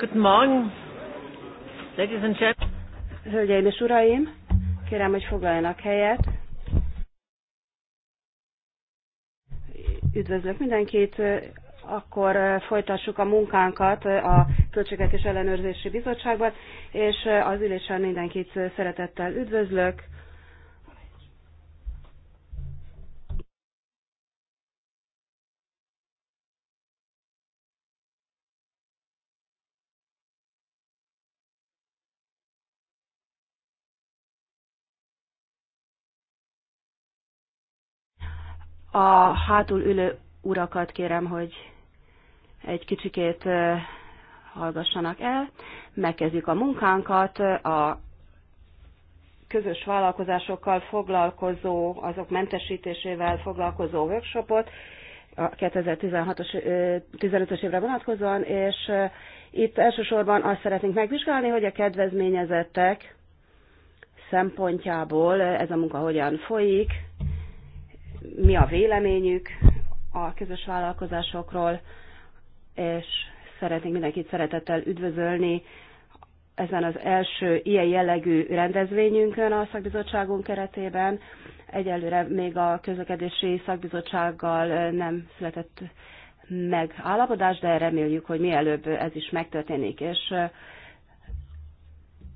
Guten Morgen, ladies and gentlemen. Hölgyeim és uraim, kérem, hogy foglaljanak helyet. Üdvözlök mindenkit, akkor eh, folytassuk a munkánkat eh, a Költségvetés Ellenőrzési Bizottságban, és eh, az ülésen mindenkit szeretettel üdvözlök. A hátul ülő urakat kérem, hogy egy kicsikét hallgassanak el. Megkezdjük a munkánkat, a közös vállalkozásokkal foglalkozó, azok mentesítésével foglalkozó workshopot a 15 ös évre vonatkozóan, és itt elsősorban azt szeretnénk megvizsgálni, hogy a kedvezményezettek szempontjából ez a munka hogyan folyik, mi a véleményük a közös vállalkozásokról, és szeretnénk mindenkit szeretettel üdvözölni ezen az első ilyen jellegű rendezvényünkön a szakbizottságunk keretében. Egyelőre még a közlekedési szakbizottsággal nem született meg állapodás, de reméljük, hogy mielőbb ez is megtörténik. És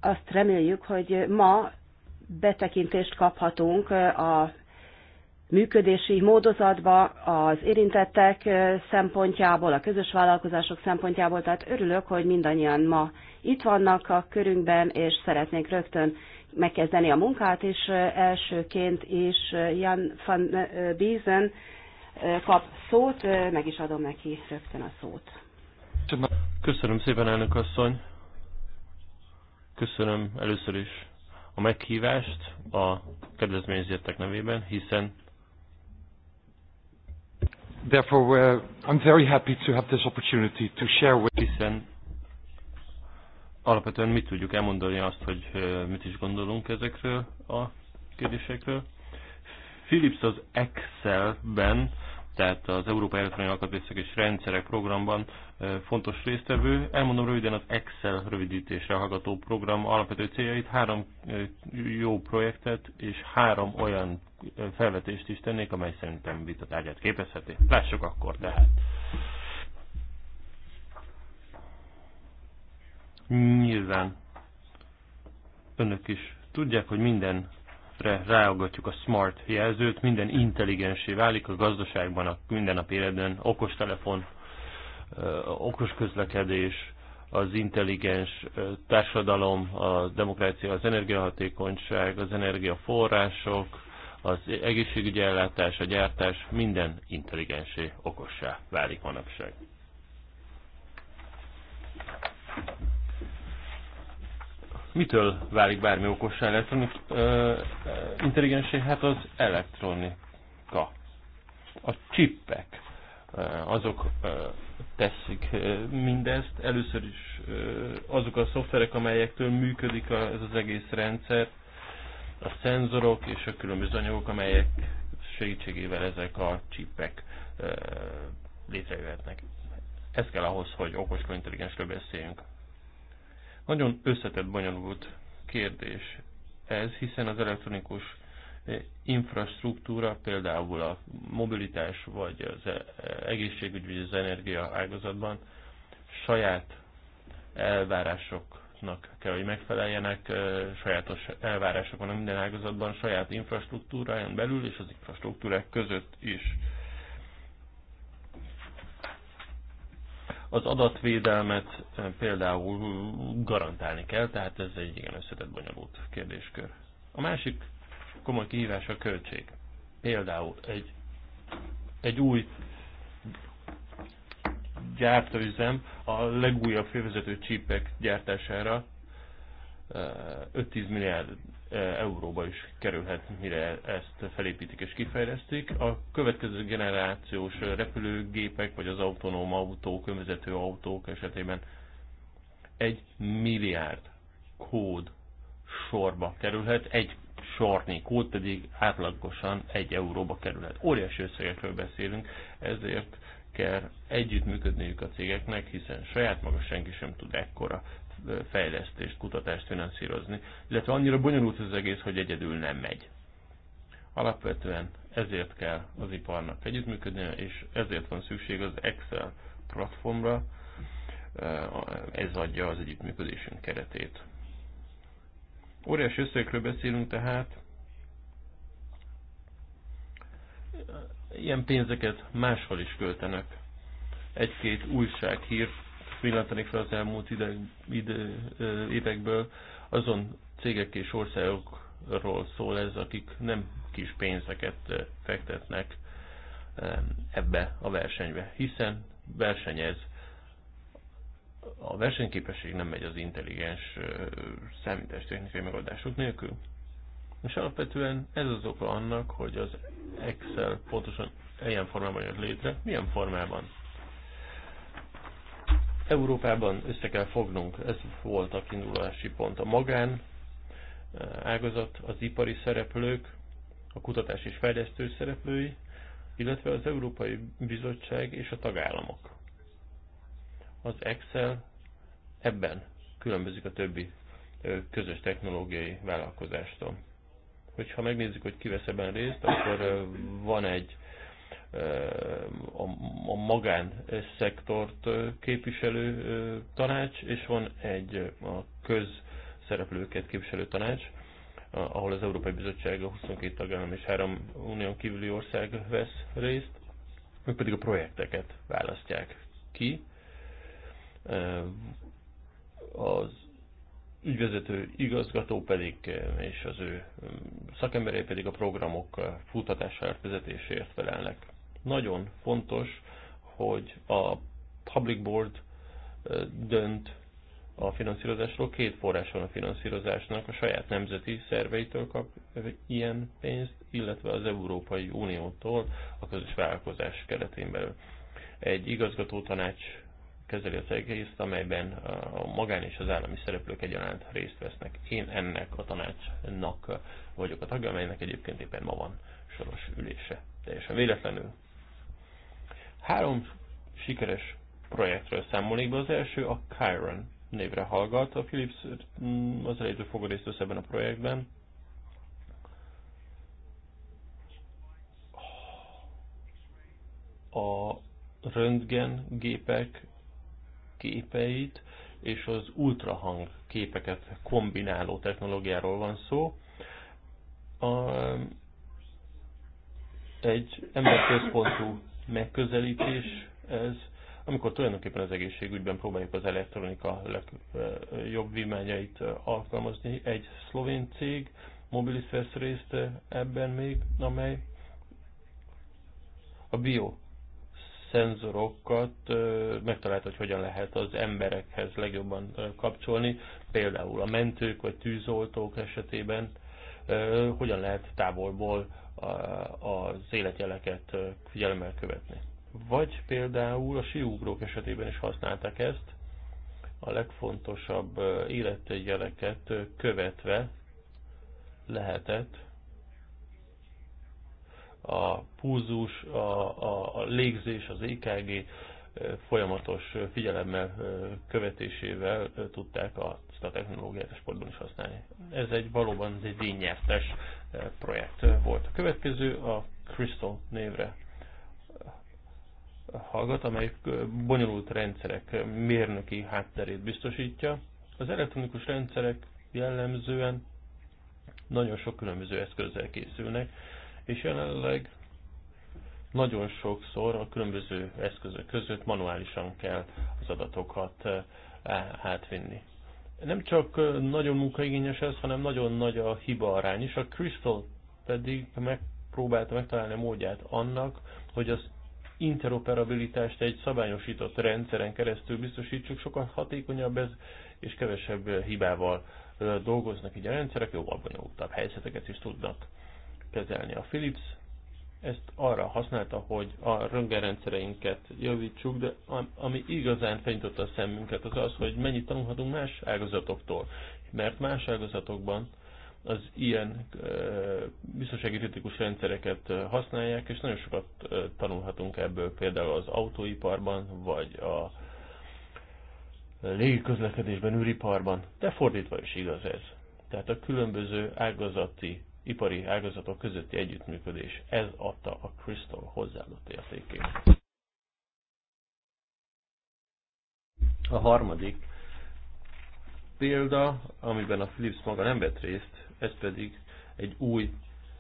azt reméljük, hogy ma betekintést kaphatunk a működési módozatba az érintettek szempontjából, a közös vállalkozások szempontjából, tehát örülök, hogy mindannyian ma itt vannak a körünkben, és szeretnék rögtön megkezdeni a munkát, és elsőként is Jan van Biesen kap szót, meg is adom neki rögtön a szót. Köszönöm szépen, elnök asszony. Köszönöm először is a meghívást a kedvezményezettek nevében, hiszen Therefore, uh, I'm very happy to have this opportunity to share with Hiszen alapvetően mit tudjuk elmondani azt, hogy mit is gondolunk ezekről a kérdésekről. Philips az Excel-ben, tehát az Európai Elektroniai Alkatrészek és Rendszerek programban fontos résztvevő. Elmondom röviden az Excel rövidítésre hallgató program alapvető céljait, három jó projektet és három olyan felvetést is tennék, amely szerintem vitatárgyát képezheti. Lássuk akkor tehát. Nyilván önök is tudják, hogy mindenre ráagatjuk a smart jelzőt, minden intelligensé válik a gazdaságban, a mindennapi életben, okostelefon, okos közlekedés, az intelligens társadalom, a demokrácia, az energiahatékonyság, az energiaforrások, az egészségügyi ellátás, a gyártás minden intelligensé, okossá válik manapság. Mitől válik bármi okossá elektronik, ö, intelligensé? Hát az elektronika. A csippek azok teszik mindezt. Először is azok a szoftverek, amelyektől működik ez az egész rendszer, a szenzorok és a különböző anyagok, amelyek segítségével ezek a csipek létrejöhetnek. Ez kell ahhoz, hogy okos intelligensről beszéljünk. Nagyon összetett, bonyolult kérdés ez, hiszen az elektronikus infrastruktúra, például a mobilitás, vagy az egészségügy, vagy az energia ágazatban saját elvárások ágazatnak kell, hogy megfeleljenek, sajátos elvárások vannak minden ágazatban, saját infrastruktúráján belül és az infrastruktúrák között is. Az adatvédelmet például garantálni kell, tehát ez egy igen összetett bonyolult kérdéskör. A másik komoly kihívás a költség. Például egy, egy új gyártóüzem a legújabb félvezető csípek gyártására 5-10 eh, milliárd eh, euróba is kerülhet, mire ezt felépítik és kifejlesztik. A következő generációs repülőgépek, vagy az autonóm autók, önvezető autók esetében egy milliárd kód sorba kerülhet, egy sorni kód pedig átlagosan egy euróba kerülhet. Óriási összegekről beszélünk, ezért kell együttműködniük a cégeknek, hiszen saját maga senki sem tud ekkora fejlesztést, kutatást finanszírozni, illetve annyira bonyolult az egész, hogy egyedül nem megy. Alapvetően ezért kell az iparnak együttműködni, és ezért van szükség az Excel platformra, ez adja az együttműködésünk keretét. Óriási összegekről beszélünk tehát, Ilyen pénzeket máshol is költenek. Egy-két újsághír pillantanék fel az elmúlt ide, ide, évekből. Azon cégek és országokról szól ez, akik nem kis pénzeket fektetnek ebbe a versenybe, hiszen versenyez. A versenyképesség nem megy az intelligens számítástechnikai megoldások nélkül. És alapvetően ez az oka annak, hogy az Excel pontosan ilyen formában jött létre. Milyen formában? Európában össze kell fognunk, ez volt a kiindulási pont. A magán eh, ágazat, az ipari szereplők, a kutatás és fejlesztő szereplői, illetve az Európai Bizottság és a tagállamok. Az Excel ebben különbözik a többi eh, közös technológiai vállalkozástól hogyha megnézzük, hogy ki vesz ebben részt, akkor van egy a, magán szektort képviselő tanács, és van egy a közszereplőket képviselő tanács, ahol az Európai Bizottság a 22 tagállam és 3 unión kívüli ország vesz részt, ők pedig a projekteket választják ki. Az ügyvezető igazgató pedig eh, és az ő mm, szakemberei pedig a programok eh, futtatásáért, vezetéséért felelnek. Nagyon fontos, hogy a Public Board eh, dönt a finanszírozásról, két forrás van a finanszírozásnak, a saját nemzeti szerveitől kap ilyen pénzt, illetve az Európai Uniótól a közös vállalkozás keretén belül. Egy igazgató tanács kezeli az egészt, amelyben a magán és az állami szereplők egyaránt részt vesznek. Én ennek a tanácsnak vagyok a tagja, amelynek egyébként éppen ma van soros ülése. Teljesen véletlenül. Három sikeres projektről számolnék be. Az első a Chiron névre hallgat. A Philips mm, az elejétől fogod részt vesz ebben a projektben. A röntgen gépek képeit és az ultrahang képeket kombináló technológiáról van szó. A, egy emberközpontú megközelítés ez, amikor tulajdonképpen az egészségügyben próbáljuk az elektronika legjobb vívmányait alkalmazni. Egy szlovén cég, Mobilis vesz részt ebben még, amely a bio szenzorokat megtalálta, hogy hogyan lehet az emberekhez legjobban kapcsolni, például a mentők vagy tűzoltók esetében, hogyan lehet távolból az életjeleket figyelemmel követni. Vagy például a siugrók esetében is használták ezt, a legfontosabb életjeleket követve lehetett a púzus, a, a, a légzés, az EKG folyamatos figyelemmel, követésével tudták azt a technológiát a sportban is használni. Ez egy valóban egy díjnyertes projekt volt. A következő a Crystal névre hallgat, amely bonyolult rendszerek mérnöki hátterét biztosítja. Az elektronikus rendszerek jellemzően nagyon sok különböző eszközzel készülnek, és jelenleg nagyon sokszor a különböző eszközök között manuálisan kell az adatokat eh, átvinni. Nem csak eh, nagyon munkaigényes ez, hanem nagyon nagy a hiba arány is. A Crystal pedig megpróbálta megtalálni a módját annak, hogy az interoperabilitást egy szabályosított rendszeren keresztül biztosítsuk, sokkal hatékonyabb ez, és kevesebb eh, hibával dolgoznak így a rendszerek, jó abban helyzeteket is tudnak kezelni. A Philips ezt arra használta, hogy a röntgenrendszereinket javítsuk, de ami igazán fenyította a szemünket, az az, hogy mennyit tanulhatunk más ágazatoktól. Mert más ágazatokban az ilyen biztonsági kritikus rendszereket használják, és nagyon sokat tanulhatunk ebből például az autóiparban, vagy a légiközlekedésben, űriparban, de fordítva is igaz ez. Tehát a különböző ágazati ipari ágazatok közötti együttműködés. Ez adta a Crystal hozzáadott értékét. A harmadik példa, amiben a Philips maga nem vett részt, ez pedig egy új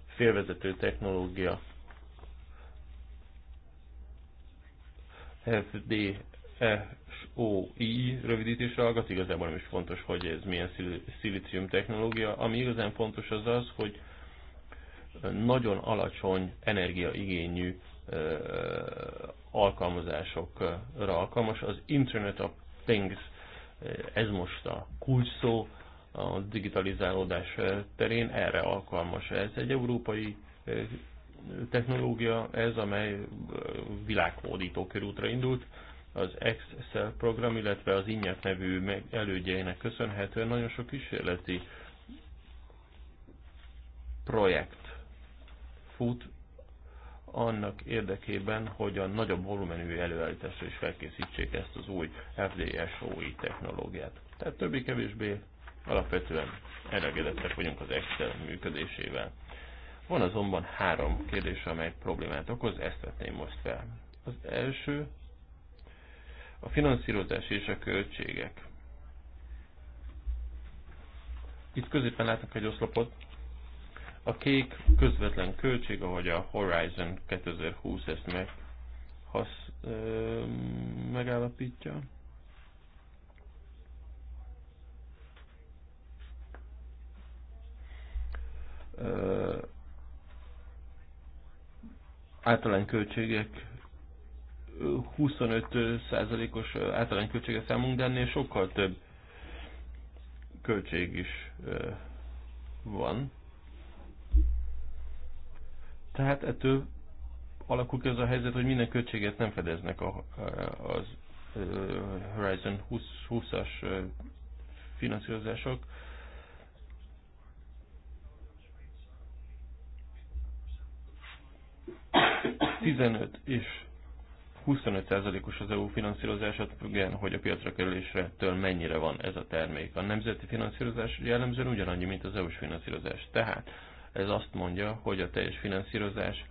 félvezető technológia FDSOI e rövidítésre hallgat, igazából nem is fontos, hogy ez milyen szilícium technológia. Ami igazán fontos az az, hogy nagyon alacsony energiaigényű alkalmazásokra alkalmas. Az Internet of Things, ez most a kulcs szó a digitalizálódás terén, erre alkalmas. Ez egy európai technológia, ez amely világhódító körútra indult. Az Excel program, illetve az INYET nevű elődjeinek köszönhetően nagyon sok kísérleti projekt fut annak érdekében, hogy a nagyobb volumenű előállításra is felkészítsék ezt az új FDSOI technológiát. Tehát többi-kevésbé alapvetően elegedettek vagyunk az Excel működésével. Van azonban három kérdés, amely problémát okoz, ezt vetném most fel. Az első a finanszírozás és a költségek. Itt középen látnak egy oszlopot, a kék közvetlen költség, ahogy a Horizon 2020 ezt meg hasz, ö, megállapítja. általán költségek 25 százalékos általán költsége számunk, de ennél sokkal több költség is van. Tehát ettől alakul ki az a helyzet, hogy minden költséget nem fedeznek a, az Horizon 20-as finanszírozások. Tizenöt és 25 százalékos az EU finanszírozása, függően, hogy a piacra kerülésre től mennyire van ez a termék. A nemzeti finanszírozás jellemzően ugyanannyi, mint az EU-s finanszírozás. Tehát ez azt mondja, hogy a teljes finanszírozás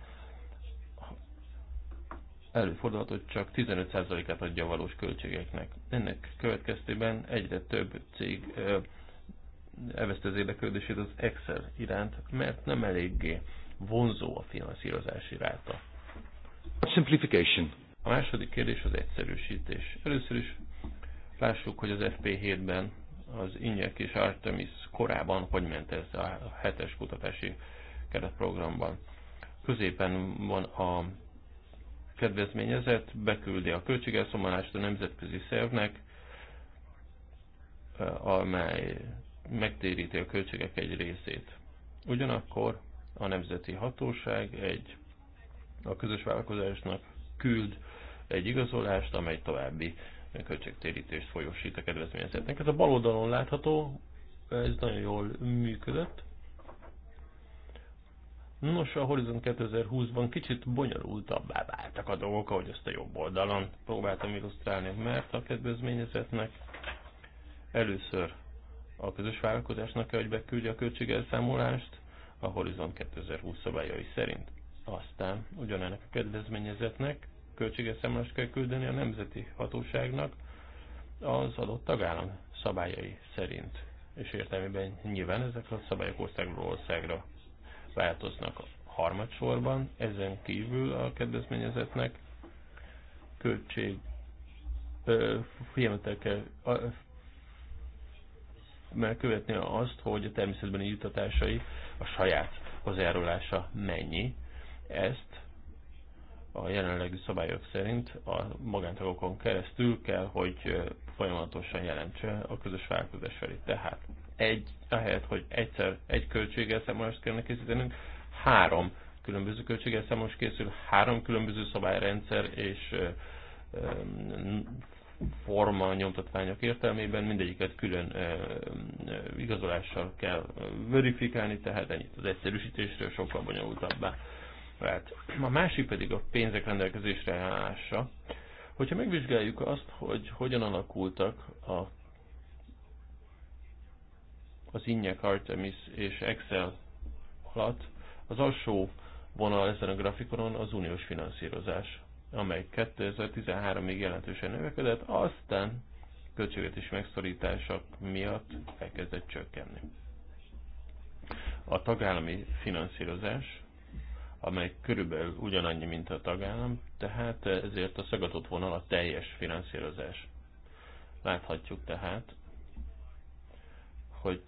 előfordulhat, hogy csak 15%-át adja a valós költségeknek. Ennek következtében egyre több cég elveszte az érdeklődését az Excel iránt, mert nem eléggé vonzó a finanszírozási ráta. A simplification. A második kérdés az egyszerűsítés. Először is lássuk, hogy az FP7-ben az Injek és Artemis korában hogy ment ez a hetes kutatási keretprogramban. Középen van a kedvezményezett, beküldi a költségelszomolást a nemzetközi szervnek, eh, amely megtéríti a költségek egy részét. Ugyanakkor a nemzeti hatóság egy a közös vállalkozásnak küld egy igazolást, amely további költségtérítést folyosít a kedvezményezetnek. Ez a bal oldalon látható, ez nagyon jól működött. Nos, a Horizon 2020-ban kicsit bonyolultabbá váltak a dolgok, ahogy ezt a jobb oldalon próbáltam illusztrálni, mert a kedvezményezetnek először a közös vállalkozásnak kell, hogy beküldje a költségelszámolást a Horizon 2020 szabályai szerint. Aztán ugyanennek a kedvezményezetnek költséges számlást kell küldeni a nemzeti hatóságnak az adott tagállam szabályai szerint. És értelmében nyilván ezek a szabályok országról országra változnak. Harmadsorban ezen kívül a kedvezményezetnek költség figyelmetel kell mert követni azt, hogy a természetbeni juttatásai a saját hozzájárulása mennyi. Ezt a jelenlegi szabályok szerint a magántagokon keresztül kell, hogy folyamatosan jelentse a közös vállalkozás felé. Tehát egy, ahelyett, hogy egyszer egy költségelszámolást kellene készítenünk, három különböző költségelszámolás készül, három különböző szabályrendszer és forma nyomtatványok értelmében mindegyiket külön igazolással kell verifikálni, tehát ennyit az egyszerűsítésről sokkal bonyolultabbá lehet. A másik pedig a pénzek rendelkezésre állása. Hogyha megvizsgáljuk azt, hogy hogyan alakultak a, az innyek Artemis és Excel alatt, az alsó vonal ezen a grafikonon az uniós finanszírozás, amely 2013-ig jelentősen növekedett, aztán költségvetési megszorítások miatt elkezdett csökkenni. A tagállami finanszírozás amely körülbelül ugyanannyi, mint a tagállam, tehát ezért a szagatott vonal a teljes finanszírozás. Láthatjuk tehát, hogy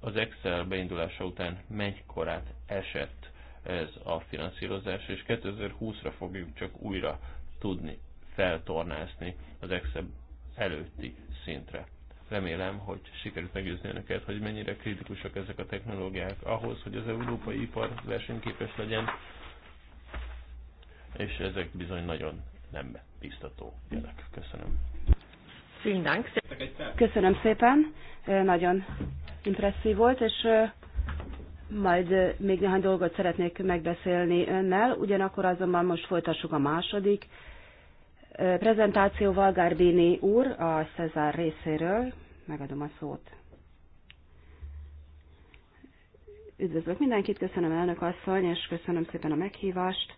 az Excel beindulása után mennykorát esett ez a finanszírozás, és 2020-ra fogjuk csak újra tudni feltornázni az Excel előtti szintre. Remélem, hogy sikerült megőzni önöket, hogy mennyire kritikusak ezek a technológiák ahhoz, hogy az európai ipar versenyképes legyen, és ezek bizony nagyon nem biztató jelek. Köszönöm. Köszönöm szépen, nagyon impresszív volt, és majd még néhány dolgot szeretnék megbeszélni önnel, ugyanakkor azonban most folytassuk a második prezentációval Garbini úr a Cezár részéről. Megadom a szót. Üdvözlök mindenkit, köszönöm elnök asszony, és köszönöm szépen a meghívást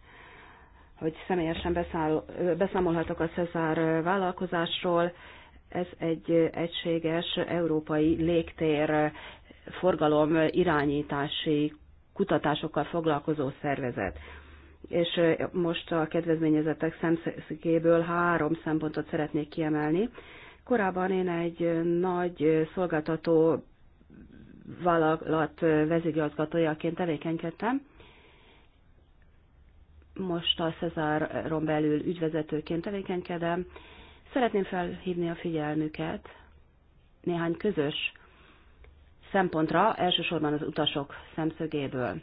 hogy személyesen beszáll, beszámolhatok a Cezár vállalkozásról. Ez egy egységes európai légtér forgalom irányítási kutatásokkal foglalkozó szervezet. És most a kedvezményezettek szemszögéből három szempontot szeretnék kiemelni. Korábban én egy nagy szolgáltató vállalat vezigazgatójaként tevékenykedtem, most a Cezáron belül ügyvezetőként tevékenykedem. Szeretném felhívni a figyelmüket néhány közös szempontra, elsősorban az utasok szemszögéből.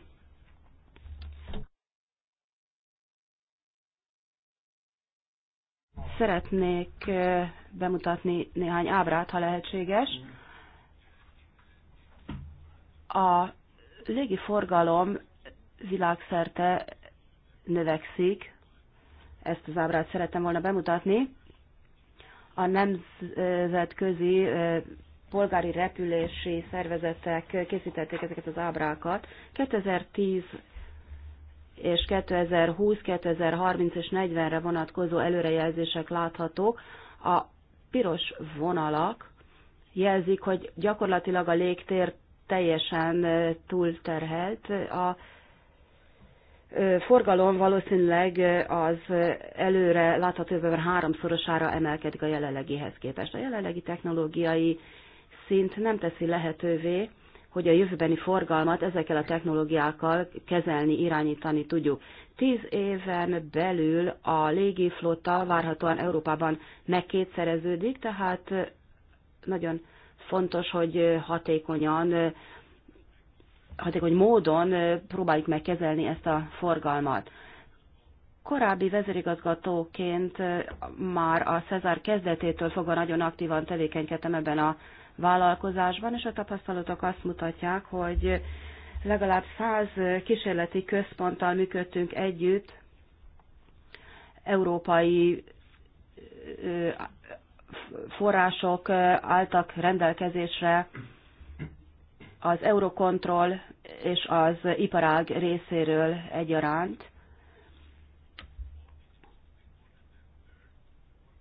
Szeretnék bemutatni néhány ábrát, ha lehetséges. A légiforgalom világszerte növekszik. Ezt az ábrát szerettem volna bemutatni. A nemzetközi polgári repülési szervezetek készítették ezeket az ábrákat. 2010 és 2020, 2030 és 40-re vonatkozó előrejelzések láthatók. A piros vonalak jelzik, hogy gyakorlatilag a légtér teljesen túlterhelt. A forgalom valószínűleg az előre látható jövőben háromszorosára emelkedik a jelenlegihez képest. A jelenlegi technológiai szint nem teszi lehetővé, hogy a jövőbeni forgalmat ezekkel a technológiákkal kezelni, irányítani tudjuk. Tíz éven belül a légiflotta várhatóan Európában megkétszereződik, tehát nagyon fontos, hogy hatékonyan hatékony módon próbáljuk meg kezelni ezt a forgalmat. Korábbi vezérigazgatóként már a Cezár kezdetétől fogva nagyon aktívan tevékenykedtem ebben a vállalkozásban, és a tapasztalatok azt mutatják, hogy legalább száz kísérleti központtal működtünk együtt, európai források álltak rendelkezésre, az Eurocontrol és az iparág részéről egyaránt.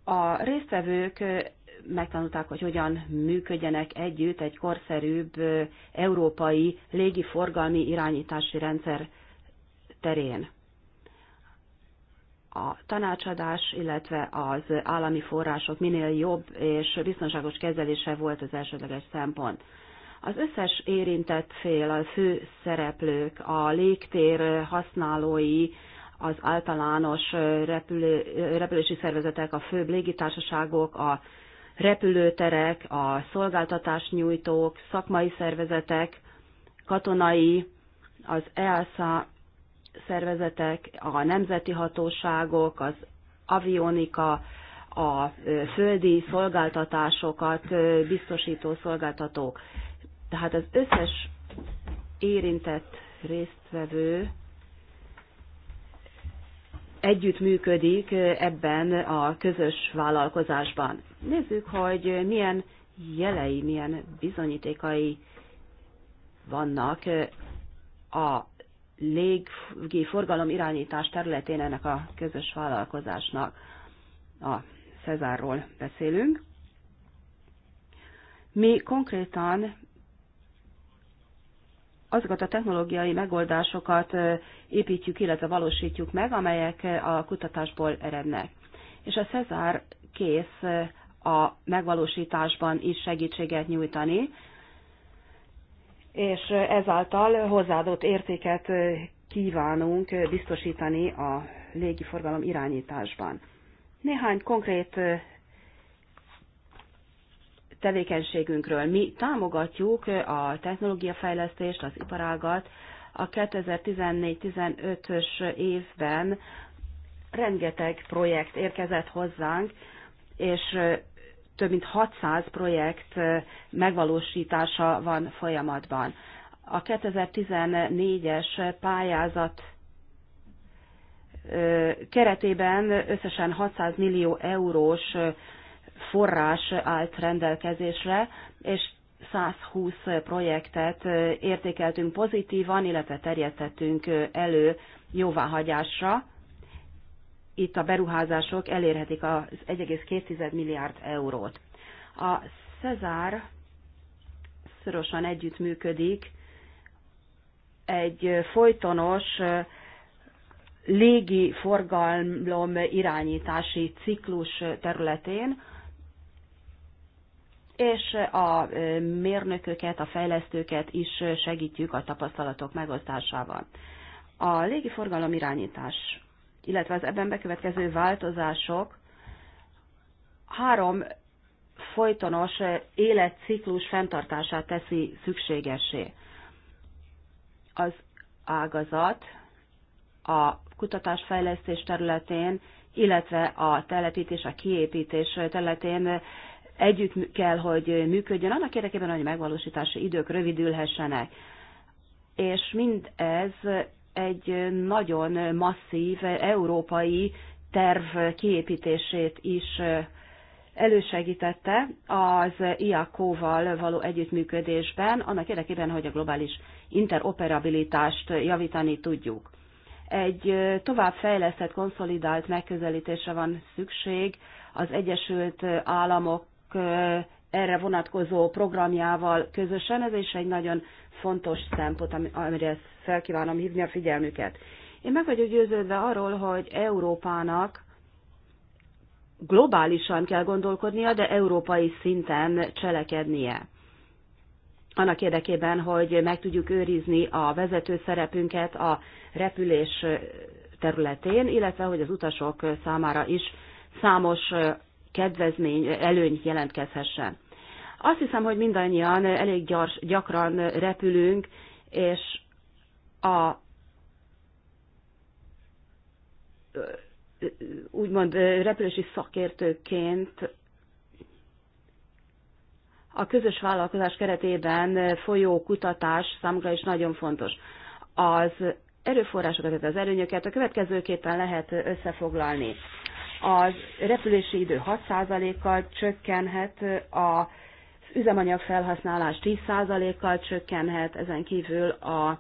A résztvevők megtanulták, hogy hogyan működjenek együtt egy korszerűbb európai légiforgalmi irányítási rendszer terén. A tanácsadás, illetve az állami források minél jobb és biztonságos kezelése volt az elsődleges szempont. Az összes érintett fél, a fő szereplők, a légtér használói, az általános repülő, repülési szervezetek, a főbb légitársaságok, a repülőterek, a szolgáltatásnyújtók, szakmai szervezetek, katonai, az EASA szervezetek, a nemzeti hatóságok, az avionika, a földi szolgáltatásokat biztosító szolgáltatók. Tehát az összes érintett résztvevő együttműködik ebben a közös vállalkozásban. Nézzük, hogy milyen jelei, milyen bizonyítékai vannak a légi forgalom irányítás területén ennek a közös vállalkozásnak. A Cezárról beszélünk. Mi konkrétan azokat a technológiai megoldásokat építjük, illetve valósítjuk meg, amelyek a kutatásból erednek. És a Cezár kész a megvalósításban is segítséget nyújtani, és ezáltal hozzáadott értéket kívánunk biztosítani a légiforgalom irányításban. Néhány konkrét tevékenységünkről. Mi támogatjuk a technológiafejlesztést, az iparágat. A 2014-15-ös évben rengeteg projekt érkezett hozzánk, és több mint 600 projekt megvalósítása van folyamatban. A 2014-es pályázat keretében összesen 600 millió eurós forrás állt rendelkezésre, és 120 projektet értékeltünk pozitívan, illetve terjesztettünk elő jóváhagyásra. Itt a beruházások elérhetik az 1,2 milliárd eurót. A Cezár szorosan együttműködik egy folytonos légi forgalom irányítási ciklus területén, és a mérnököket, a fejlesztőket is segítjük a tapasztalatok megosztásával. A légiforgalom irányítás, illetve az ebben bekövetkező változások három folytonos életciklus fenntartását teszi szükségesé. Az ágazat a kutatásfejlesztés területén, illetve a telepítés, a kiépítés területén együtt kell, hogy működjön, annak érdekében, hogy megvalósítási idők rövidülhessenek. És mindez egy nagyon masszív európai terv kiépítését is elősegítette az iako val való együttműködésben, annak érdekében, hogy a globális interoperabilitást javítani tudjuk. Egy továbbfejlesztett, konszolidált megközelítésre van szükség az Egyesült Államok erre vonatkozó programjával közösen. Ez is egy nagyon fontos szempont, amire felkívánom hívni a figyelmüket. Én meg vagyok győződve arról, hogy Európának globálisan kell gondolkodnia, de európai szinten cselekednie. Annak érdekében, hogy meg tudjuk őrizni a vezető szerepünket a repülés területén, illetve hogy az utasok számára is számos kedvezmény, előny jelentkezhessen. Azt hiszem, hogy mindannyian elég gyors, gyakran repülünk, és a úgymond repülési szakértőként a közös vállalkozás keretében folyó kutatás számukra is nagyon fontos. Az erőforrásokat, tehát az előnyöket a következőképpen lehet összefoglalni az repülési idő 6%-kal csökkenhet, az üzemanyag felhasználás 10%-kal csökkenhet, ezen kívül a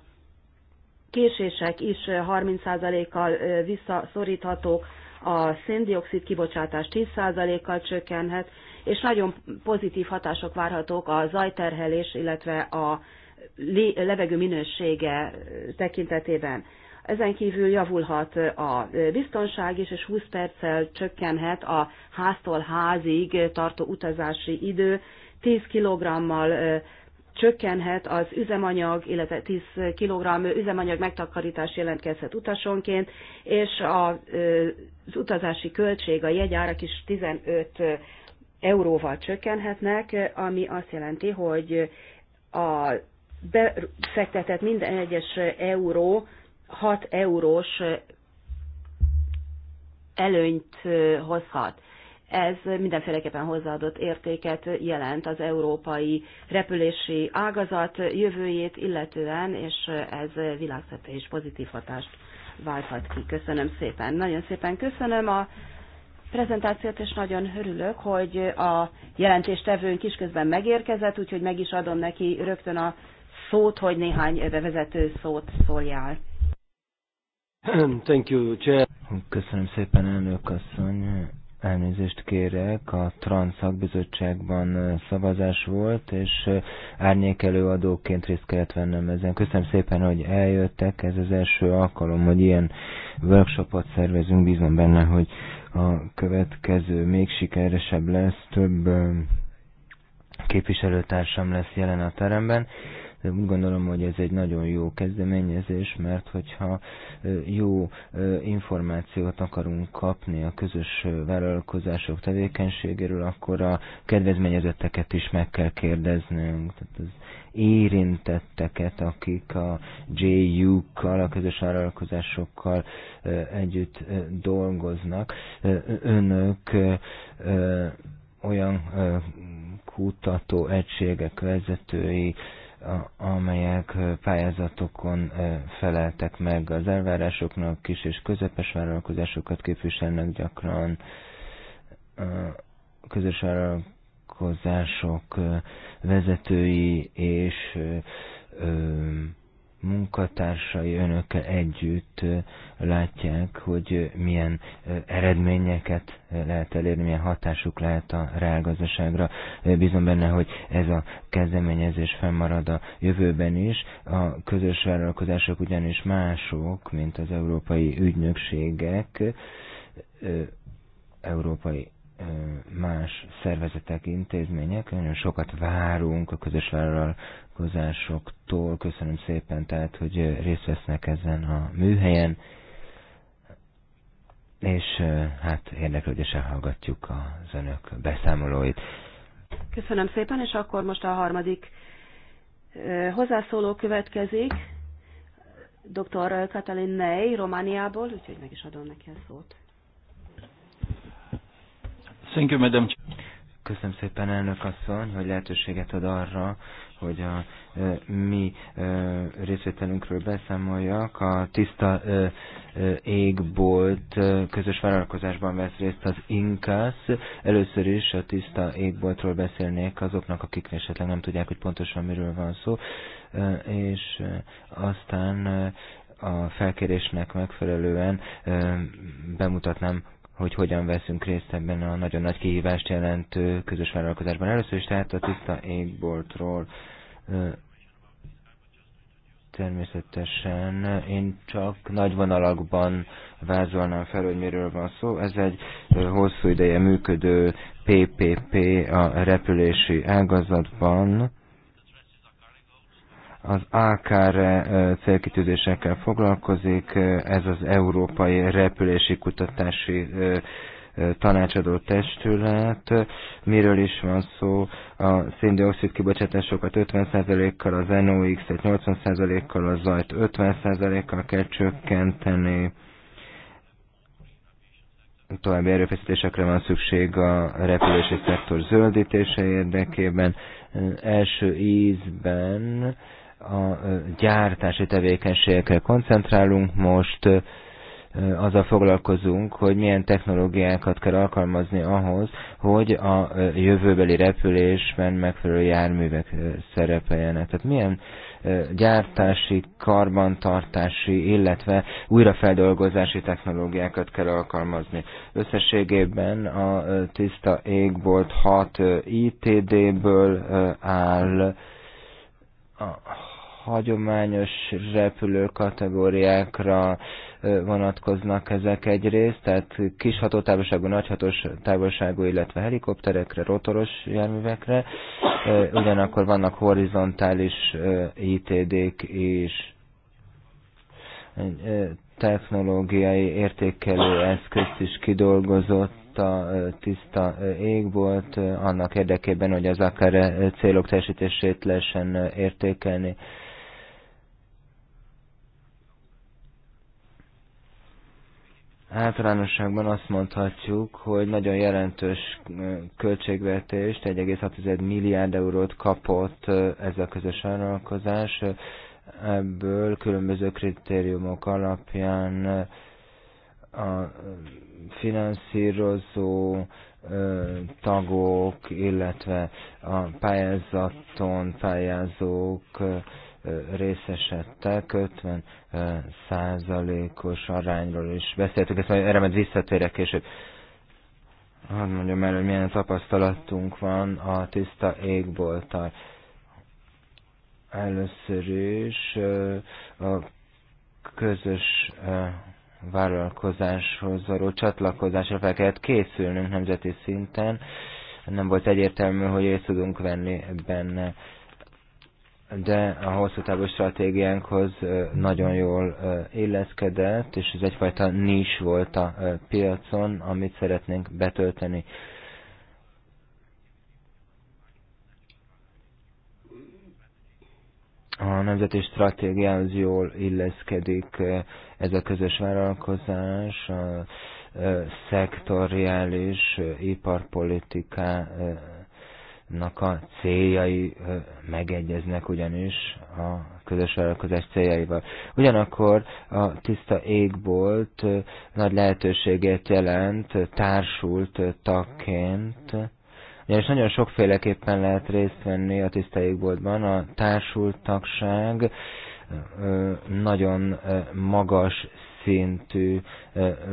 késések is 30%-kal visszaszoríthatók, a széndiokszid kibocsátás 10%-kal csökkenhet, és nagyon pozitív hatások várhatók a zajterhelés, illetve a levegő minősége tekintetében. Ezen kívül javulhat a biztonság is, és 20 perccel csökkenhet a háztól házig tartó utazási idő, 10 kg-mal csökkenhet az üzemanyag, illetve 10 kg üzemanyag megtakarítás jelentkezhet utasonként, és az utazási költség, a jegyárak is 15 euróval csökkenhetnek, ami azt jelenti, hogy a befektetett minden egyes euró 6 eurós előnyt hozhat. Ez mindenféleképpen hozzáadott értéket jelent az európai repülési ágazat jövőjét illetően, és ez világszerte is pozitív hatást válthat ki. Köszönöm szépen. Nagyon szépen köszönöm a prezentációt, és nagyon örülök, hogy a jelentéstevőnk is közben megérkezett, úgyhogy meg is adom neki rögtön a szót, hogy néhány bevezető szót szóljál. Thank you, Chair. Köszönöm szépen, elnök asszony. Elnézést kérek, a Trans szakbizottságban szavazás volt, és árnyékelőadóként részt kellett vennem ezen. Köszönöm szépen, hogy eljöttek, ez az első alkalom, hogy ilyen workshopot szervezünk, bízom benne, hogy a következő még sikeresebb lesz, több képviselőtársam lesz jelen a teremben úgy gondolom, hogy ez egy nagyon jó kezdeményezés, mert hogyha jó információt akarunk kapni a közös vállalkozások tevékenységéről, akkor a kedvezményezetteket is meg kell kérdeznünk. Tehát az érintetteket, akik a JU-kkal, a közös vállalkozásokkal együtt dolgoznak. Önök olyan kutató egységek vezetői, amelyek pályázatokon feleltek meg az elvárásoknak, kis és közepes vállalkozásokat képviselnek gyakran, közös vállalkozások vezetői és munkatársai önökkel együtt látják, hogy milyen eredményeket lehet elérni, milyen hatásuk lehet a reálgazdaságra. Bízom benne, hogy ez a kezdeményezés fennmarad a jövőben is. A közös vállalkozások ugyanis mások, mint az európai ügynökségek, európai más szervezetek, intézmények. Nagyon sokat várunk a közös vállalkozásoktól. Köszönöm szépen, tehát, hogy részt vesznek ezen a műhelyen. És hát érdeklődésen hallgatjuk az önök beszámolóit. Köszönöm szépen, és akkor most a harmadik hozzászóló következik. Dr. Katalin Ney, Romániából, úgyhogy meg is adom neki a szót. Thank you, madam. Köszönöm szépen, elnök asszony, hogy lehetőséget ad arra, hogy a e, mi e, részvételünkről beszámoljak. A Tiszta e, Égbolt közös vállalkozásban vesz részt az INKASZ. Először is a Tiszta Égboltról beszélnék azoknak, akik esetleg nem tudják, hogy pontosan miről van szó, és aztán a felkérésnek megfelelően bemutatnám hogy hogyan veszünk részt ebben a nagyon nagy kihívást jelentő közös vállalkozásban. Először is tehát a tiszta égboltról természetesen én csak nagy vonalakban vázolnám fel, hogy miről van szó. Ez egy hosszú ideje működő PPP a repülési ágazatban az AKR e, e, célkitűzésekkel foglalkozik, e, ez az Európai Repülési Kutatási tanácsadó testület. Miről is van szó? A széndiokszid kibocsátásokat 50%-kal, az NOx-et 80%-kal, a zajt 50%-kal kell csökkenteni. További erőfeszítésekre van szükség a repülési szektor zöldítése érdekében. Első ízben a gyártási tevékenységekre koncentrálunk most, azzal foglalkozunk, hogy milyen technológiákat kell alkalmazni ahhoz, hogy a jövőbeli repülésben megfelelő járművek szerepeljenek. Tehát milyen gyártási, karbantartási, illetve újrafeldolgozási technológiákat kell alkalmazni. Összességében a tiszta égbolt 6 ITD-ből áll, hagyományos repülő kategóriákra vonatkoznak ezek egyrészt, tehát kis hatótávolságú, nagy hatótávolságú, illetve helikopterekre, rotoros járművekre, ugyanakkor vannak horizontális ITD-k is technológiai értékelő eszközt is kidolgozott a tiszta égbolt, annak érdekében, hogy az akár célok teljesítését lehessen értékelni. Általánosságban azt mondhatjuk, hogy nagyon jelentős költségvetést, 1,6 milliárd eurót kapott ez a közös vállalkozás. Ebből különböző kritériumok alapján a finanszírozó tagok, illetve a pályázaton pályázók részesedtek, 50 százalékos arányról is beszéltük, ezt majd erre majd visszatérek később. Hadd mondjam el, hogy milyen tapasztalatunk van a tiszta égbolttal. Először is a közös vállalkozáshoz való csatlakozásra fel kellett készülnünk nemzeti szinten. Nem volt egyértelmű, hogy részt tudunk venni benne de a hosszú távú stratégiánkhoz nagyon jól illeszkedett, és ez egyfajta nis volt a piacon, amit szeretnénk betölteni. A nemzeti stratégiához jól illeszkedik ez a közös vállalkozás, a szektoriális iparpolitika nak a céljai megegyeznek ugyanis a közös vállalkozás céljaival. Ugyanakkor a tiszta égbolt nagy lehetőséget jelent társult tagként, és nagyon sokféleképpen lehet részt venni a tiszta égboltban. A társult tagság nagyon magas szintű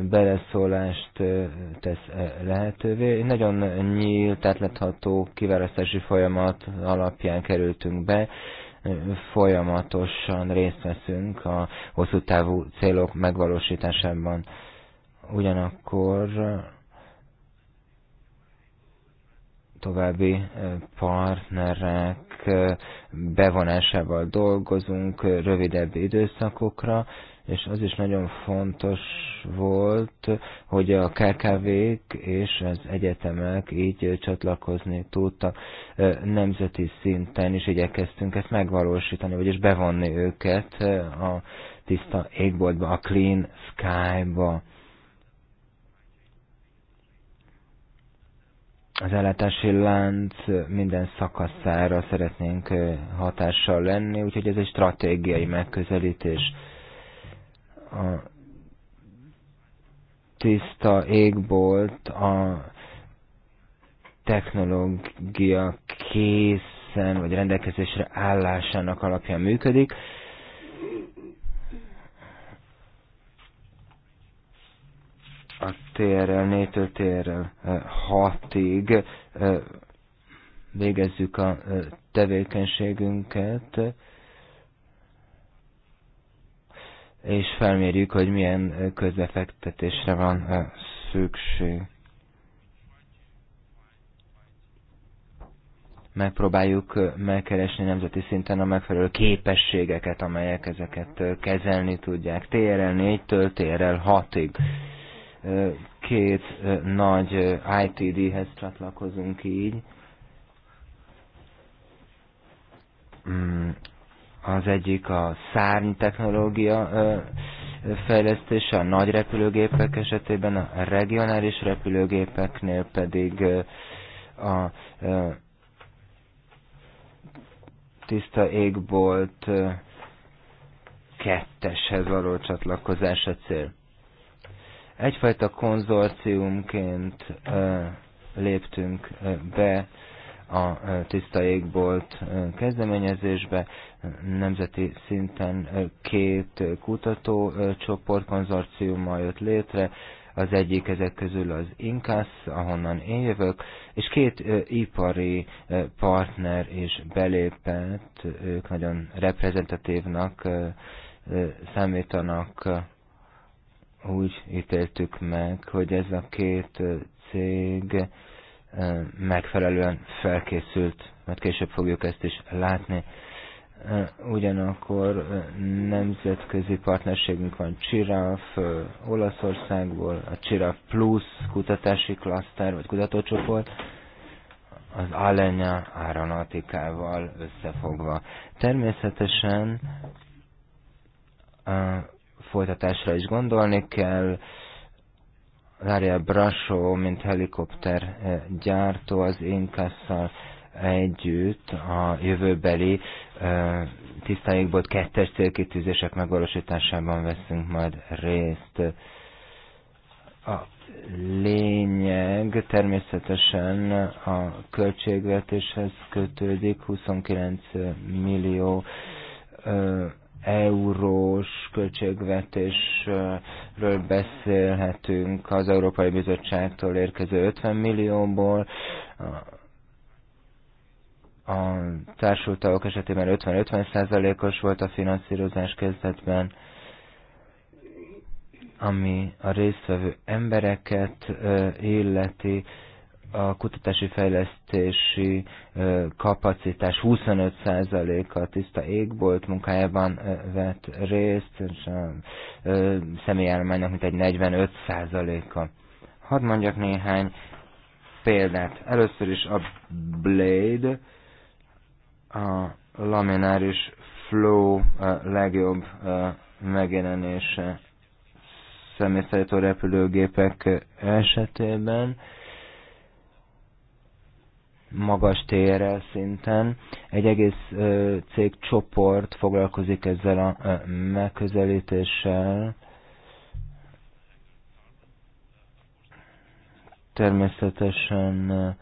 beleszólást tesz lehetővé. Nagyon nyílt, átlátható kiválasztási folyamat alapján kerültünk be, folyamatosan részt veszünk a hosszú távú célok megvalósításában. Ugyanakkor további partnerek bevonásával dolgozunk rövidebb időszakokra, és az is nagyon fontos volt, hogy a KKV-k és az egyetemek így csatlakozni tudtak. Nemzeti szinten is igyekeztünk ezt megvalósítani, vagyis bevonni őket a tiszta égboltba, a clean sky-ba. az ellátási lánc minden szakaszára szeretnénk hatással lenni, úgyhogy ez egy stratégiai megközelítés a tiszta égbolt a technológia készen vagy rendelkezésre állásának alapján működik. A térrel, négytől térrel, hatig végezzük a tevékenységünket és felmérjük, hogy milyen közbefektetésre van szükség. Megpróbáljuk megkeresni nemzeti szinten a megfelelő képességeket, amelyek ezeket kezelni tudják. TRL 4-től TRL 6-ig két nagy ITD-hez csatlakozunk így mm, az egyik a szárny technológia fejlesztése a nagy repülőgépek esetében, a regionális repülőgépeknél pedig a tiszta égbolt ketteshez való a cél. Egyfajta konzorciumként léptünk be a e, tiszta égbolt e, kezdeményezésbe. Nemzeti szinten e, két kutatócsoport konzorciuma jött létre, az egyik ezek közül az Inkász, ahonnan én jövök, és két ipari partner is belépett, ők nagyon reprezentatívnak számítanak, úgy ítéltük meg, hogy ez a két cég megfelelően felkészült, mert később fogjuk ezt is látni. Ugyanakkor nemzetközi partnerségünk van Csiraf Olaszországból, a Csiraf Plus kutatási klaszter vagy kutatócsoport, az Alenya áronautikával összefogva. Természetesen folytatásra is gondolni kell, Várja Brasó, mint helikopter eh, gyártó az Inkasszal együtt a jövőbeli eh, tisztáikból kettes célkitűzések megvalósításában veszünk majd részt. A lényeg természetesen a költségvetéshez kötődik, 29 millió eh, eurós költségvetésről beszélhetünk az Európai Bizottságtól érkező 50 millióból, a társultalok esetében 50-50 százalékos volt a finanszírozás kezdetben, ami a résztvevő embereket illeti, a kutatási fejlesztési kapacitás 25%-a tiszta égbolt munkájában vett részt, és a személyállománynak mintegy 45%-a. Hadd mondjak néhány példát. Először is a Blade, a lamináris flow legjobb megjelenése személyszállító repülőgépek esetében magas TRL szinten. Egy egész cégcsoport foglalkozik ezzel a megközelítéssel. Természetesen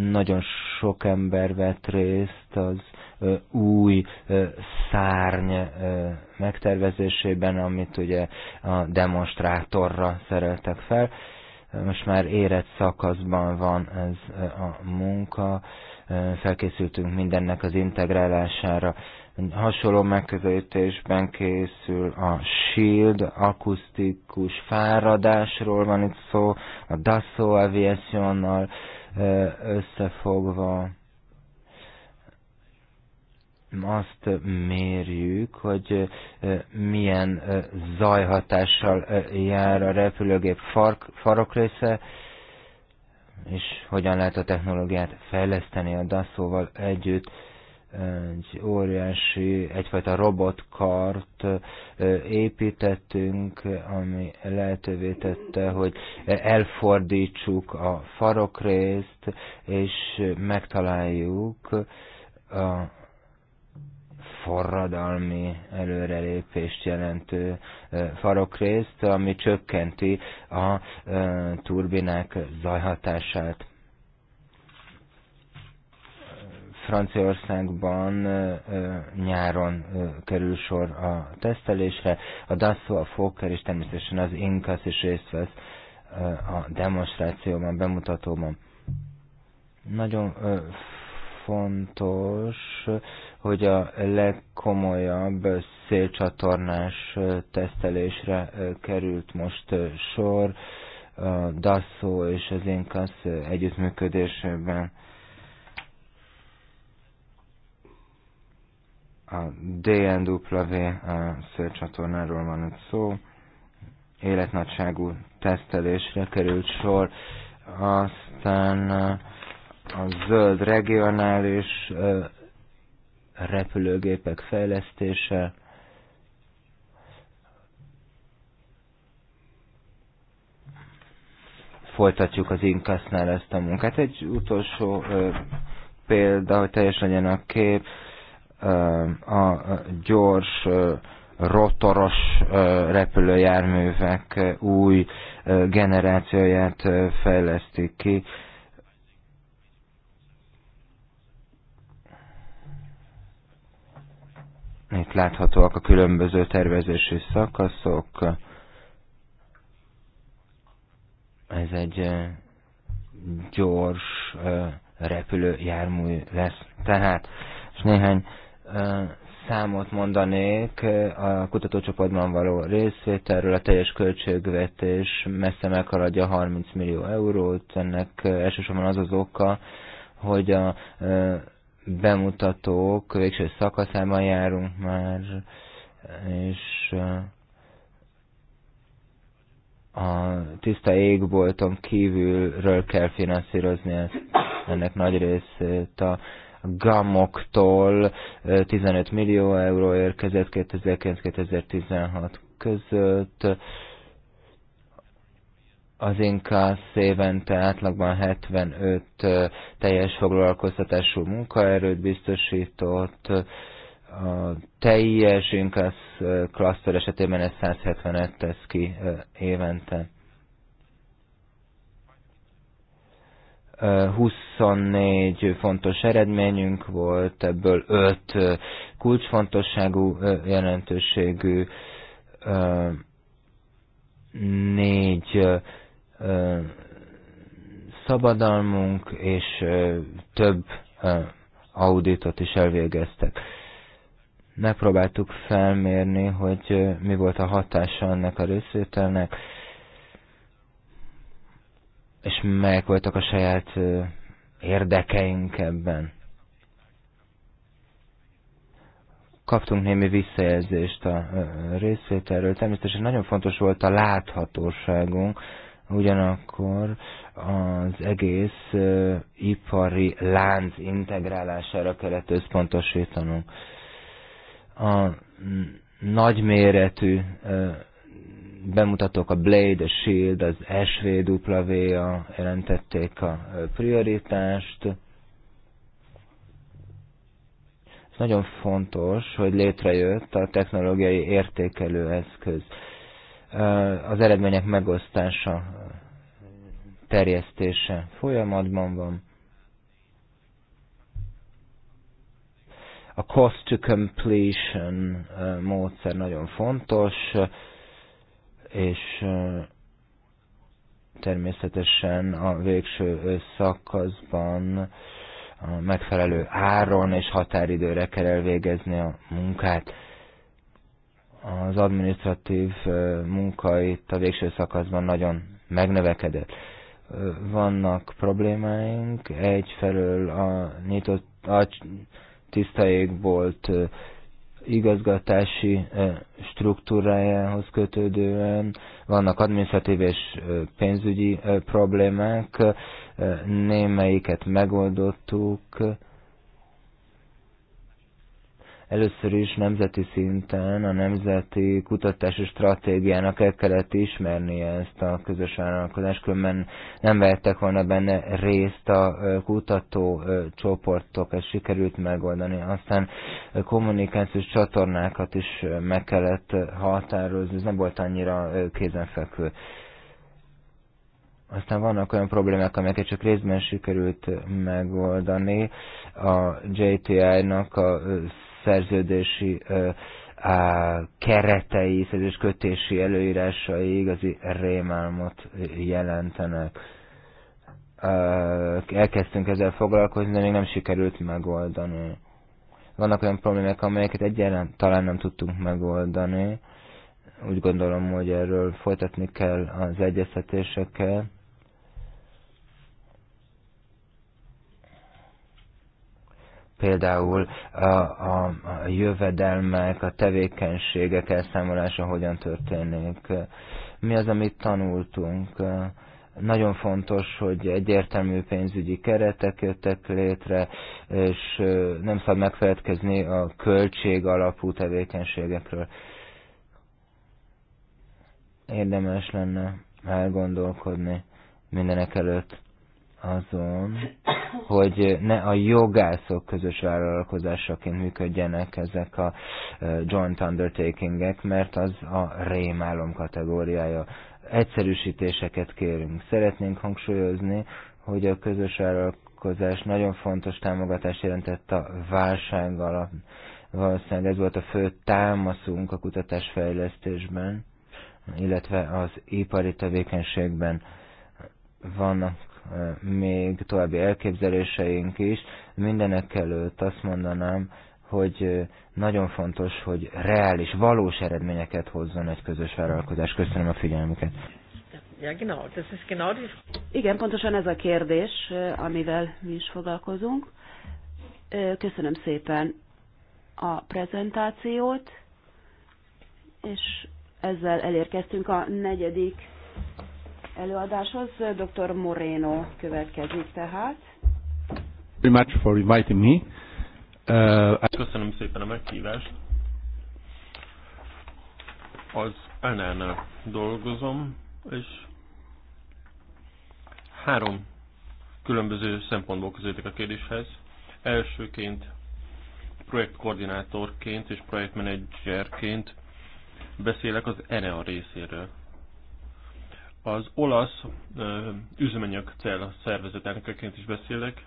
nagyon sok ember vett részt az új szárny megtervezésében, amit ugye a demonstrátorra szereltek fel. Most már érett szakaszban van ez a munka, felkészültünk mindennek az integrálására. Hasonló megközelítésben készül a SHIELD, akusztikus fáradásról van itt szó, a Dassault Aviationnal összefogva azt mérjük, hogy milyen zajhatással jár a repülőgép fark, farokrésze, és hogyan lehet a technológiát fejleszteni a dasz együtt egy óriási, egyfajta robotkart építettünk, ami lehetővé tette, hogy elfordítsuk a farokrészt, és megtaláljuk a forradalmi előrelépést jelentő farokrészt, ami csökkenti a turbinák zajhatását. Franciaországban nyáron kerül sor a tesztelésre, a Dassault, a Fokker és természetesen az Inkas is részt vesz a demonstrációban, bemutatóban. Nagyon fontos hogy a legkomolyabb szélcsatornás tesztelésre került most sor a DASZO és az Inkasz együttműködésében. A DNW szélcsatornáról van itt szó, életnagyságú tesztelésre került sor, aztán a zöld regionális repülőgépek fejlesztése, folytatjuk az inkasznál ezt a munkát. Egy utolsó ö, példa, hogy teljes legyen a kép, ö, a gyors ö, rotoros ö, repülőjárművek új ö, generációját ö, fejlesztik ki. Ö, Itt láthatóak a különböző tervezési szakaszok. Ez egy gyors repülő jármű lesz. Tehát, és néhány számot mondanék a kutatócsoportban való részvételről, a teljes költségvetés messze meghaladja 30 millió eurót, ennek elsősorban az az oka, hogy a bemutatók végső szakaszában járunk már, és uh, a tiszta égbolton kívülről kell finanszírozni ezt, ennek nagy részét a gamoktól 15 uh, millió euró érkezett 2009-2016 között, az inkább évente átlagban 75 teljes foglalkoztatású munkaerőt biztosított, a teljes inkább klaszter esetében ez 175 tesz ki évente. 24 fontos eredményünk volt, ebből 5 kulcsfontosságú, jelentőségű, 4 szabadalmunk és több auditot is elvégeztek. Megpróbáltuk felmérni, hogy mi volt a hatása ennek a részvételnek, és melyek voltak a saját érdekeink ebben. kaptunk némi visszajelzést a részvételről. Természetesen nagyon fontos volt a láthatóságunk, ugyanakkor az egész ipari lánc integrálására kellett összpontosítanunk. A nagyméretű bemutatók a Blade, a Shield, az SVW-a jelentették a prioritást. Ez nagyon fontos, hogy létrejött a technológiai értékelő eszköz az eredmények megosztása, terjesztése folyamatban van. A cost to completion módszer nagyon fontos, és természetesen a végső szakaszban a megfelelő áron és határidőre kell elvégezni a munkát az administratív munka itt a végső szakaszban nagyon megnövekedett. Vannak problémáink, egyfelől a nyitott a tiszta égbolt igazgatási struktúrájához kötődően, vannak administratív és pénzügyi problémák, némelyiket megoldottuk, Először is nemzeti szinten a nemzeti kutatási stratégiának el kellett ismerni ezt a közös vállalkozást, különben nem vehettek volna benne részt a kutató csoportok, ezt sikerült megoldani. Aztán kommunikációs csatornákat is meg kellett határozni, ez nem volt annyira kézenfekvő. Aztán vannak olyan problémák, amelyeket csak részben sikerült megoldani. A JTI-nak a szerződési keretei, szerződés kötési előírásai igazi rémálmot jelentenek. Elkezdtünk ezzel foglalkozni, de még nem sikerült megoldani. Vannak olyan problémák, amelyeket egyáltalán talán nem tudtunk megoldani. Úgy gondolom, hogy erről folytatni kell az egyeztetéseket például a, a jövedelmek, a tevékenységek elszámolása hogyan történik, mi az, amit tanultunk. Nagyon fontos, hogy egyértelmű pénzügyi keretek jöttek létre, és nem szabad megfeledkezni a költség alapú tevékenységekről. Érdemes lenne elgondolkodni mindenek előtt azon, hogy ne a jogászok közös vállalkozásaként működjenek ezek a joint undertakingek, mert az a rémálom kategóriája. Egyszerűsítéseket kérünk. Szeretnénk hangsúlyozni, hogy a közös vállalkozás nagyon fontos támogatást jelentett a válság alatt. Valószínűleg ez volt a fő támaszunk a kutatásfejlesztésben, illetve az ipari tevékenységben vannak még további elképzeléseink is. Mindenek előtt azt mondanám, hogy nagyon fontos, hogy reális, valós eredményeket hozzon egy közös vállalkozás. Köszönöm a figyelmüket. Ja, genau, das ist genau die... Igen, pontosan ez a kérdés, amivel mi is foglalkozunk. Köszönöm szépen a prezentációt, és ezzel elérkeztünk a negyedik előadáshoz. Dr. Moreno következik tehát. Very much for inviting me. Uh, Köszönöm szépen a meghívást. Az Enánál dolgozom, és három különböző szempontból közöttek a kérdéshez. Elsőként projektkoordinátorként és projektmenedzserként beszélek az ENEA részéről. Az olasz üzemanyag cél szervezet elnökeként is beszélek,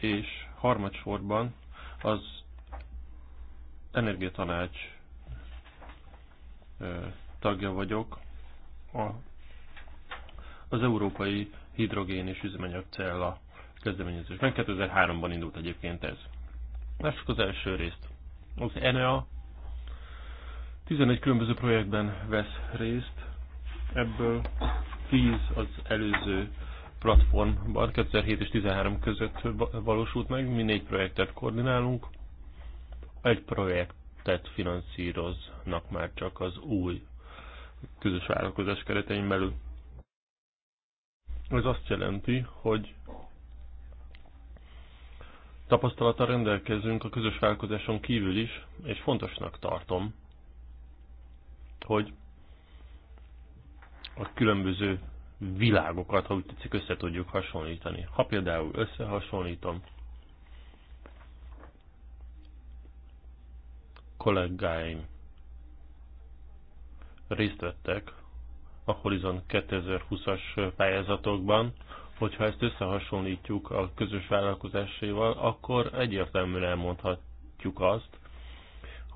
és harmadsorban az energiatanács tagja vagyok a, az Európai Hidrogén és Üzemanyag Cella kezdeményezésben. 2003-ban indult egyébként ez. Lássuk az első részt. Az ENEA 11 különböző projektben vesz részt, ebből 10 az előző platformban, 2007 és 13 között valósult meg, mi négy projektet koordinálunk, egy projektet finanszíroznak már csak az új közös vállalkozás keretein belül. Ez azt jelenti, hogy tapasztalata rendelkezünk a közös vállalkozáson kívül is, és fontosnak tartom, hogy a különböző világokat, ha úgy tetszik, össze tudjuk hasonlítani. Ha például összehasonlítom kollégáim részt vettek a Horizon 2020-as pályázatokban, hogyha ezt összehasonlítjuk a közös vállalkozásaival, akkor egyértelműen elmondhatjuk azt,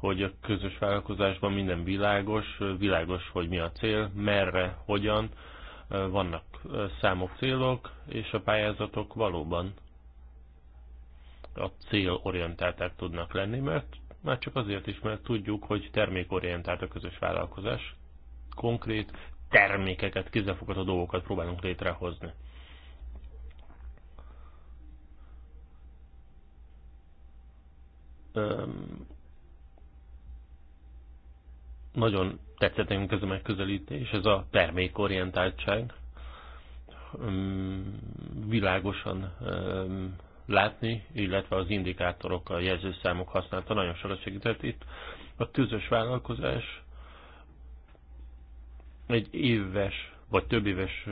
hogy a közös vállalkozásban minden világos, világos, hogy mi a cél, merre, hogyan, vannak számok, célok, és a pályázatok valóban a célorientálták tudnak lenni, mert már csak azért is, mert tudjuk, hogy termékorientált a közös vállalkozás, konkrét termékeket, kézzelfogható dolgokat próbálunk létrehozni. Nagyon tetszett nekünk ez a megközelítés, ez a termékorientáltság. Világosan látni, illetve az indikátorok, a jelzőszámok használta nagyon sokat segített itt. A közös vállalkozás egy éves vagy több éves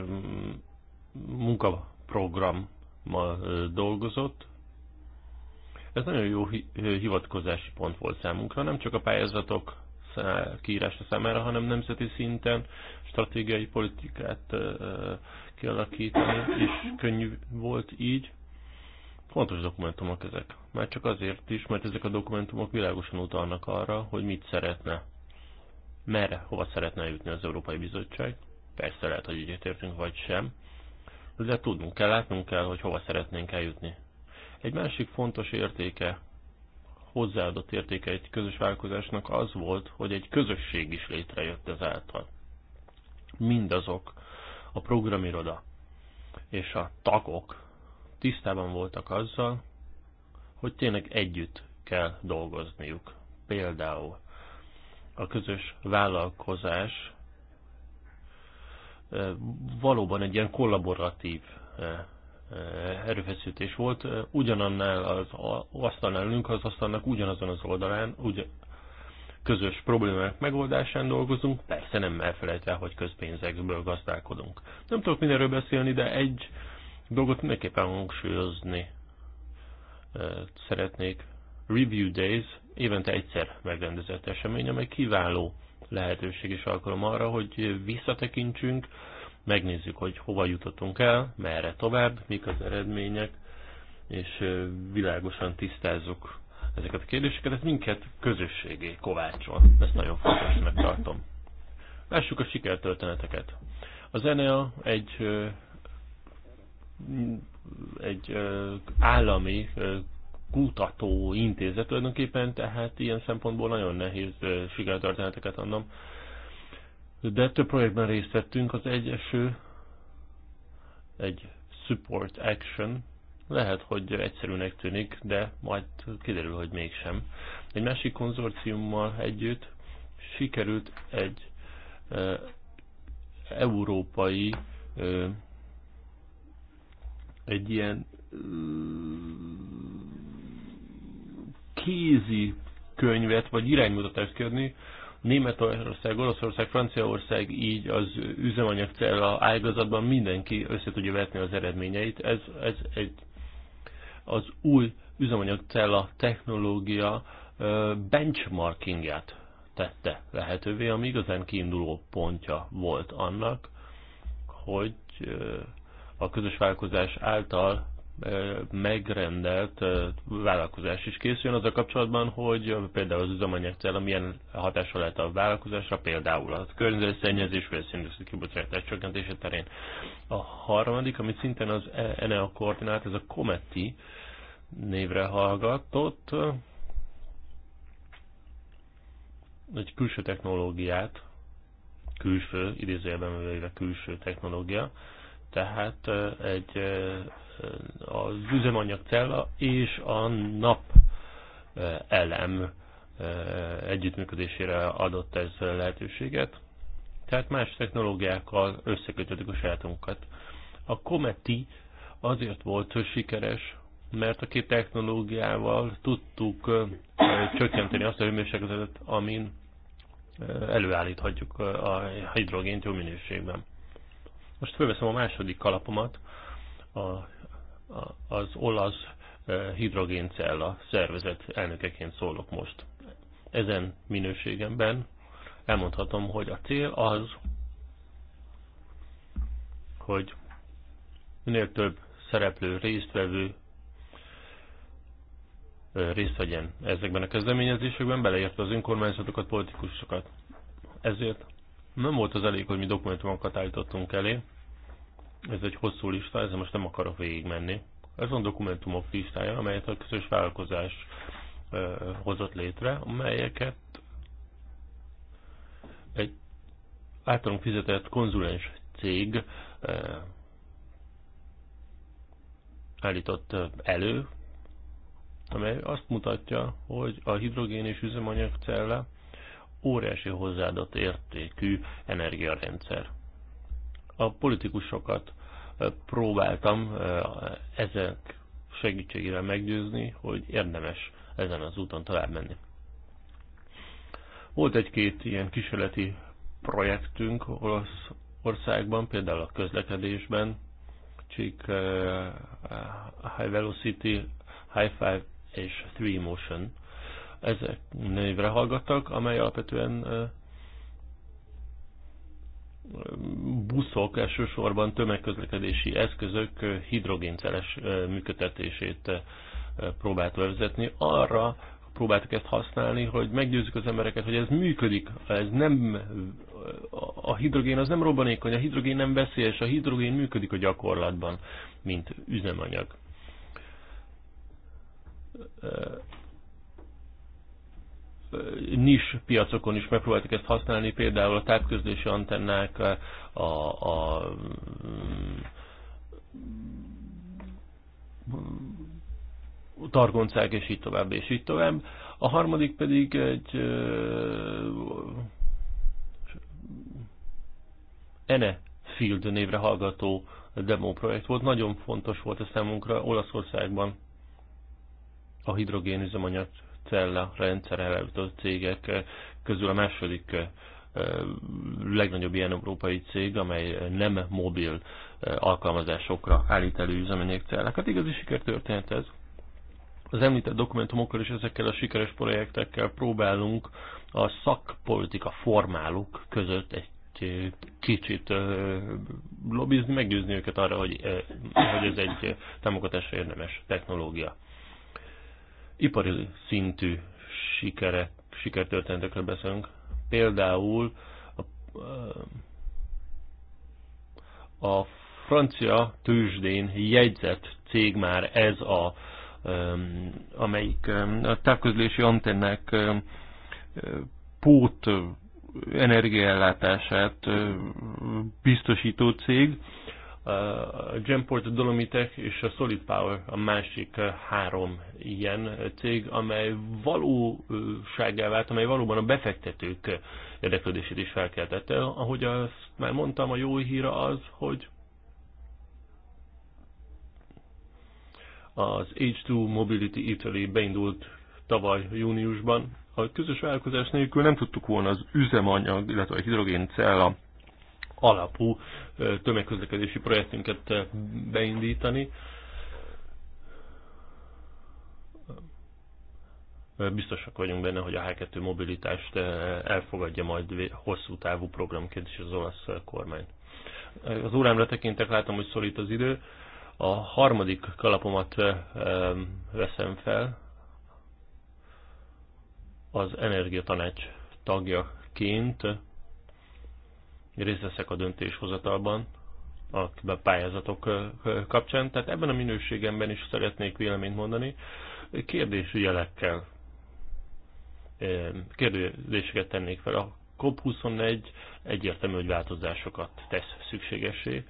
munkaprogrammal dolgozott. Ez nagyon jó hivatkozási pont volt számunkra, nem csak a pályázatok E, kiírása számára, hanem nemzeti szinten stratégiai politikát e, e, kialakítani, és könnyű volt így. Fontos dokumentumok ezek. Már csak azért is, mert ezek a dokumentumok világosan utalnak arra, hogy mit szeretne, merre, hova szeretne jutni az Európai Bizottság. Persze lehet, hogy egyetértünk vagy sem, de tudnunk kell, látnunk kell, hogy hova szeretnénk eljutni. Egy másik fontos értéke hozzáadott értéke egy közös vállalkozásnak az volt, hogy egy közösség is létrejött ezáltal. Mindazok, a programiroda és a tagok tisztában voltak azzal, hogy tényleg együtt kell dolgozniuk. Például a közös vállalkozás eh, valóban egy ilyen kollaboratív eh, Eh, erőfeszítés volt. Eh, ugyanannál az asztalnál ülünk, az asztalnak ugyanazon az oldalán, ugyan, közös problémák megoldásán dolgozunk, persze nem elfelejtve, hogy közpénzekből gazdálkodunk. Nem tudok mindenről beszélni, de egy dolgot mindenképpen hangsúlyozni eh, szeretnék. Review Days évente egyszer megrendezett esemény, amely kiváló lehetőség és alkalom arra, hogy visszatekintsünk, megnézzük, hogy hova jutottunk el, merre tovább, mik az eredmények, és világosan tisztázzuk ezeket a kérdéseket, Ez minket közösségé kovácsol. Ezt nagyon fontosnak tartom. Lássuk a sikertörténeteket. A zene egy egy állami kutató intézet tulajdonképpen, tehát ilyen szempontból nagyon nehéz sikertörténeteket adnom de több projektben részt vettünk, az egyeső egy support action, lehet, hogy egyszerűnek tűnik, de majd kiderül, hogy mégsem. Egy másik konzorciummal együtt sikerült egy e, európai e, egy ilyen e, kézi könyvet vagy iránymutatást kérni, Németország, Oroszország, Franciaország így az üzemanyag cella ágazatban mindenki össze tudja vetni az eredményeit. Ez, ez egy, az új üzemanyag cella technológia benchmarkingját tette lehetővé, ami igazán kiinduló pontja volt annak, hogy a közös vállalkozás által megrendelt vállalkozás is készüljön az a kapcsolatban, hogy például az üzemanyag cél, milyen hatása lehet a vállalkozásra, például a környezetszennyezés vagy a széndiokszid kibocsátás csökkentése terén. A harmadik, amit szintén az ENEA koordinált, ez a COMETI névre hallgatott, egy külső technológiát, külső, idézőjelben véve külső technológia, tehát egy az üzemanyagcella és a nap elem együttműködésére adott ez lehetőséget. Tehát más technológiákkal összekötöttük a sajátunkat. A Cometi azért volt sikeres, mert a két technológiával tudtuk csökkenteni azt a hőmérsékletet, amin előállíthatjuk a hidrogént jó minőségben. Most fölveszem a második kalapomat, a az olasz eh, hidrogéncella szervezet elnökeként szólok most. Ezen minőségemben elmondhatom, hogy a cél az, hogy minél több szereplő, résztvevő eh, részt vegyen ezekben a kezdeményezésekben, beleértve az önkormányzatokat, politikusokat. Ezért nem volt az elég, hogy mi dokumentumokat állítottunk elé, ez egy hosszú lista, ezzel most nem akarok végigmenni. Ez van dokumentumok listája, amelyet a közös vállalkozás hozott létre, amelyeket egy általunk fizetett konzulens cég állított elő, amely azt mutatja, hogy a hidrogén és cella óriási hozzáadott értékű energiarendszer a politikusokat próbáltam ezek segítségével meggyőzni, hogy érdemes ezen az úton tovább menni. Volt egy-két ilyen kísérleti projektünk Olaszországban, például a közlekedésben, csík uh, High Velocity, High Five és Three Motion. Ezek névre hallgattak, amely alapvetően buszok elsősorban tömegközlekedési eszközök hidrogénceles működtetését próbált vezetni Arra próbáltuk ezt használni, hogy meggyőzzük az embereket, hogy ez működik, ez nem a hidrogén az nem robbanékony, a hidrogén nem veszélyes, a hidrogén működik a gyakorlatban, mint üzemanyag nis piacokon is megpróbáltuk ezt használni, például a tápközlési antennák, a, a targoncák, és így tovább, és így tovább. A harmadik pedig egy Ene Field névre hallgató demo projekt volt. Nagyon fontos volt a számunkra Olaszországban a hidrogén üzemanyag cella rendszer előtt cégek eh, közül a második eh, eh, legnagyobb ilyen európai cég, amely nem mobil alkalmazásokra állít elő üzemanyag cellákat. Hát igazi sikertörténet ez. Az említett dokumentumokkal és ezekkel a sikeres projektekkel próbálunk a szakpolitika formálók között egy kicsit lobbizni, meggyőzni őket arra, hogy, hogy ez egy támogatásra érdemes technológia ipari szintű sikere, sikertörténetekről beszélünk. Például a, a francia tőzsdén jegyzett cég már ez a amelyik a távközlési antennek pót energiaellátását biztosító cég, a Gemport Dolomitek és a Solid Power a másik három ilyen cég, amely valóságá vált, amely valóban a befektetők érdeklődését is felkeltette. Ahogy azt már mondtam, a jó híra az, hogy az H2 Mobility Italy beindult tavaly júniusban. A közös vállalkozás nélkül nem tudtuk volna az üzemanyag, illetve a cella alapú tömegközlekedési projektünket eh, beindítani. Eh, biztosak vagyunk benne, hogy a H2 mobilitást eh, elfogadja majd hosszú távú programként is az olasz kormány. Az órámra tekintek, látom, hogy szorít az idő. A harmadik kalapomat veszem fel, az energiatanács tagjaként részt veszek a döntéshozatalban, a pályázatok kapcsán. Tehát ebben a minőségemben is szeretnék véleményt mondani. Kérdésjelekkel kérdéseket tennék fel. A COP21 egyértelmű, hogy változásokat tesz szükségesé.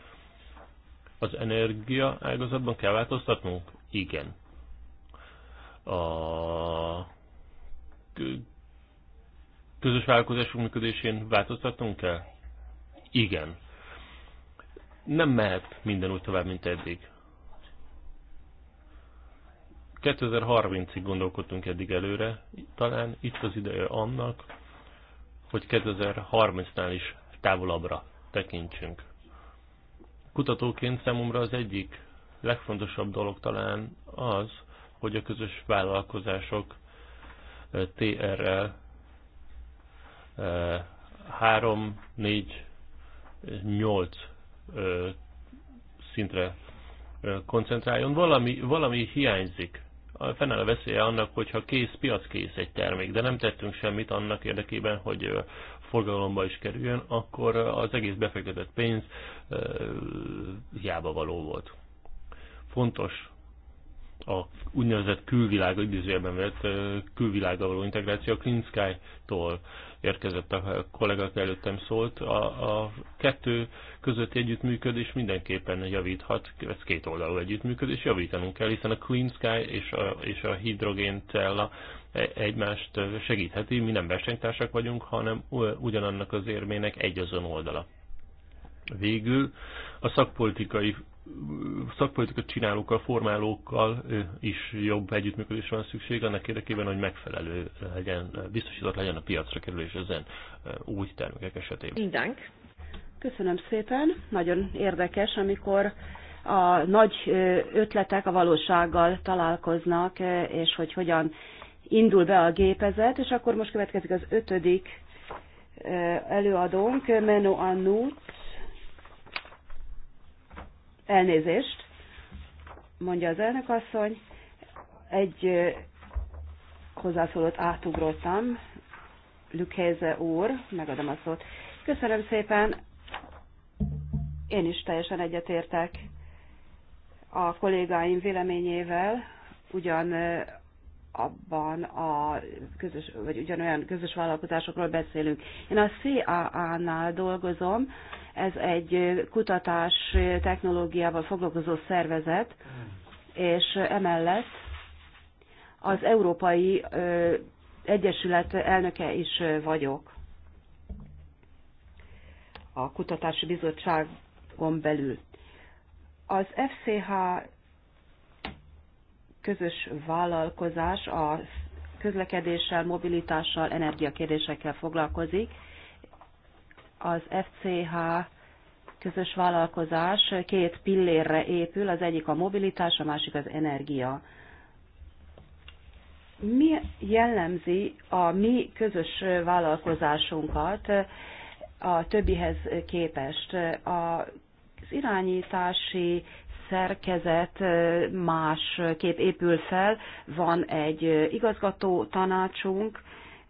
Az energia ágazatban kell változtatnunk? Igen. A közös vállalkozások működésén változtatnunk kell? igen. Nem mehet minden úgy tovább, mint eddig. 2030-ig gondolkodtunk eddig előre, talán itt az ideje annak, hogy 2030-nál is távolabbra tekintsünk. Kutatóként számomra az egyik legfontosabb dolog talán az, hogy a közös vállalkozások TRL 3, 4, 8 szintre koncentráljon. Valami, valami hiányzik. Fennáll a veszélye annak, hogyha kész, piac kész egy termék, de nem tettünk semmit annak érdekében, hogy forgalomba is kerüljön, akkor az egész befektetett pénz hiába való volt. Fontos a úgynevezett külvilág, idézőjelben vett külvilága való integráció a Clean Sky-tól érkezett a kollégák előttem szólt. A, a kettő közötti együttműködés mindenképpen javíthat, ez két oldalú együttműködés, javítanunk kell, hiszen a Clean Sky és a, és a cella egymást segítheti, mi nem versenytársak vagyunk, hanem ugyanannak az érmének egy azon oldala. Végül a szakpolitikai szakpolitikai csinálókkal, formálókkal is jobb együttműködés van szükség, annak érdekében, hogy megfelelő legyen, biztosított legyen a piacra kerülés ezen új termékek esetében. Mindánk. Köszönöm szépen. Nagyon érdekes, amikor a nagy ötletek a valósággal találkoznak, és hogy hogyan indul be a gépezet, és akkor most következik az ötödik előadónk, Menno annu. Elnézést, mondja az elnök asszony. Egy hozzászólót átugrottam. Lükhelyze úr, megadom a szót. Köszönöm szépen. Én is teljesen egyetértek a kollégáim véleményével, ugyan abban a közös, vagy ugyanolyan közös vállalkozásokról beszélünk. Én a CAA-nál dolgozom, ez egy kutatás technológiával foglalkozó szervezet, és emellett az Európai Egyesület elnöke is vagyok a Kutatási Bizottságon belül. Az FCH közös vállalkozás a közlekedéssel, mobilitással, energiakérdésekkel foglalkozik, az FCH közös vállalkozás két pillérre épül, az egyik a mobilitás, a másik az energia. Mi jellemzi a mi közös vállalkozásunkat a többihez képest? Az irányítási szerkezet más kép épül fel, van egy igazgató tanácsunk,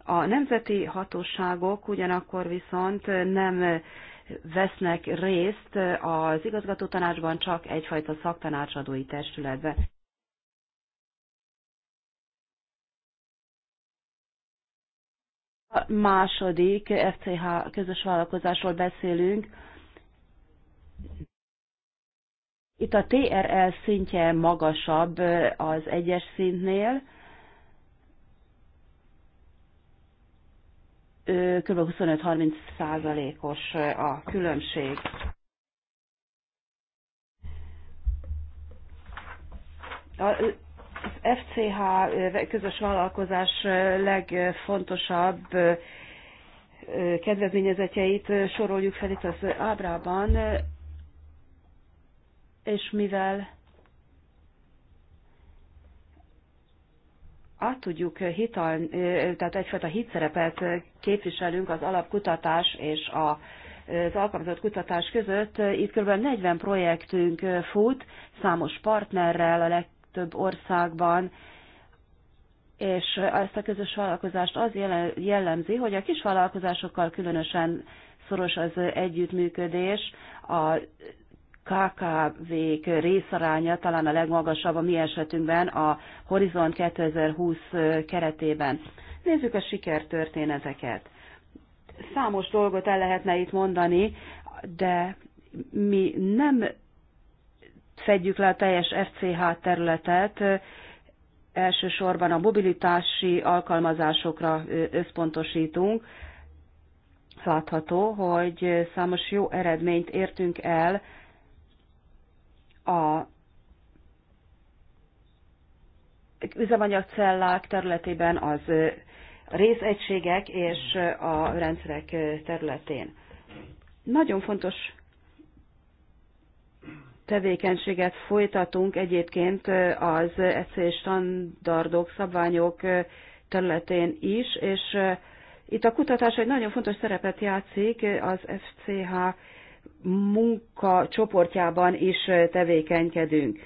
a nemzeti hatóságok ugyanakkor viszont nem vesznek részt az igazgató tanácsban, csak egyfajta szaktanácsadói testületbe. A második FCH közös vállalkozásról beszélünk. Itt a TRL szintje magasabb az egyes szintnél, kb. 25-30 százalékos a különbség. A FCH közös vállalkozás legfontosabb kedvezményezetjeit soroljuk fel itt az ábrában, és mivel át tudjuk eh, hital, eh, tehát egyfajta hitszerepet eh, képviselünk az alapkutatás és a az alkalmazott kutatás között. Itt kb. 40 projektünk fut, számos partnerrel a legtöbb országban, és ezt a közös vállalkozást az jellemzi, hogy a kis vállalkozásokkal különösen szoros az együttműködés, a KKV-k részaránya talán a legmagasabb a mi esetünkben a Horizon 2020 keretében. Nézzük a sikertörténeteket. Számos dolgot el lehetne itt mondani, de mi nem fedjük le a teljes FCH területet, elsősorban a mobilitási alkalmazásokra összpontosítunk. Látható, hogy számos jó eredményt értünk el a üzemanyagcellák területében, az részegységek és a rendszerek területén. Nagyon fontos tevékenységet folytatunk egyébként az EC standardok, szabványok területén is, és itt a kutatás egy nagyon fontos szerepet játszik, az FCH munka csoportjában is tevékenykedünk.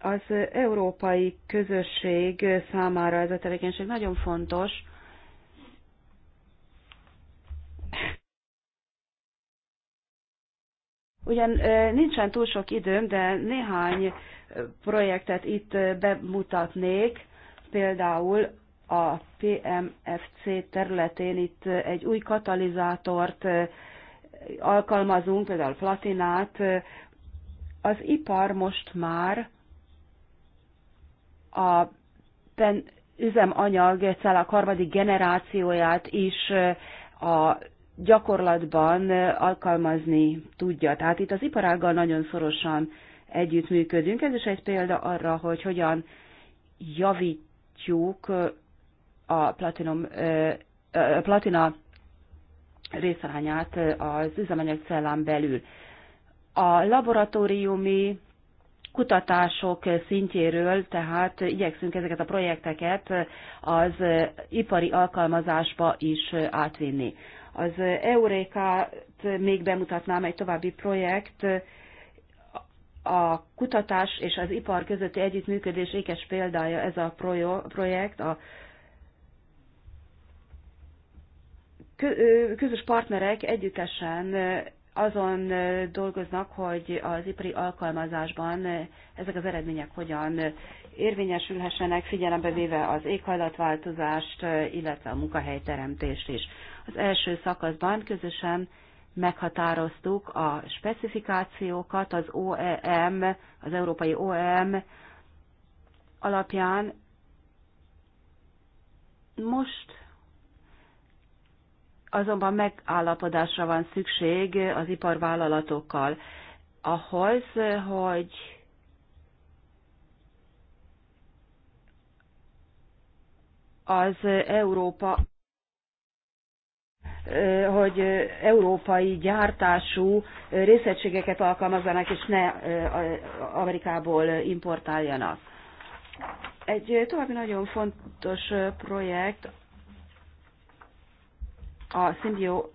Az európai közösség számára ez a tevékenység nagyon fontos, Ugyan nincsen túl sok időm, de néhány projektet itt bemutatnék. Például a PMFC területén itt egy új katalizátort alkalmazunk, például platinát, az ipar most már a ben, üzemanyag a harmadik generációját is eh, a gyakorlatban eh, alkalmazni tudja. Tehát itt az iparággal nagyon szorosan együttműködünk. Ez is egy példa arra, hogy hogyan javítjuk eh, a platinum, a platina részarányát az üzemanyagcellán belül. A laboratóriumi kutatások szintjéről, tehát igyekszünk ezeket a projekteket az ipari alkalmazásba is átvinni. Az Eurékát még bemutatnám egy további projekt, a kutatás és az ipar közötti együttműködés ékes példája ez a projekt, a közös partnerek együttesen azon dolgoznak, hogy az ipari alkalmazásban ezek az eredmények hogyan érvényesülhessenek, figyelembe véve az éghajlatváltozást, illetve a munkahelyteremtést is. Az első szakaszban közösen meghatároztuk a specifikációkat az OEM, az európai OEM alapján. Most azonban megállapodásra van szükség az iparvállalatokkal ahhoz, hogy az Európa hogy európai gyártású részegységeket alkalmazzanak, és ne Amerikából importáljanak. Egy további nagyon fontos projekt a Symbio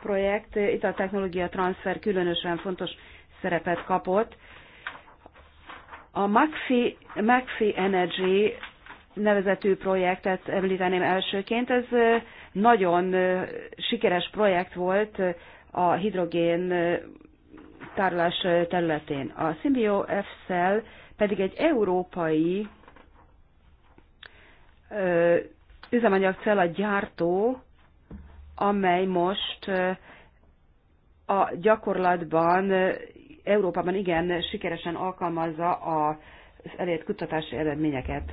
projekt eh, itt a technológia transfer különösen fontos szerepet kapott. A Maxi Maxi Energy nevezetű projektet említeném elsőként. Ez eh, nagyon eh, sikeres projekt volt a hidrogén tárolás területén. A Symbio f pedig egy európai üzemanyagcella gyártó amely most a gyakorlatban Európában igen sikeresen alkalmazza az elért kutatási eredményeket.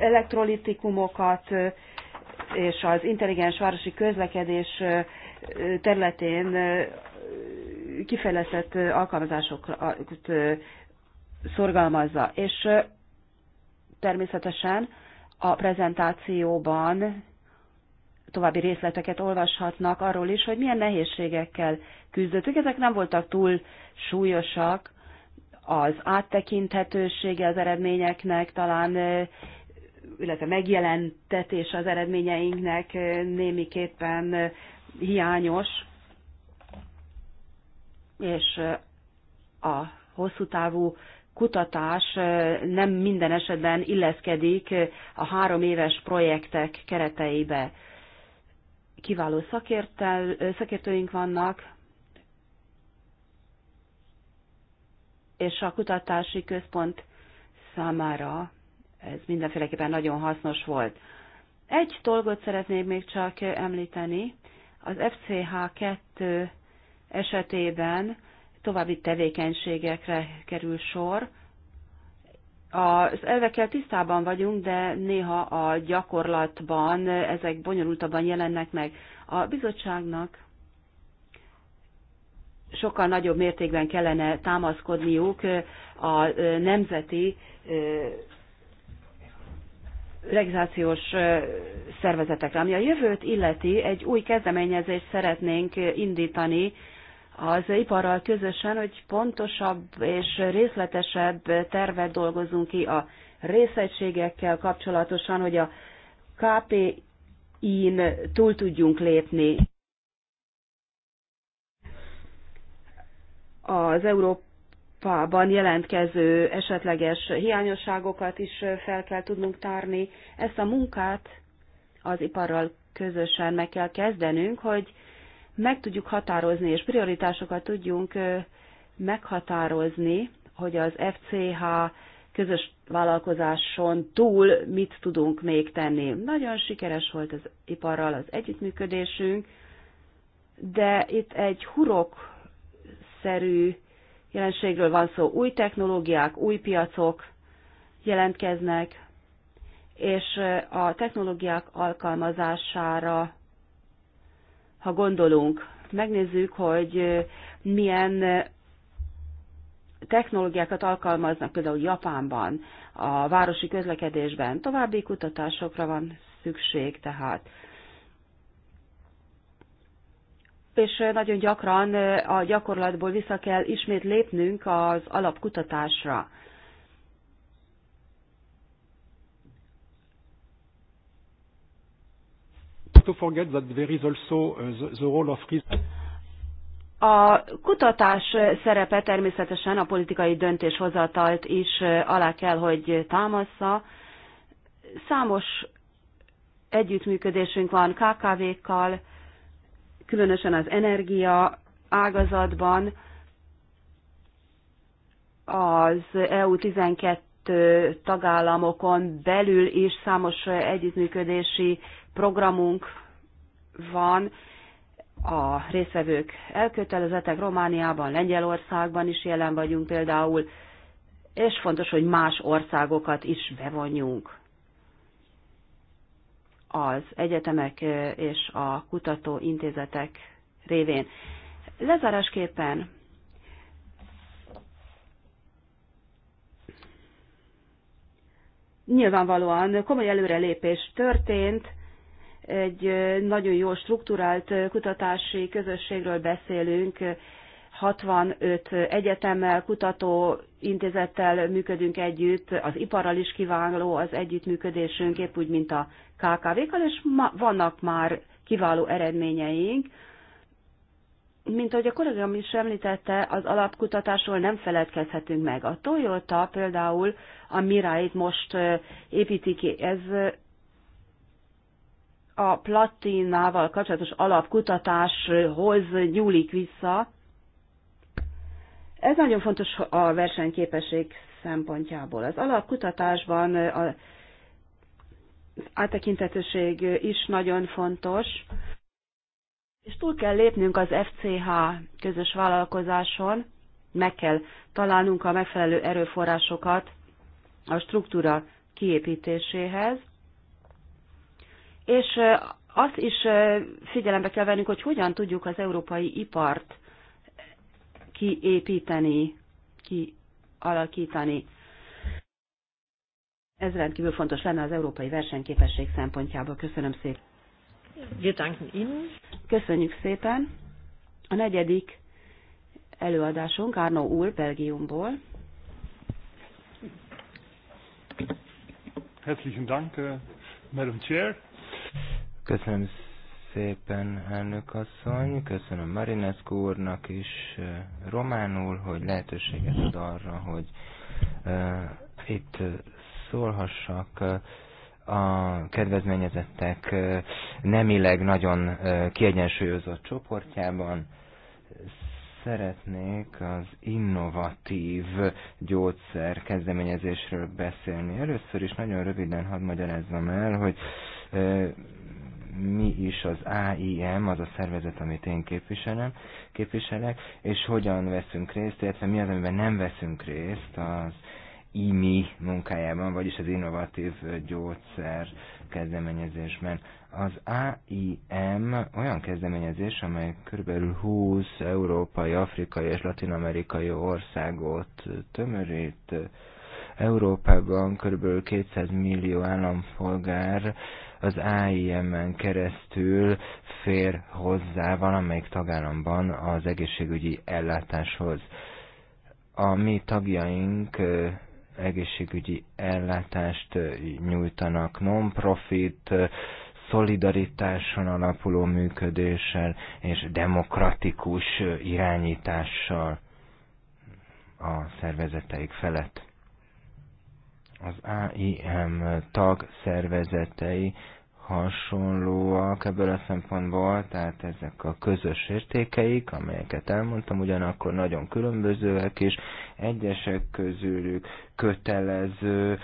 elektrolitikumokat és az intelligens városi közlekedés területén kifejlesztett alkalmazásokat szorgalmazza. És Természetesen a prezentációban további részleteket olvashatnak arról is, hogy milyen nehézségekkel küzdöttük. Ezek nem voltak túl súlyosak, az áttekinthetősége az eredményeknek talán, illetve megjelentetés az eredményeinknek némiképpen hiányos, és a hosszú távú kutatás nem minden esetben illeszkedik a három éves projektek kereteibe. Kiváló szakértőink vannak, és a kutatási központ számára ez mindenféleképpen nagyon hasznos volt. Egy dolgot szeretnék még csak említeni. Az FCH2 esetében további tevékenységekre kerül sor. Az elvekkel tisztában vagyunk, de néha a gyakorlatban ezek bonyolultabban jelennek meg. A bizottságnak sokkal nagyobb mértékben kellene támaszkodniuk a nemzeti regizációs szervezetekre. Ami a jövőt illeti, egy új kezdeményezést szeretnénk indítani az iparral közösen, hogy pontosabb és részletesebb tervet dolgozunk ki a részegységekkel kapcsolatosan, hogy a KPI-n túl tudjunk lépni. Az Európában jelentkező esetleges hiányosságokat is fel kell tudnunk tárni. Ezt a munkát az iparral közösen meg kell kezdenünk, hogy meg tudjuk határozni, és prioritásokat tudjunk meghatározni, hogy az FCH közös vállalkozáson túl mit tudunk még tenni. Nagyon sikeres volt az iparral az együttműködésünk, de itt egy hurok-szerű jelenségről van szó. Új technológiák, új piacok jelentkeznek, és a technológiák alkalmazására ha gondolunk, megnézzük, hogy milyen technológiákat alkalmaznak például Japánban, a városi közlekedésben. További kutatásokra van szükség tehát. És nagyon gyakran a gyakorlatból vissza kell ismét lépnünk az alapkutatásra. to forget that there is also uh, the, the role of A kutatás szerepe természetesen a politikai döntéshozatalt is uh, alá kell, hogy támaszza. Számos együttműködésünk van KKV-kkal, különösen az energia ágazatban, az EU12 tagállamokon belül is számos együttműködési programunk van, a részvevők elkötelezettek Romániában, Lengyelországban is jelen vagyunk például, és fontos, hogy más országokat is bevonjunk az egyetemek és a kutatóintézetek révén. Lezárásképpen nyilvánvalóan komoly előrelépés történt, egy nagyon jól struktúrált kutatási közösségről beszélünk, 65 egyetemmel, kutató intézettel működünk együtt, az iparral is kiváló az együttműködésünk, épp úgy, mint a KKV-kkal, és ma, vannak már kiváló eredményeink. Mint ahogy a kollégám is említette, az alapkutatásról nem feledkezhetünk meg. A Toyota például a Mirai-t most építi ki, ez a platinával kapcsolatos alapkutatáshoz nyúlik vissza. Ez nagyon fontos a versenyképesség szempontjából. Az alapkutatásban a áttekintetőség is nagyon fontos, és túl kell lépnünk az FCH közös vállalkozáson, meg kell találnunk a megfelelő erőforrásokat a struktúra kiépítéséhez, és azt is figyelembe kell vennünk, hogy hogyan tudjuk az európai ipart kiépíteni, kialakítani. Ez rendkívül fontos lenne az európai versenyképesség szempontjából. Köszönöm szépen. Köszönjük szépen. A negyedik előadásunk Árnó úr Belgiumból. Herzlichen Dank, äh, Madam Chair. Köszönöm szépen, elnök asszony. Köszönöm Marinescu úrnak is eh, románul, hogy lehetőséget ad arra, hogy eh, itt szólhassak a kedvezményezettek eh, nemileg nagyon kiegyensúlyozott csoportjában szeretnék az innovatív gyógyszer kezdeményezésről beszélni. Először is nagyon röviden hadd magyarázzam el, hogy mi is az AIM, az a szervezet, amit én képviselem, képviselek, és hogyan veszünk részt, illetve mi az, amiben nem veszünk részt az IMI munkájában, vagyis az innovatív gyógyszer kezdeményezésben. Az AIM olyan kezdeményezés, amely körülbelül 20 európai, afrikai és latinamerikai országot tömörít. Európában körülbelül 200 millió állampolgár az AIM-en keresztül fér hozzá valamelyik tagállamban az egészségügyi ellátáshoz. A mi tagjaink egészségügyi ellátást nyújtanak non-profit, szolidaritáson alapuló működéssel és demokratikus irányítással a szervezeteik felett. Az AIM tag szervezetei hasonlóak ebből a szempontból, tehát ezek a közös értékeik, amelyeket elmondtam, ugyanakkor nagyon különbözőek is, egyesek közülük kötelező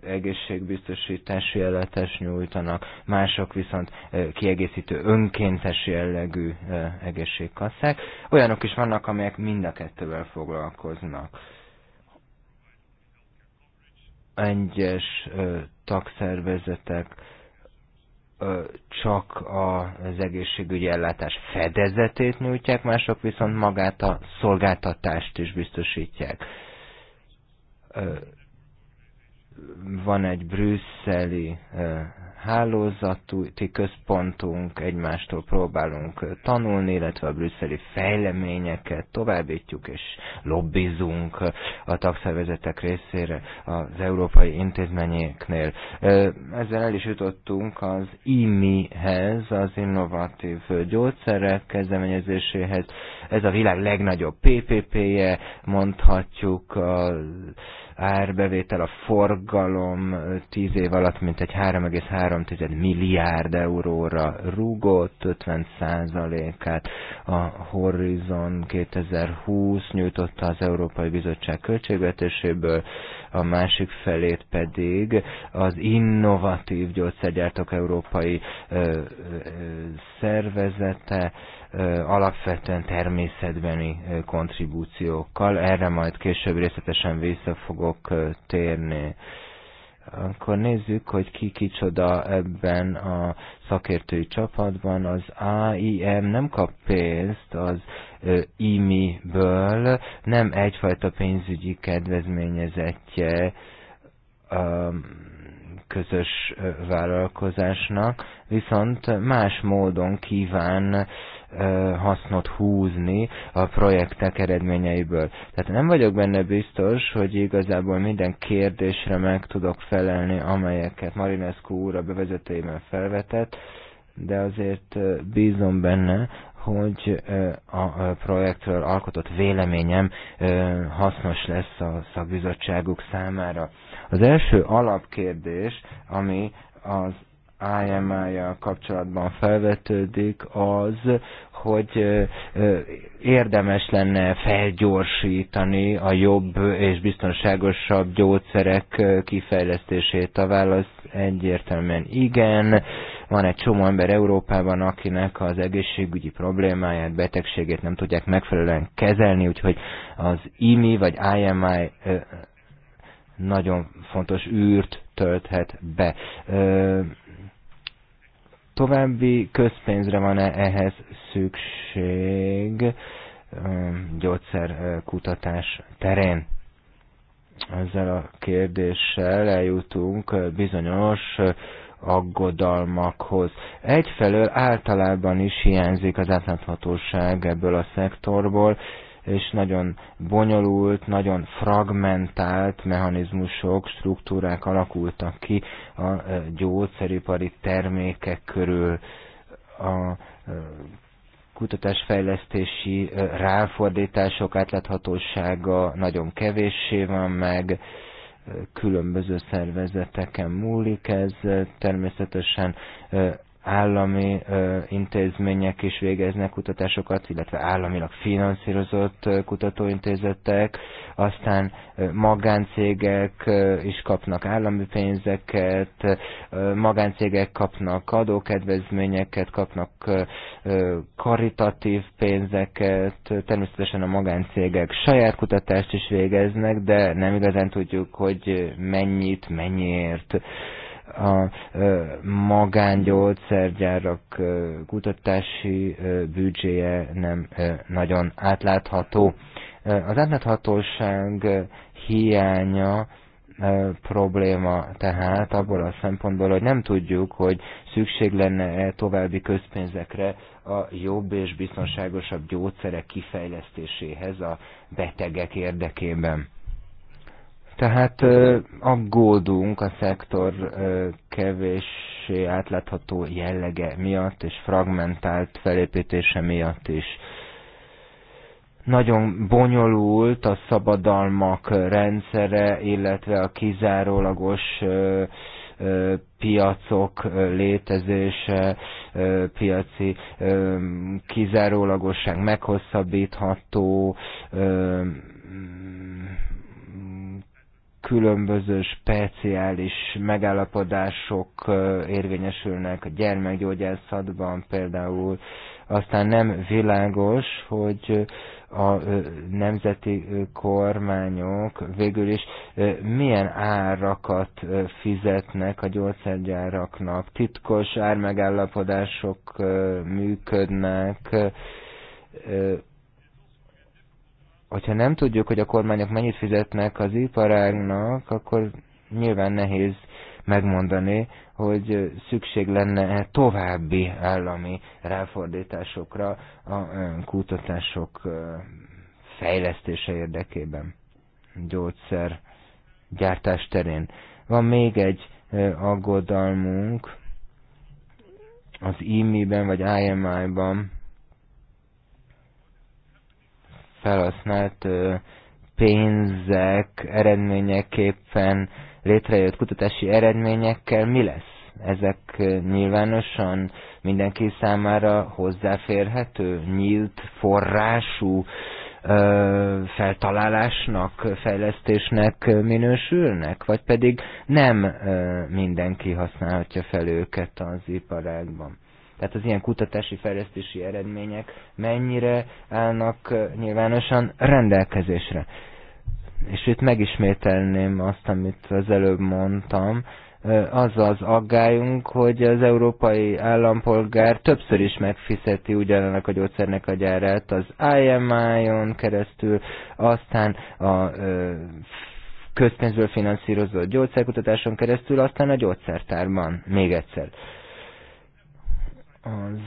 egészségbiztosítási jelletes nyújtanak, mások viszont kiegészítő önkéntes jellegű egészségkasszák. Olyanok is vannak, amelyek mind a kettővel foglalkoznak egyes tagszervezetek csak az egészségügyi ellátás fedezetét nyújtják, mások viszont magát a szolgáltatást is biztosítják. Van egy brüsszeli hálózati központunk, egymástól próbálunk tanulni, illetve a brüsszeli fejleményeket továbbítjuk és lobbizunk a tagszervezetek részére az európai intézményeknél. Ezzel el is jutottunk az IMI-hez, az innovatív gyógyszerek kezdeményezéséhez. Ez a világ legnagyobb PPP-je, mondhatjuk, az árbevétel, a forgalom 10 év alatt mintegy 3,3 milliárd euróra rúgott, 50 százalékát a Horizon 2020 nyújtotta az Európai Bizottság költségvetéséből, a másik felét pedig az innovatív gyógyszergyártók európai ö, ö, szervezete, alapvetően természetbeni kontribúciókkal. Erre majd később részletesen vissza fogok térni. Akkor nézzük, hogy ki kicsoda ebben a szakértői csapatban. Az AIM nem kap pénzt az IMI-ből, nem egyfajta pénzügyi kedvezményezettje közös vállalkozásnak, viszont más módon kíván hasznot húzni a projektek eredményeiből. Tehát nem vagyok benne biztos, hogy igazából minden kérdésre meg tudok felelni, amelyeket Marinescu úr a bevezetőjében felvetett, de azért bízom benne, hogy a projektről alkotott véleményem hasznos lesz a szakbizottságuk számára. Az első alapkérdés, ami az IMI-jal kapcsolatban felvetődik az, hogy érdemes lenne felgyorsítani a jobb és biztonságosabb gyógyszerek kifejlesztését. A válasz egyértelműen igen. Van egy csomó ember Európában, akinek az egészségügyi problémáját, betegségét nem tudják megfelelően kezelni, úgyhogy az IMI vagy IMI nagyon fontos űrt tölthet be. További közpénzre van-e ehhez szükség um, gyógyszerkutatás terén? Ezzel a kérdéssel eljutunk bizonyos aggodalmakhoz. Egyfelől általában is hiányzik az átláthatóság ebből a szektorból, és nagyon bonyolult, nagyon fragmentált mechanizmusok, struktúrák alakultak ki a gyógyszeripari termékek körül. A kutatásfejlesztési ráfordítások átláthatósága nagyon kevéssé van meg, különböző szervezeteken múlik ez, természetesen állami intézmények is végeznek kutatásokat, illetve államilag finanszírozott kutatóintézetek, aztán magáncégek is kapnak állami pénzeket, magáncégek kapnak adókedvezményeket, kapnak karitatív pénzeket, természetesen a magáncégek saját kutatást is végeznek, de nem igazán tudjuk, hogy mennyit, mennyiért a magángyógyszergyárak kutatási büdzséje nem nagyon átlátható. Az átláthatóság hiánya probléma tehát abból a szempontból, hogy nem tudjuk, hogy szükség lenne -e további közpénzekre a jobb és biztonságosabb gyógyszerek kifejlesztéséhez a betegek érdekében. Tehát aggódunk a szektor kevéssé átlátható jellege miatt és fragmentált felépítése miatt is. Nagyon bonyolult a szabadalmak rendszere, illetve a kizárólagos piacok létezése, piaci kizárólagosság meghosszabbítható, különböző speciális megállapodások érvényesülnek a gyermekgyógyászatban például, aztán nem világos, hogy a nemzeti kormányok végül is milyen árakat fizetnek a gyógyszergyáraknak. Titkos ármegállapodások működnek, hogyha nem tudjuk, hogy a kormányok mennyit fizetnek az iparágnak, akkor nyilván nehéz megmondani, hogy szükség lenne -e további állami ráfordításokra a kutatások fejlesztése érdekében gyógyszer gyártás terén. Van még egy aggodalmunk az IMI-ben vagy IMI-ban, felhasznált pénzek eredményeképpen létrejött kutatási eredményekkel mi lesz? Ezek nyilvánosan mindenki számára hozzáférhető, nyílt forrású ö, feltalálásnak, fejlesztésnek minősülnek, vagy pedig nem ö, mindenki használhatja fel őket az iparágban. Tehát az ilyen kutatási fejlesztési eredmények mennyire állnak nyilvánosan rendelkezésre. És itt megismételném azt, amit az előbb mondtam, az az aggályunk, hogy az európai állampolgár többször is megfizeti ugyanannak a gyógyszernek a gyárát az IMI-on keresztül, aztán a közpénzből finanszírozott gyógyszerkutatáson keresztül, aztán a gyógyszertárban még egyszer az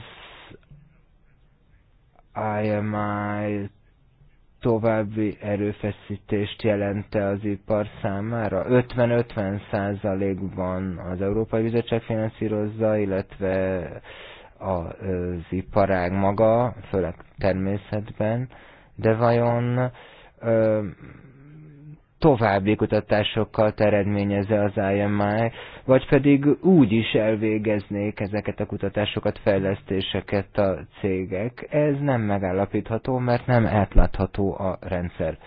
IMI további erőfeszítést jelente az ipar számára? 50-50 százalékban -50 az Európai Bizottság finanszírozza, illetve az iparág maga, főleg természetben, de vajon további kutatásokat eredményeze az IMI, vagy pedig úgy is elvégeznék ezeket a kutatásokat, fejlesztéseket a cégek. Ez nem megállapítható, mert nem átlátható a rendszer.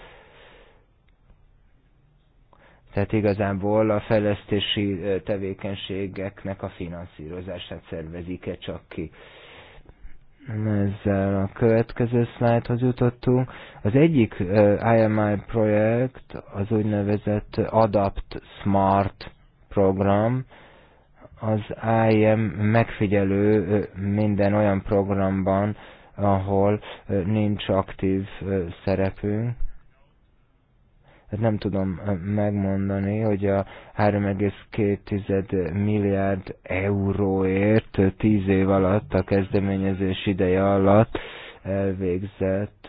Tehát igazából a fejlesztési tevékenységeknek a finanszírozását szervezik-e csak ki ezzel a következő szlájdhoz jutottunk. Az egyik IMI projekt az úgynevezett Adapt Smart program, az IM megfigyelő minden olyan programban, ahol nincs aktív szerepünk, ezt nem tudom megmondani, hogy a 3,2 milliárd euróért 10 év alatt, a kezdeményezés ideje alatt elvégzett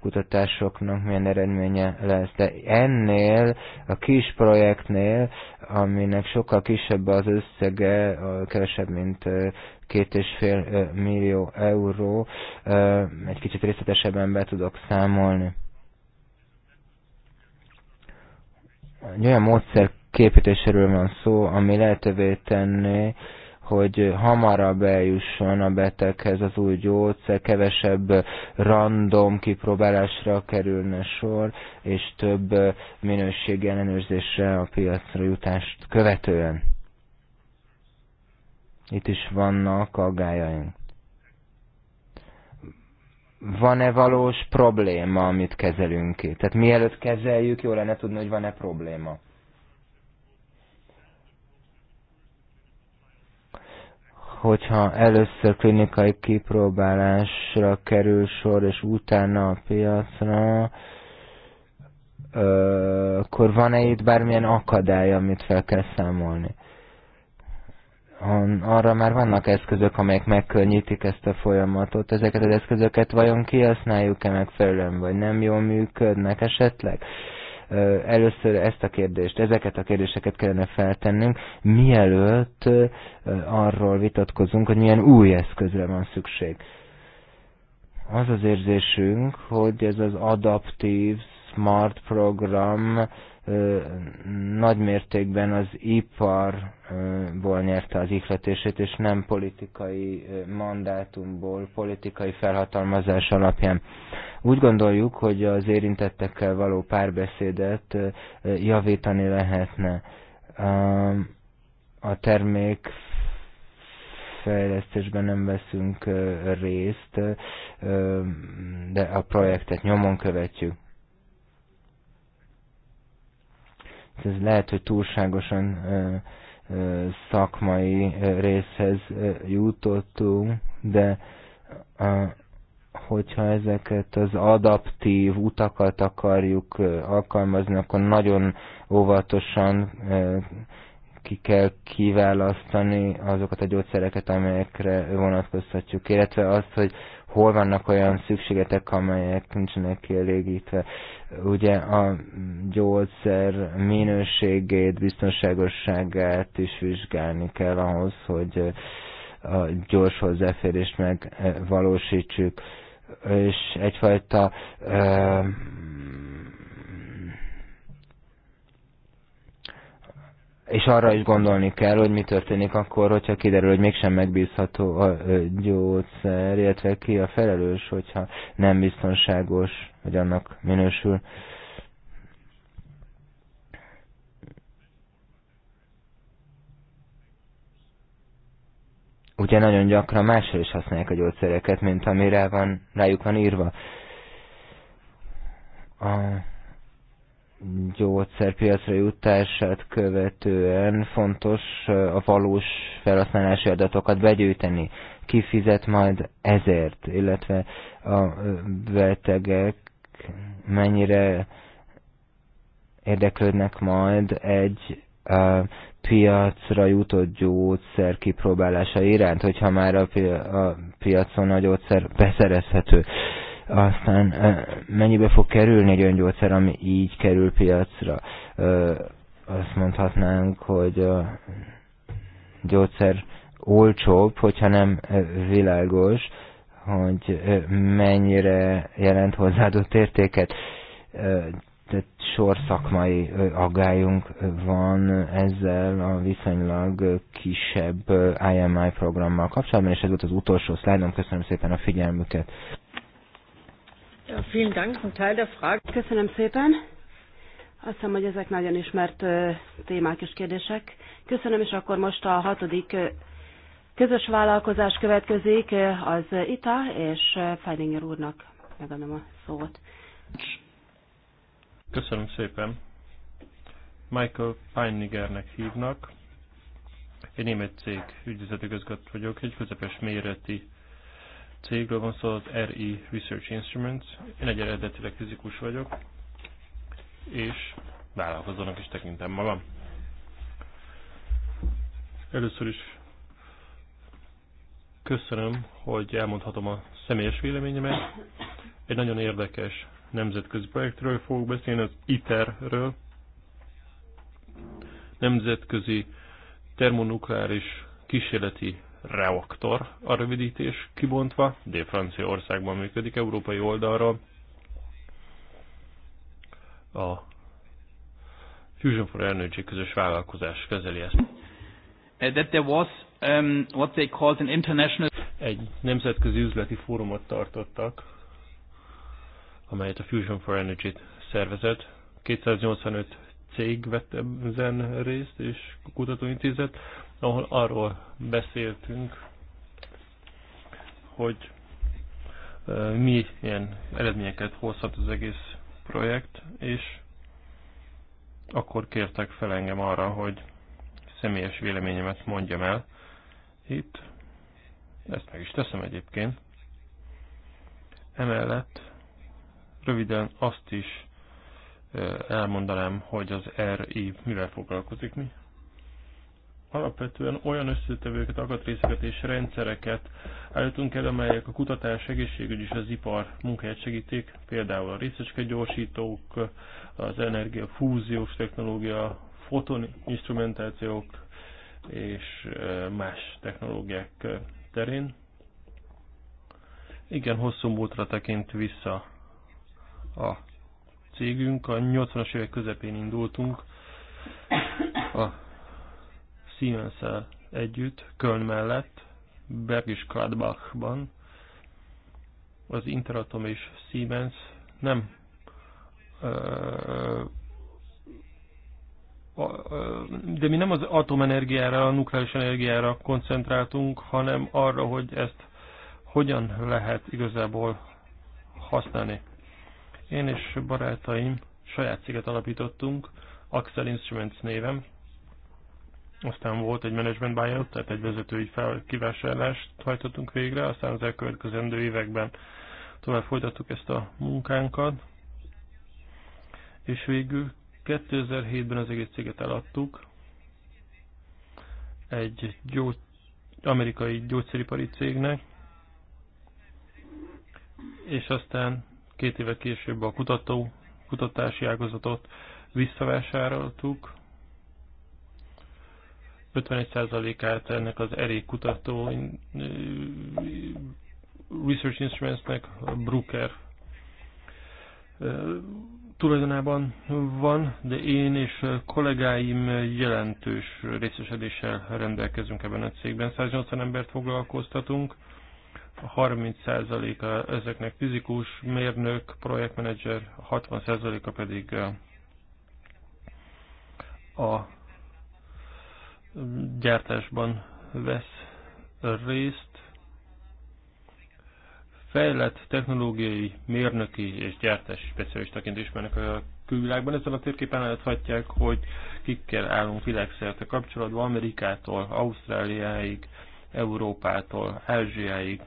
kutatásoknak milyen eredménye lesz. De ennél, a kis projektnél, aminek sokkal kisebb az összege, kevesebb, mint két és fél millió euró, egy kicsit részletesebben be tudok számolni. egy olyan módszer képítéséről van szó, ami lehetővé tenné, hogy hamarabb eljusson a beteghez az új gyógyszer, kevesebb random kipróbálásra kerülne sor, és több minőségi ellenőrzésre a piacra jutást követően. Itt is vannak aggájaink van-e valós probléma, amit kezelünk ki? Tehát mielőtt kezeljük, jó lenne tudni, hogy van-e probléma. Hogyha először klinikai kipróbálásra kerül sor, és utána a piacra, akkor van-e itt bármilyen akadály, amit fel kell számolni? arra már vannak eszközök, amelyek megkönnyítik ezt a folyamatot. Ezeket az eszközöket vajon kihasználjuk-e megfelelően, vagy nem jól működnek esetleg? Először ezt a kérdést, ezeket a kérdéseket kellene feltennünk, mielőtt arról vitatkozunk, hogy milyen új eszközre van szükség. Az az érzésünk, hogy ez az adaptív smart program nagymértékben az iparból nyerte az ihletését, és nem politikai mandátumból, politikai felhatalmazás alapján. Úgy gondoljuk, hogy az érintettekkel való párbeszédet javítani lehetne. A termék fejlesztésben nem veszünk részt, de a projektet nyomon követjük. ez lehet, hogy túlságosan szakmai részhez jutottunk, de hogyha ezeket az adaptív utakat akarjuk alkalmazni, akkor nagyon óvatosan ki kell kiválasztani azokat a gyógyszereket, amelyekre vonatkoztatjuk, illetve azt, hogy hol vannak olyan szükségetek, amelyek nincsenek kielégítve. Ugye a gyógyszer minőségét, biztonságosságát is vizsgálni kell ahhoz, hogy a gyors hozzáférést megvalósítsuk, és egyfajta és arra is gondolni kell, hogy mi történik akkor, hogyha kiderül, hogy mégsem megbízható a gyógyszer, illetve ki a felelős, hogyha nem biztonságos, hogy annak minősül. Ugye nagyon gyakran másra is használják a gyógyszereket, mint amire van, rájuk van írva. A gyógyszerpiacra jutását követően fontos a valós felhasználási adatokat begyűjteni. Ki fizet majd ezért, illetve a betegek mennyire érdeklődnek majd egy a piacra jutott gyógyszer kipróbálása iránt, hogyha már a, pi- a piacon a gyógyszer beszerezhető. Aztán mennyibe fog kerülni egy olyan gyógyszer, ami így kerül piacra? Azt mondhatnánk, hogy a gyógyszer olcsóbb, hogyha nem világos, hogy mennyire jelent hozzáadott értéket. Tehát sor szakmai aggályunk van ezzel a viszonylag kisebb IMI programmal kapcsolatban, és ez volt az utolsó szlájdom. Köszönöm szépen a figyelmüket. Vielen Dank. Ein Teil der Frage. Köszönöm szépen. Azt hiszem, hogy ezek nagyon ismert témák és kérdések. Köszönöm, és akkor most a hatodik közös vállalkozás következik, az ITA, és Feininger úrnak megadom a szót. Köszönöm szépen. Michael Feiningernek hívnak. Én német cég ügyvezető vagyok, egy közepes méretű cégről van szó, az RE Research Instruments. Én egy eredetileg fizikus vagyok, és vállalkozónak is tekintem magam. Először is köszönöm, hogy elmondhatom a személyes véleményemet. Egy nagyon érdekes nemzetközi projektről fogok beszélni, az ITER-ről. Nemzetközi termonukleáris kísérleti reaktor a rövidítés kibontva, de franciaországban működik európai oldalról. A Fusion for Energy közös vállalkozás kezeli ezt. Uh, that there was um, what they called an international... Egy nemzetközi üzleti fórumot tartottak, amelyet a Fusion for Energy szervezett. 285 cég vett ezen részt, és kutatóintézet ahol arról beszéltünk, hogy mi ilyen eredményeket hozhat az egész projekt, és akkor kértek fel engem arra, hogy személyes véleményemet mondjam el. Itt ezt meg is teszem egyébként. Emellett röviden azt is elmondanám, hogy az RI mivel foglalkozik mi alapvetően olyan összetevőket, akatrészeket és rendszereket állítunk el, amelyek a kutatás, egészségügy és az ipar munkáját segítik, például a részecskegyorsítók, az energia, fúziós technológia, instrumentációk és más technológiák terén. Igen, hosszú múltra tekint vissza a cégünk. A 80-as évek közepén indultunk. A siemens együtt, Köln mellett, Gladbachban. az Interatom és Siemens nem de mi nem az atomenergiára, a nukleáris energiára koncentráltunk, hanem arra, hogy ezt hogyan lehet igazából használni. Én és barátaim saját céget alapítottunk, Axel Instruments névem, aztán volt egy management buyout, tehát egy vezetői kivásárlást hajtottunk végre, aztán az elkövetkezendő években tovább folytattuk ezt a munkánkat, és végül 2007-ben az egész céget eladtuk egy gyógy, amerikai gyógyszeripari cégnek, és aztán két éve később a kutató, kutatási ágazatot visszavásároltuk, 51%-át ennek az ERI kutató Research Instrumentsnek Bruker tulajdonában van, de én és kollégáim jelentős részesedéssel rendelkezünk ebben a cégben. 180 embert foglalkoztatunk, 30%-a ezeknek fizikus, mérnök, projektmenedzser, 60%-a pedig a gyártásban vesz részt, fejlett technológiai, mérnöki és gyártási specialistaként ismernek a külvilágban. Ezen a térképen láthatják, hogy kikkel állunk világszerte kapcsolatban, Amerikától, Ausztráliáig, Európától, Ázsiáig,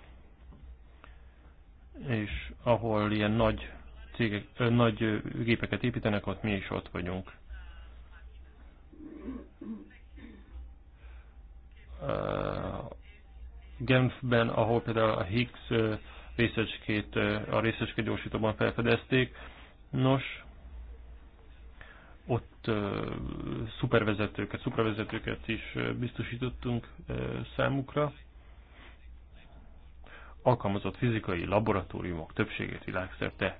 és ahol ilyen nagy, cégek, nagy gépeket építenek, ott mi is ott vagyunk. Genfben, ahol például a Higgs részecskét, a részecskét gyorsítóban felfedezték. Nos, ott szupervezetőket, szupervezetőket is biztosítottunk számukra. Alkalmazott fizikai laboratóriumok többségét világszerte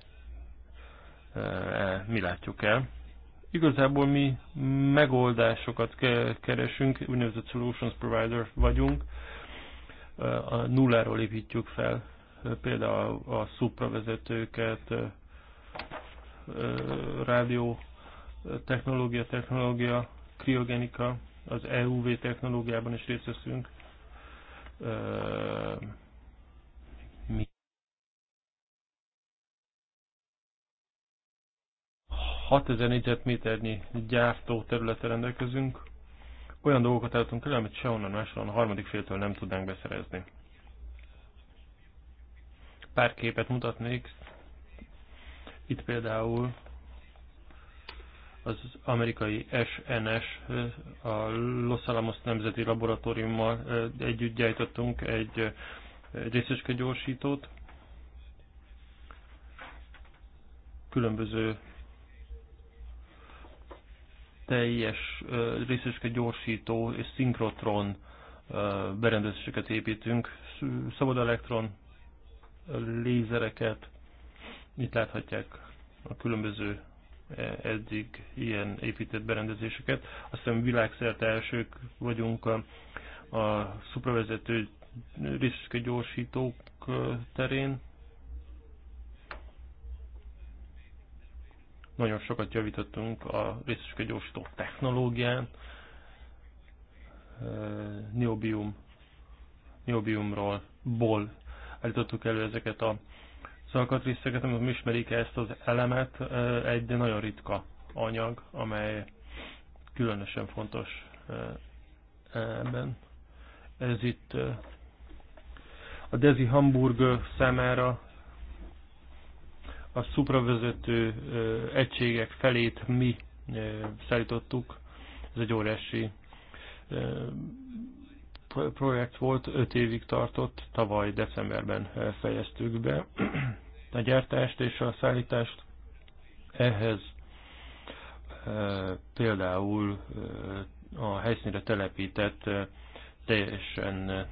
mi látjuk el. Igazából mi megoldásokat keresünk, úgynevezett solutions provider vagyunk, a nulláról építjük fel például a, a vezetőket, rádió technológia, technológia, kriogenika, az EUV technológiában is részt veszünk, 6000 négyzetméternyi gyártó területre rendelkezünk, olyan dolgokat álltunk elő, amit sehonnan máshonnan a harmadik féltől nem tudnánk beszerezni. Pár képet mutatnék. Itt például az amerikai SNS, a Los Alamos Nemzeti Laboratóriummal együtt gyártottunk egy részecske gyorsítót. Különböző teljes részeske gyorsító és szinkrotron berendezéseket építünk, szabad elektron lézereket, itt láthatják a különböző e, eddig ilyen épített berendezéseket. Azt hiszem világszerte elsők vagyunk a, a szupravezető részeske gyorsítók terén, Nagyon sokat javítottunk a gyorsító technológián, niobium, niobiumról, ból állítottuk elő ezeket a szalkatrészeket, amikor ismerik -e ezt az elemet, egy nagyon ritka anyag, amely különösen fontos e, ebben. Ez itt a Dezi Hamburg számára a szupravezető egységek felét mi szállítottuk. Ez egy óriási projekt volt, 5 évig tartott, tavaly decemberben fejeztük be a gyártást és a szállítást. Ehhez például a helyszínre telepített teljesen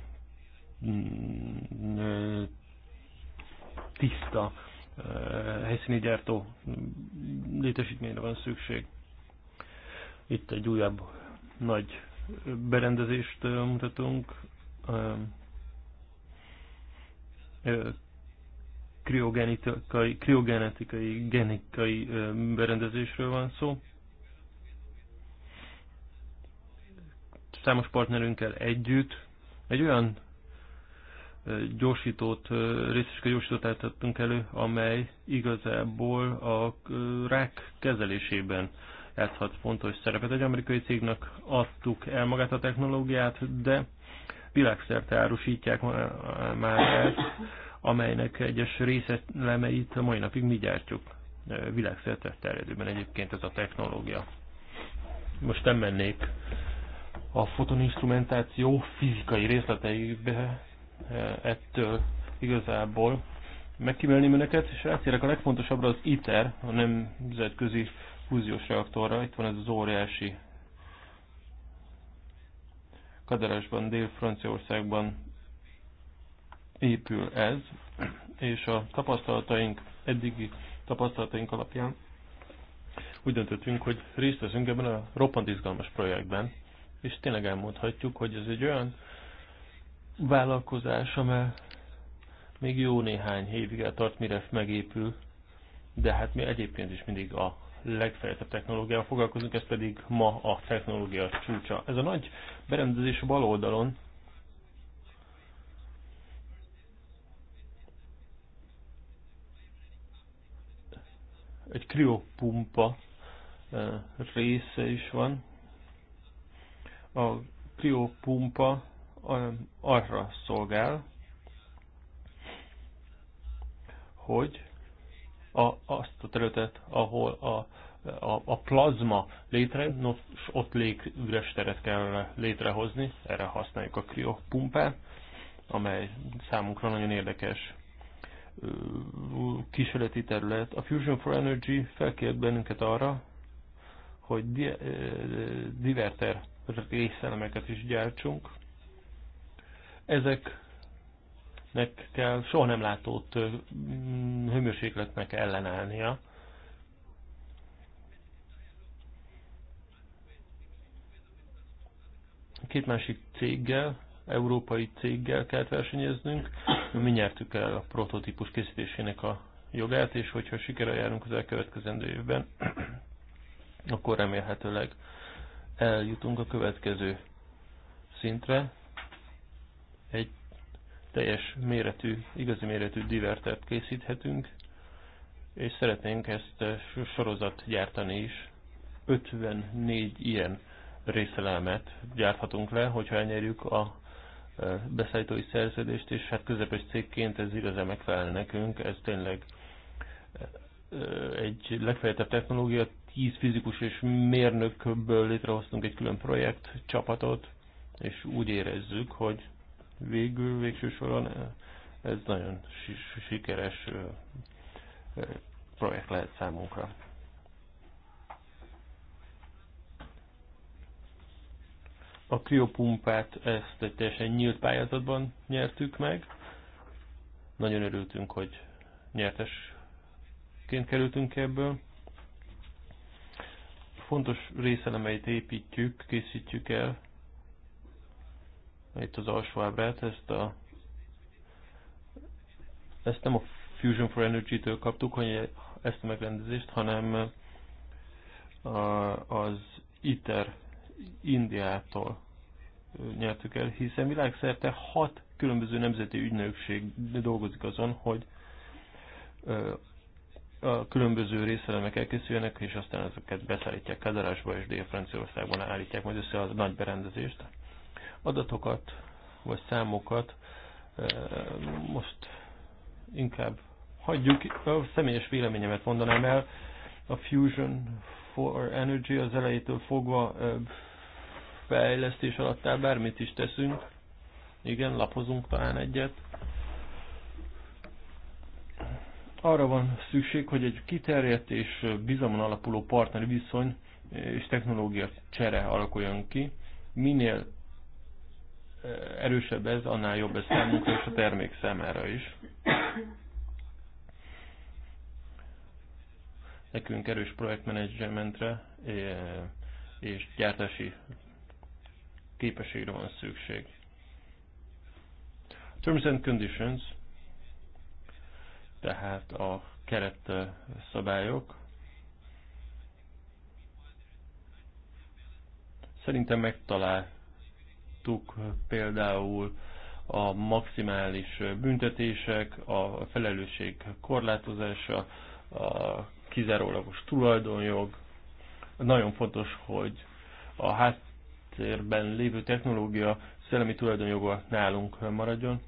mm, tiszta helyszíni gyártó létesítményre van szükség. Itt egy újabb nagy berendezést mutatunk. Kriogenetikai, kriogenetikai genikai berendezésről van szó. Számos partnerünkkel együtt egy olyan gyorsítót, részeske gyorsítót álltattunk elő, amely igazából a rák kezelésében játszhat fontos szerepet. Egy amerikai cégnek adtuk el magát a technológiát, de világszerte árusítják már ezt, amelynek egyes részlemeit a mai napig mi gyártjuk. Világszerte terjedőben egyébként ez a technológia. Most nem mennék a fotoninstrumentáció fizikai részleteibe, Eh, ettől igazából megkímélni önöket, és rátérek a legfontosabbra az ITER, a nemzetközi fúziós reaktorra. Itt van ez az óriási kaderesben Dél-Franciaországban épül ez, és a tapasztalataink, eddigi tapasztalataink alapján úgy döntöttünk, hogy részt veszünk ebben a roppant izgalmas projektben, és tényleg elmondhatjuk, hogy ez egy olyan vállalkozás, amely még jó néhány hétig tart, mire megépül, de hát mi egyébként is mindig a legfejlettebb technológiával foglalkozunk, ez pedig ma a technológia csúcsa. Ez a nagy berendezés a bal oldalon, egy kriopumpa eh, része is van. A kriopumpa arra szolgál, hogy a, azt a területet, ahol a, a, a plazma létre, nos, ott lég, üres teret kell létrehozni, erre használjuk a kriopumpát, amely számunkra nagyon érdekes kísérleti terület. A Fusion for Energy felkért bennünket arra, hogy diverter részelemeket is gyártsunk, ezeknek kell soha nem látott mm, hőmérsékletnek ellenállnia. Két másik céggel, európai céggel kell versenyeznünk. Mi nyertük el a prototípus készítésének a jogát, és hogyha sikerrel járunk az elkövetkezendő évben, akkor remélhetőleg eljutunk a következő szintre, egy teljes méretű, igazi méretű divertert készíthetünk, és szeretnénk ezt eh, sorozat gyártani is. 54 ilyen részelemet gyárthatunk le, hogyha elnyerjük a eh, beszállítói szerződést, és hát közepes cégként ez igazán megfelel nekünk, ez tényleg eh, egy legfejlettebb technológia, 10 fizikus és mérnökből létrehoztunk egy külön projekt csapatot, és úgy érezzük, hogy végül, végső soron ez nagyon sikeres projekt lehet számunkra. A kriopumpát ezt egy teljesen nyílt pályázatban nyertük meg. Nagyon örültünk, hogy nyertesként kerültünk ebből. Fontos részelemeit építjük, készítjük el itt az alsó ábrát, ezt a ezt nem a Fusion for Energy-től kaptuk, hogy ezt a megrendezést, hanem az ITER Indiától nyertük el, hiszen világszerte hat különböző nemzeti ügynökség dolgozik azon, hogy a különböző részelemek elkészüljenek, és aztán ezeket beszállítják Kadarásba és Dél-Franciaországban állítják majd össze a nagy berendezést adatokat vagy számokat most inkább hagyjuk. A személyes véleményemet mondanám el. A Fusion for Energy az elejétől fogva fejlesztés alatt áll, bármit is teszünk. Igen, lapozunk talán egyet. Arra van szükség, hogy egy kiterjedt és bizalmon alapuló partneri viszony és technológia csere alakuljon ki. Minél erősebb ez, annál jobb ez számunkra és a termék számára is. Nekünk erős projektmenedzsmentre és gyártási képességre van szükség. Terms and Conditions, tehát a keret szabályok, szerintem megtalál láttuk, például a maximális büntetések, a felelősség korlátozása, a kizárólagos tulajdonjog. Nagyon fontos, hogy a háttérben lévő technológia szellemi tulajdonjoga nálunk maradjon,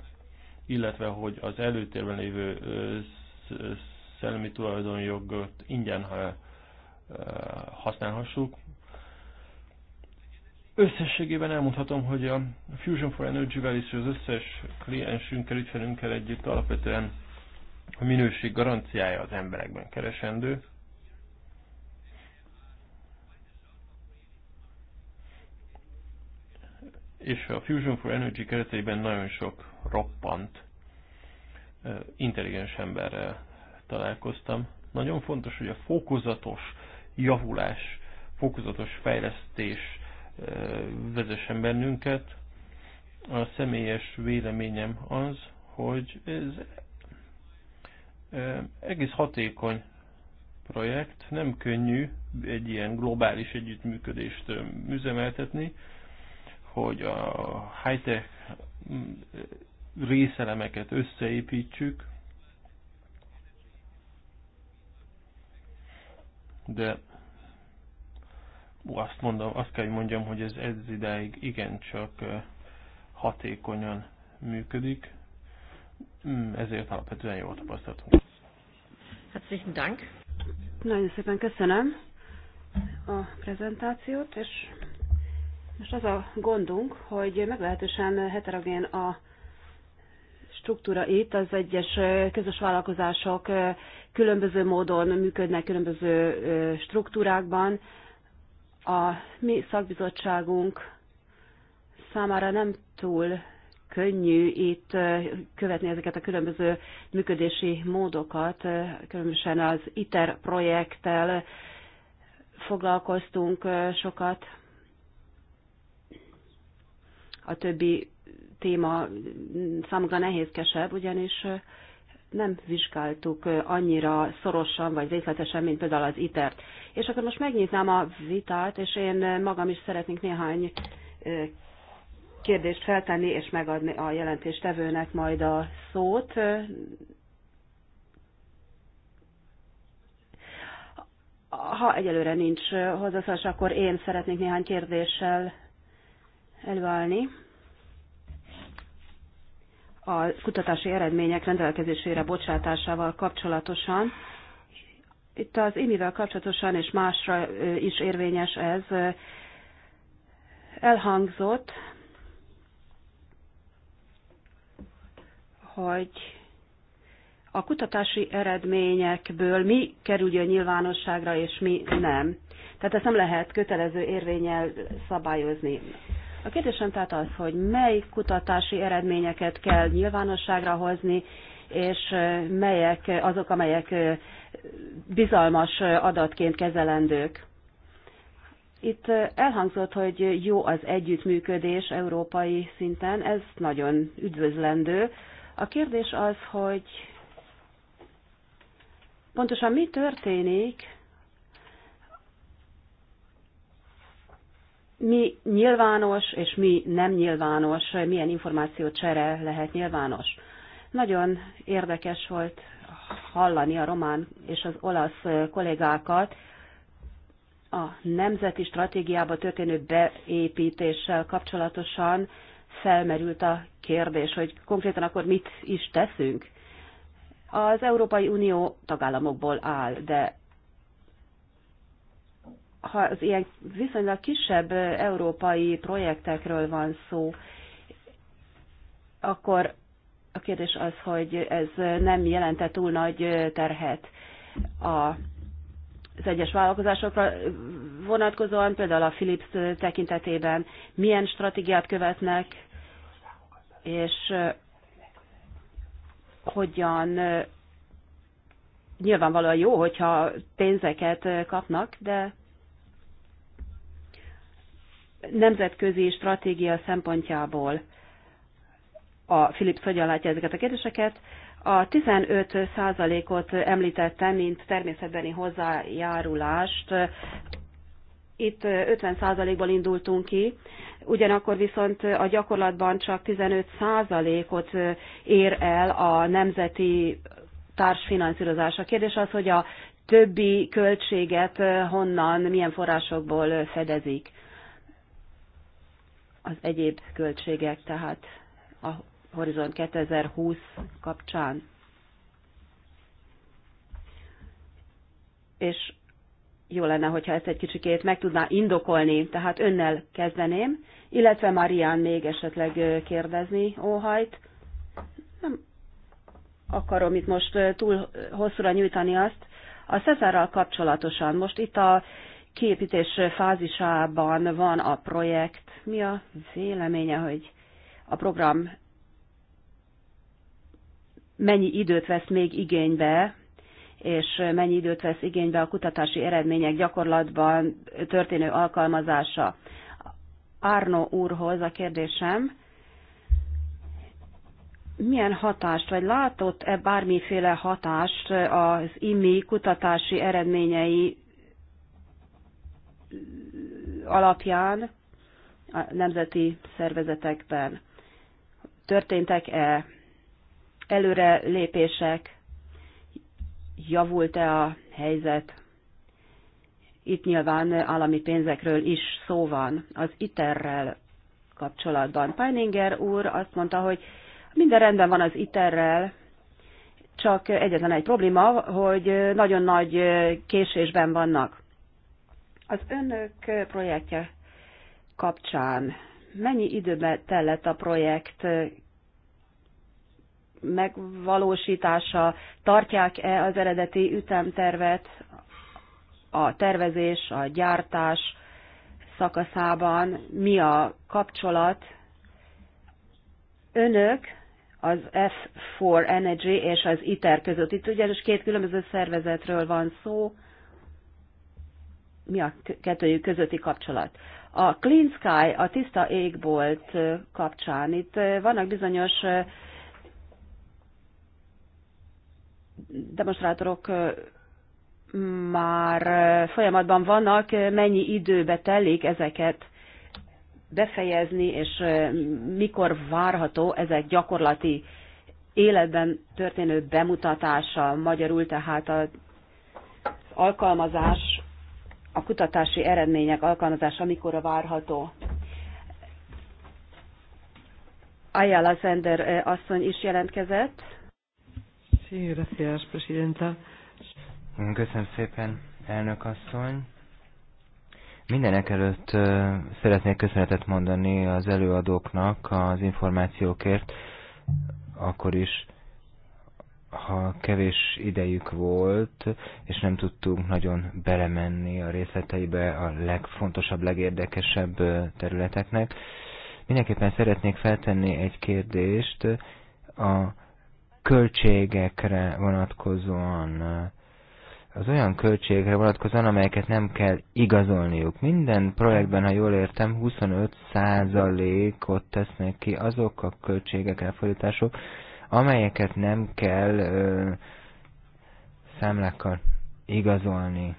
illetve hogy az előtérben lévő szellemi tulajdonjogot ingyen használhassuk. Összességében elmondhatom, hogy a Fusion for Energy-vel és az összes kliensünkkel, ügyfelünkkel együtt alapvetően a minőség garanciája az emberekben keresendő. És a Fusion for Energy keretében nagyon sok roppant, intelligens emberrel találkoztam. Nagyon fontos, hogy a fokozatos javulás, fokozatos fejlesztés vezessen bennünket. A személyes véleményem az, hogy ez egész hatékony projekt, nem könnyű egy ilyen globális együttműködést üzemeltetni, hogy a high-tech részelemeket összeépítsük, de azt, mondom, azt kell, hogy mondjam, hogy ez ez idáig igencsak hatékonyan működik, mm, ezért alapvetően jól tapasztaltunk. Herzlichen Dank. Nagyon szépen köszönöm a prezentációt, és most az a gondunk, hogy meglehetősen heterogén a struktúra itt, az egyes közös vállalkozások különböző módon működnek, különböző struktúrákban, a mi szakbizottságunk számára nem túl könnyű itt követni ezeket a különböző működési módokat, különösen az ITER projekttel foglalkoztunk sokat. A többi téma számunkra nehézkesebb, ugyanis nem vizsgáltuk annyira szorosan vagy részletesen, mint például az ITER-t. E és akkor most megnyitnám a vitát, és én magam is szeretnék néhány kérdést feltenni, és megadni a jelentéstevőnek majd a szót. Ha egyelőre nincs hozzászólás, akkor én szeretnék néhány kérdéssel előállni a kutatási eredmények rendelkezésére bocsátásával kapcsolatosan. Itt az imivel kapcsolatosan és másra is érvényes ez. Elhangzott, hogy a kutatási eredményekből mi kerüljön nyilvánosságra, és mi nem. Tehát ezt nem lehet kötelező érvényel szabályozni. A kérdésem tehát az, hogy mely kutatási eredményeket kell nyilvánosságra hozni, és melyek azok, amelyek bizalmas adatként kezelendők. Itt elhangzott, hogy jó az együttműködés európai szinten, ez nagyon üdvözlendő. A kérdés az, hogy pontosan mi történik, mi nyilvános és mi nem nyilvános, milyen csere lehet nyilvános. Nagyon érdekes volt hallani a román és az olasz kollégákat a nemzeti stratégiába történő beépítéssel kapcsolatosan felmerült a kérdés, hogy konkrétan akkor mit is teszünk. Az Európai Unió tagállamokból áll, de ha az ilyen viszonylag kisebb európai projektekről van szó, akkor a kérdés az, hogy ez nem jelente túl nagy terhet a az egyes vállalkozásokra vonatkozóan, például a Philips tekintetében milyen stratégiát követnek, és hogyan nyilvánvalóan jó, hogyha pénzeket kapnak, de nemzetközi stratégia szempontjából a Philips hogyan látja ezeket a kérdéseket. A 15%-ot említettem, mint természetbeni hozzájárulást. Itt 50%-ból indultunk ki, ugyanakkor viszont a gyakorlatban csak 15%-ot ér el a nemzeti társfinanszírozás. A kérdés az, hogy a többi költséget honnan, milyen forrásokból fedezik az egyéb költségek, tehát a Horizon 2020 kapcsán. És jó lenne, hogyha ezt egy kicsikét meg tudná indokolni, tehát önnel kezdeném, illetve Marian még esetleg kérdezni óhajt. Nem akarom itt most túl hosszúra nyújtani azt. A Cezárral kapcsolatosan most itt a kiépítés fázisában van a projekt. Mi a véleménye, hogy a program mennyi időt vesz még igénybe, és mennyi időt vesz igénybe a kutatási eredmények gyakorlatban történő alkalmazása. Árnó úrhoz a kérdésem, milyen hatást, vagy látott-e bármiféle hatást az IMI kutatási eredményei alapján a nemzeti szervezetekben történtek-e előre lépések, javult-e a helyzet. Itt nyilván állami pénzekről is szó van az ITER-rel kapcsolatban. Peininger úr azt mondta, hogy minden rendben van az ITER-rel, csak egyetlen egy probléma, hogy nagyon nagy késésben vannak. Az önök projektje kapcsán mennyi időbe tellett a projekt megvalósítása? Tartják-e az eredeti ütemtervet a tervezés, a gyártás szakaszában? Mi a kapcsolat? Önök az F4 Energy és az ITER között. Itt ugyanis két különböző szervezetről van szó, mi a kettőjük közötti kapcsolat. A Clean Sky, a tiszta égbolt kapcsán itt vannak bizonyos demonstrátorok már folyamatban vannak, mennyi időbe telik ezeket befejezni, és mikor várható ezek gyakorlati életben történő bemutatása, magyarul tehát az alkalmazás a kutatási eredmények alkalmazása mikor a várható? Ayala Sender eh, asszony is jelentkezett. Sí, gracias, presidenta. Köszönöm szépen, elnök asszony. Mindenek előtt eh, szeretnék köszönetet mondani az előadóknak az információkért, akkor is, ha kevés idejük volt, és nem tudtunk nagyon belemenni a részleteibe a legfontosabb, legérdekesebb területeknek, mindenképpen szeretnék feltenni egy kérdést a költségekre vonatkozóan, az olyan költségekre vonatkozóan, amelyeket nem kell igazolniuk. Minden projektben, ha jól értem, 25%-ot tesznek ki azok a költségek elfordítások, amelyeket nem kell ö, számlákkal igazolni.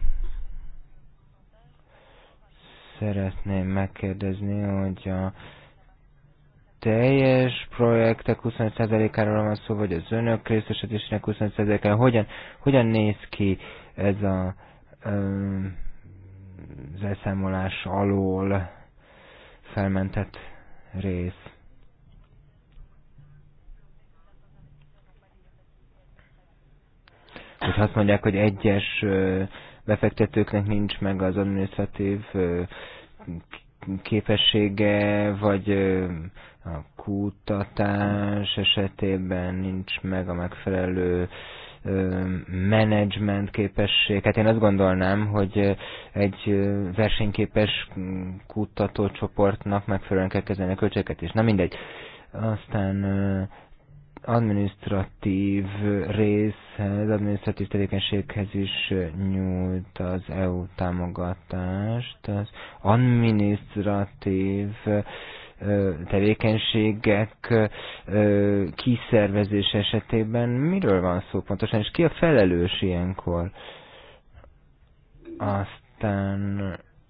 Szeretném megkérdezni, hogy a teljes projektek 25%-áról van szó, vagy az önök részesedésének 25%-áról, hogyan, hogyan néz ki ez a, ö, az elszámolás alól felmentett rész? hogy azt mondják, hogy egyes befektetőknek nincs meg az administratív képessége, vagy a kutatás esetében nincs meg a megfelelő management képesség. Hát én azt gondolnám, hogy egy versenyképes kutatócsoportnak megfelelően kell kezdeni a költségeket is. Na mindegy. Aztán administratív részhez, administratív tevékenységhez is nyújt az EU támogatást. Az administratív tevékenységek kiszervezés esetében miről van szó pontosan, és ki a felelős ilyenkor? Aztán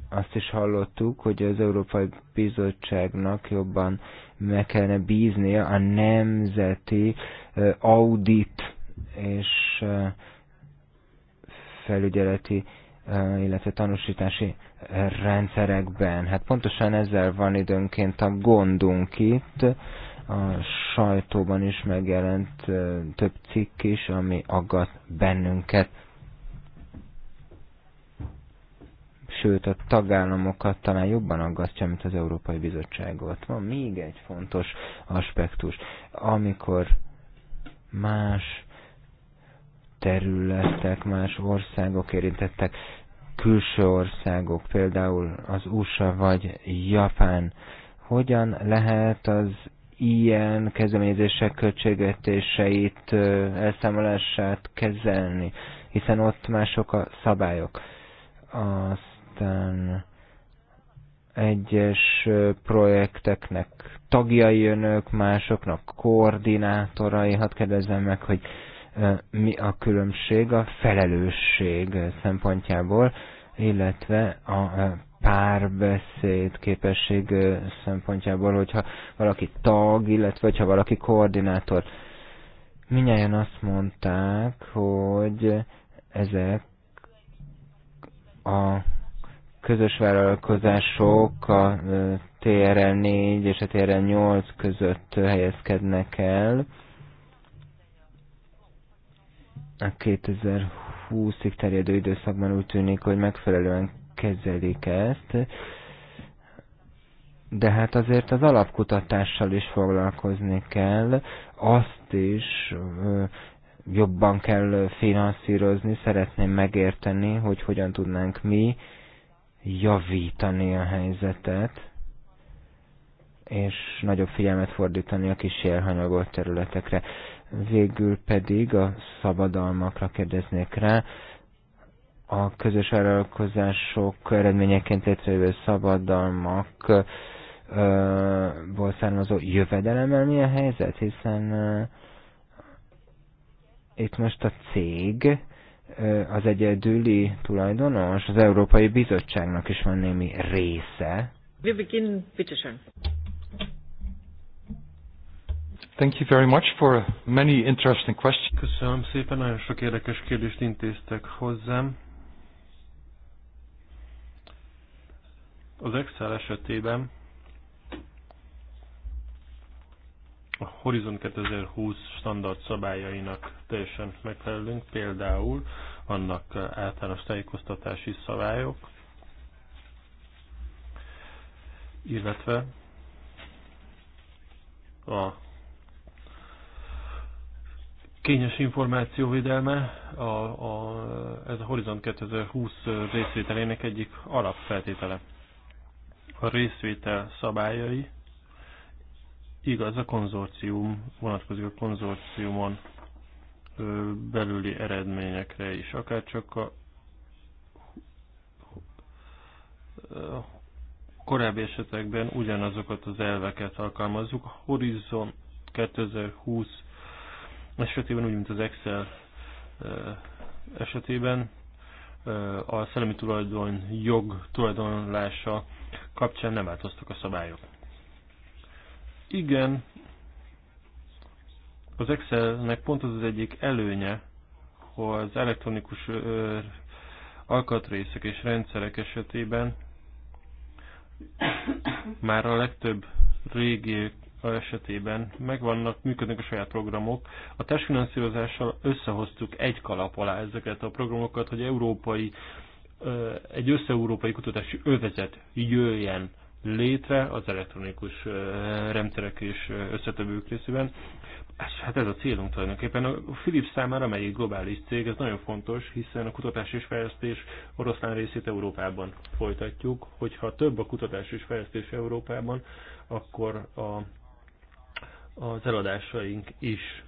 azt is hallottuk, hogy az Európai Bizottságnak jobban meg kellene bíznia a nemzeti audit és felügyeleti, illetve tanúsítási rendszerekben. Hát pontosan ezzel van időnként a gondunk itt. A sajtóban is megjelent több cikk is, ami aggat bennünket. sőt a tagállamokat talán jobban aggasztja, mint az Európai Bizottságot. Van még egy fontos aspektus. Amikor más területek, más országok érintettek, külső országok, például az USA vagy Japán, hogyan lehet az ilyen kezdeményezések költségvetéseit, elszámolását kezelni, hiszen ott mások a szabályok. Az aztán egyes projekteknek tagjai önök, másoknak koordinátorai. Hadd kérdezzem meg, hogy mi a különbség a felelősség szempontjából, illetve a párbeszéd képesség szempontjából, hogyha valaki tag, illetve hogyha valaki koordinátor. Minnyáján azt mondták, hogy ezek a közös vállalkozások a TRL 4 és a TRL 8 között helyezkednek el. A 2020-ig terjedő időszakban úgy tűnik, hogy megfelelően kezelik ezt, de hát azért az alapkutatással is foglalkozni kell, azt is jobban kell finanszírozni, szeretném megérteni, hogy hogyan tudnánk mi javítani a helyzetet, és nagyobb figyelmet fordítani a élhanyagolt területekre. Végül pedig a szabadalmakra kérdeznék rá. A közös vállalkozások eredményeként létrejövő szabadalmak származó jövedelemmel mi a helyzet, hiszen itt most a cég az egyedüli tulajdonos, az Európai Bizottságnak is van némi része. We begin, bitteschön. Thank you very much for many interesting questions. Köszönöm szépen, nagyon sok érdekes kérdést intéztek hozzám. Az Excel esetében a Horizon 2020 standard szabályainak teljesen megfelelünk, például vannak eh, általános tájékoztatási szabályok, illetve a kényes információvédelme, a, a, ez a Horizon 2020 eh, részvételének egyik alapfeltétele. A részvétel szabályai igaz a konzorcium, vonatkozik a konzorciumon belüli eredményekre is, akár csak a korábbi esetekben ugyanazokat az elveket alkalmazzuk. A Horizon 2020 esetében, úgy mint az Excel esetében, a szellemi tulajdon jog tulajdonlása kapcsán nem változtak a szabályok. Igen, az Excelnek pont az az egyik előnye, hogy az elektronikus alkatrészek és rendszerek esetében már a legtöbb régi esetében megvannak, működnek a saját programok. A testfinanszírozással összehoztuk egy kalap alá ezeket a programokat, hogy európai, egy össze-európai kutatási övezet jöjjen létre az elektronikus rendszerek és összetevők részében. Hát ez a célunk tulajdonképpen. A Philips számára, amely egy globális cég, ez nagyon fontos, hiszen a kutatás és fejlesztés oroszlán részét Európában folytatjuk. Hogyha több a kutatás és fejlesztés Európában, akkor a, az eladásaink is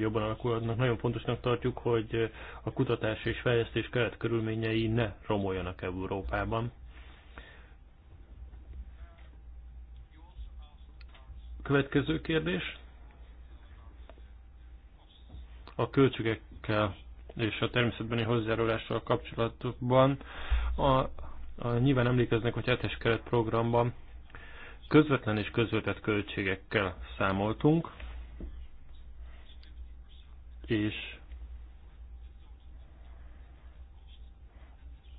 jobban alakulnak. Nagyon fontosnak tartjuk, hogy a kutatás és fejlesztés keret körülményei ne romoljanak Európában. Következő kérdés. A költségekkel és a természetbeni hozzájárulással kapcsolatban a, a, nyilván emlékeznek, hogy hetes keretprogramban közvetlen és közvetett költségekkel számoltunk, és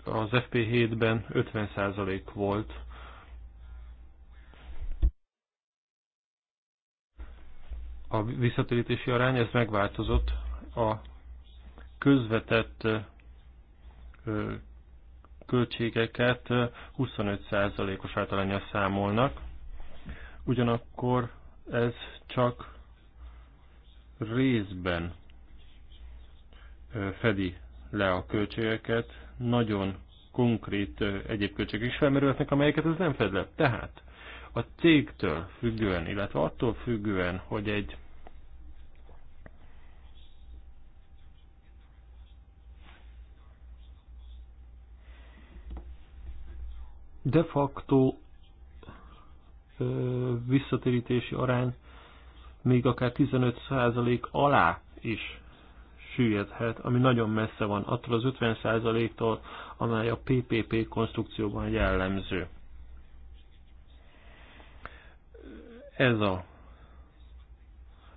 az FP7-ben 50% volt a visszatérítési arány, ez megváltozott a közvetett költségeket 25%-os általánya számolnak, ugyanakkor ez csak részben fedi le a költségeket, nagyon konkrét egyéb költségek is felmerülhetnek, amelyeket ez nem fed le. Tehát a cégtől függően, illetve attól függően, hogy egy de facto visszatérítési arány még akár 15% alá is süllyedhet, ami nagyon messze van attól az 50%-tól, amely a PPP konstrukcióban jellemző. Ez a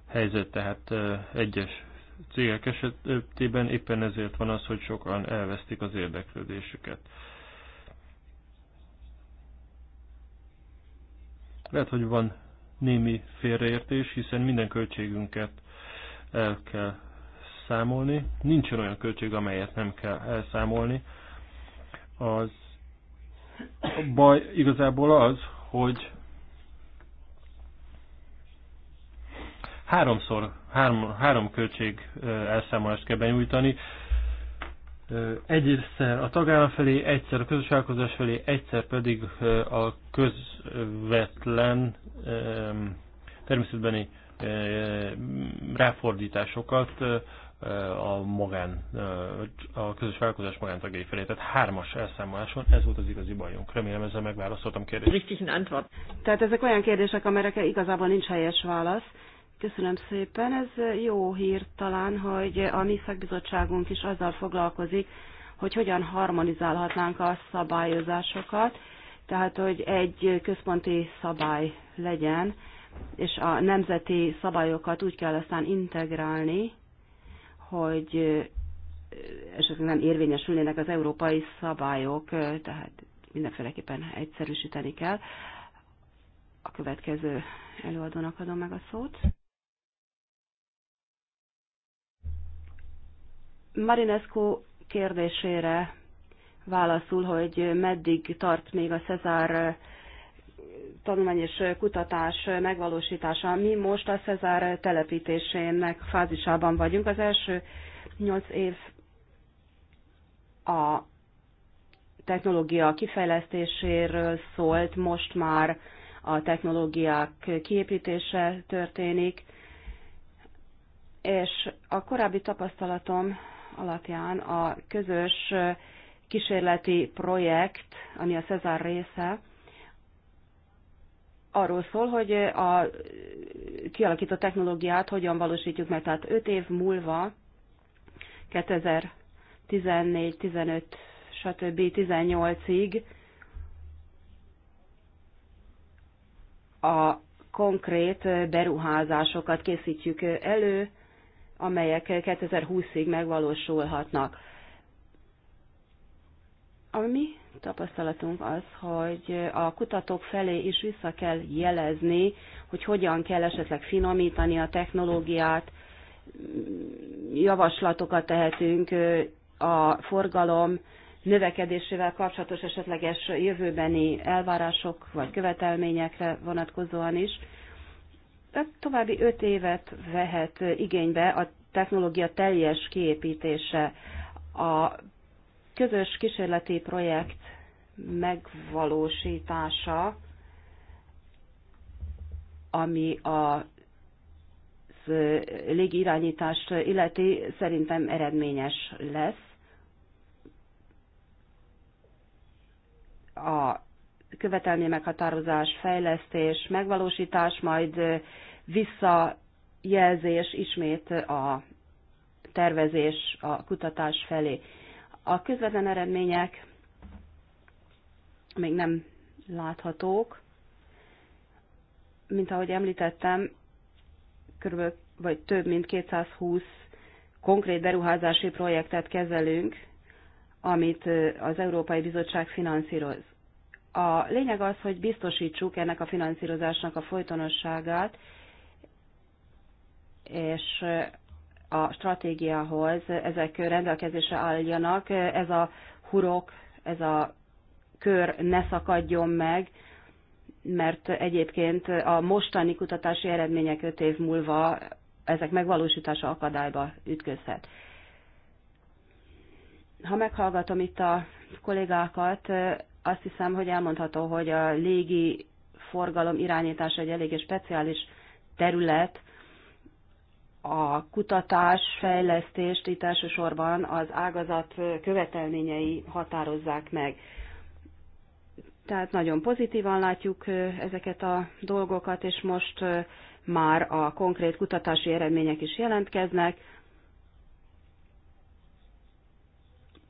helyzet tehát egyes cégek esetében éppen ezért van az, hogy sokan elvesztik az érdeklődésüket. Lehet, hogy van némi félreértés, hiszen minden költségünket el kell számolni. Nincsen olyan költség, amelyet nem kell elszámolni. Az a baj igazából az, hogy háromszor, három, három költség elszámolást kell benyújtani, egyszer a tagállam felé, egyszer a közös felé, egyszer pedig a közvetlen természetbeni ráfordításokat a magán, a közös vállalkozás magántagjai felé. Tehát hármas elszámoláson ez volt az igazi bajunk. Remélem ezzel megválaszoltam kérdést. Richtigen Antwort. Tehát ezek olyan kérdések, amelyekre igazából nincs helyes válasz. Köszönöm szépen. Ez jó hír talán, hogy a mi szakbizottságunk is azzal foglalkozik, hogy hogyan harmonizálhatnánk a szabályozásokat, tehát hogy egy központi szabály legyen, és a nemzeti szabályokat úgy kell aztán integrálni, hogy esetleg nem érvényesülnének az európai szabályok, tehát mindenféleképpen egyszerűsíteni kell. A következő előadónak adom meg a szót. Marinescu kérdésére válaszul, hogy meddig tart még a Cezár eh, tanulmány és kutatás megvalósítása. Mi most a Cezár telepítésének fázisában vagyunk. Az első nyolc év a technológia kifejlesztéséről szólt, most már a technológiák kiépítése történik, és a korábbi tapasztalatom alapján a közös kísérleti projekt, ami a Cezár része, arról szól, hogy a kialakított technológiát hogyan valósítjuk meg. Tehát 5 év múlva, 2014, 15, stb. 18-ig a konkrét beruházásokat készítjük elő, amelyek 2020-ig megvalósulhatnak. A mi tapasztalatunk az, hogy a kutatók felé is vissza kell jelezni, hogy hogyan kell esetleg finomítani a technológiát, javaslatokat tehetünk a forgalom növekedésével kapcsolatos esetleges jövőbeni elvárások vagy követelményekre vonatkozóan is további öt évet vehet igénybe a technológia teljes kiépítése. A közös kísérleti projekt megvalósítása, ami a légirányítást illeti, szerintem eredményes lesz. A követelmény meghatározás, fejlesztés, megvalósítás, majd visszajelzés ismét a tervezés a kutatás felé. A közvetlen eredmények még nem láthatók. Mint ahogy említettem, körülbelül vagy több mint 220 konkrét beruházási projektet kezelünk, amit az Európai Bizottság finanszíroz. A lényeg az, hogy biztosítsuk ennek a finanszírozásnak a folytonosságát, és a stratégiához ezek rendelkezésre álljanak. Ez a hurok, ez a kör ne szakadjon meg, mert egyébként a mostani kutatási eredmények öt év múlva ezek megvalósítása akadályba ütközhet. Ha meghallgatom itt a kollégákat, azt hiszem, hogy elmondható, hogy a légi forgalom irányítása egy eléggé speciális terület, a kutatás, fejlesztést itt elsősorban az ágazat követelményei határozzák meg. Tehát nagyon pozitívan látjuk ezeket a dolgokat, és most már a konkrét kutatási eredmények is jelentkeznek.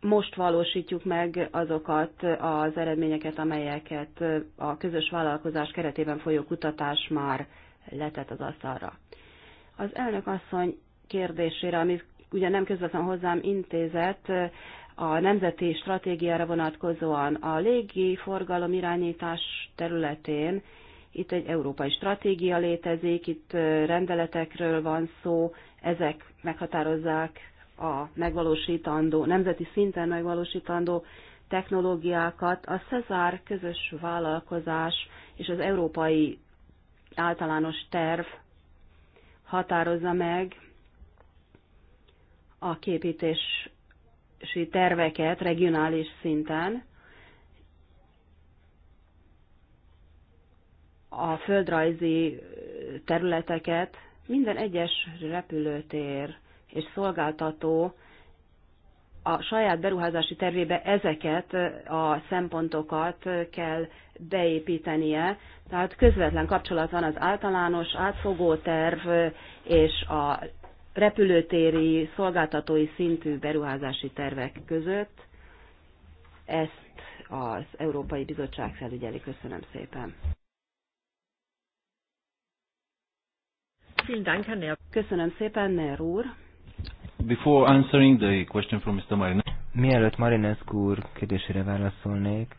most valósítjuk meg azokat az eredményeket, amelyeket a közös vállalkozás keretében folyó kutatás már letett az asztalra. Az elnök asszony kérdésére, amit ugye nem közvetlen hozzám intézett, a nemzeti stratégiára vonatkozóan a légi forgalom irányítás területén itt egy európai stratégia létezik, itt rendeletekről van szó, ezek meghatározzák a megvalósítandó, nemzeti szinten megvalósítandó technológiákat a Cezár közös vállalkozás és az európai általános terv határozza meg a képítési terveket regionális szinten. a földrajzi területeket minden egyes repülőtér és szolgáltató a saját beruházási tervébe ezeket a szempontokat kell beépítenie. Tehát közvetlen kapcsolat van az általános átfogó terv és a repülőtéri szolgáltatói szintű beruházási tervek között. Ezt az Európai Bizottság felügyeli. Köszönöm szépen. Köszönöm szépen, Ner úr. Before answering the question from Mr. Marinescu. Mielőtt Marinescu úr kérdésére válaszolnék,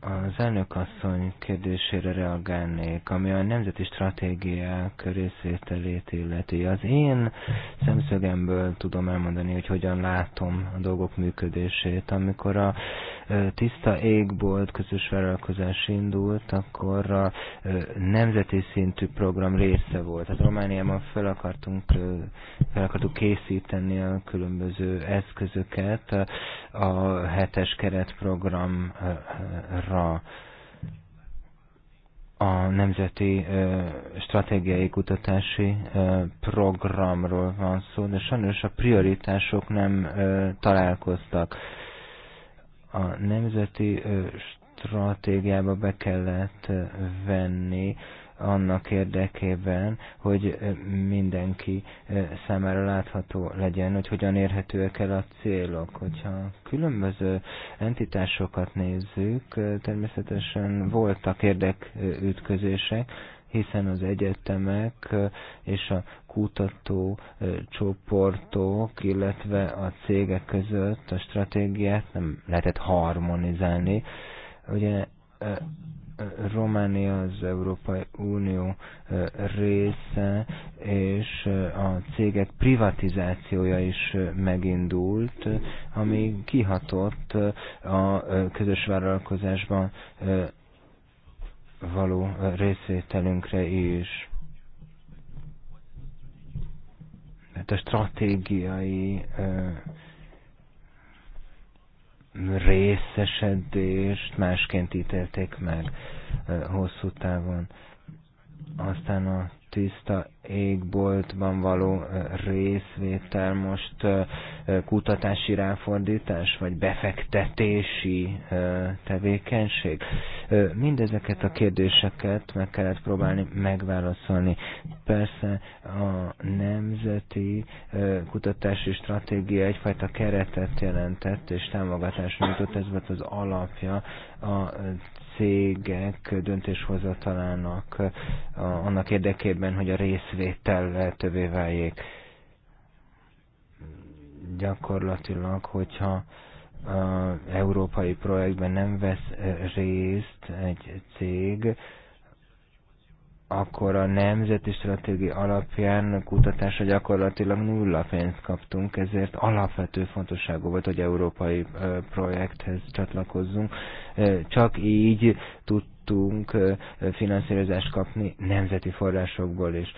az elnökasszony kérdésére reagálnék, ami a nemzeti stratégiák részvételét illeti. Az én szemszögemből tudom elmondani, hogy hogyan látom a dolgok működését. Amikor a tiszta égbolt közös vállalkozás indult, akkor a nemzeti szintű program része volt. Tehát Romániában fel akartunk, fel akartuk készíteni a különböző eszközöket a hetes keretprogramra a Nemzeti ö, Stratégiai Kutatási ö, Programról van szó, de sajnos a prioritások nem ö, találkoztak a nemzeti stratégiába be kellett venni annak érdekében, hogy mindenki számára látható legyen, hogy hogyan érhetőek el a célok. Hogyha különböző entitásokat nézzük, természetesen voltak érdekütközések, hiszen az egyetemek és a kutató csoportok, illetve a cégek között a stratégiát nem lehetett harmonizálni. Ugye Románia az Európai Unió része, és a cégek privatizációja is megindult, ami kihatott a közös vállalkozásban való részvételünkre is. tehát a stratégiai részesedést másként ítélték meg hosszú távon. Aztán a tiszta égboltban való részvétel most kutatási ráfordítás, vagy befektetési tevékenység? Mindezeket a kérdéseket meg kellett próbálni megválaszolni. Persze a nemzeti kutatási stratégia egyfajta keretet jelentett, és támogatás nyújtott, ez volt az alapja a cégek döntéshozatalának annak érdekében, hogy a részvétel lehetővé váljék. Gyakorlatilag, hogyha európai projektben nem vesz részt egy cég, akkor a nemzeti stratégia alapján kutatásra gyakorlatilag nulla pénzt kaptunk, ezért alapvető fontosságú volt, hogy európai projekthez csatlakozzunk. Csak így tudtunk finanszírozást kapni nemzeti forrásokból is.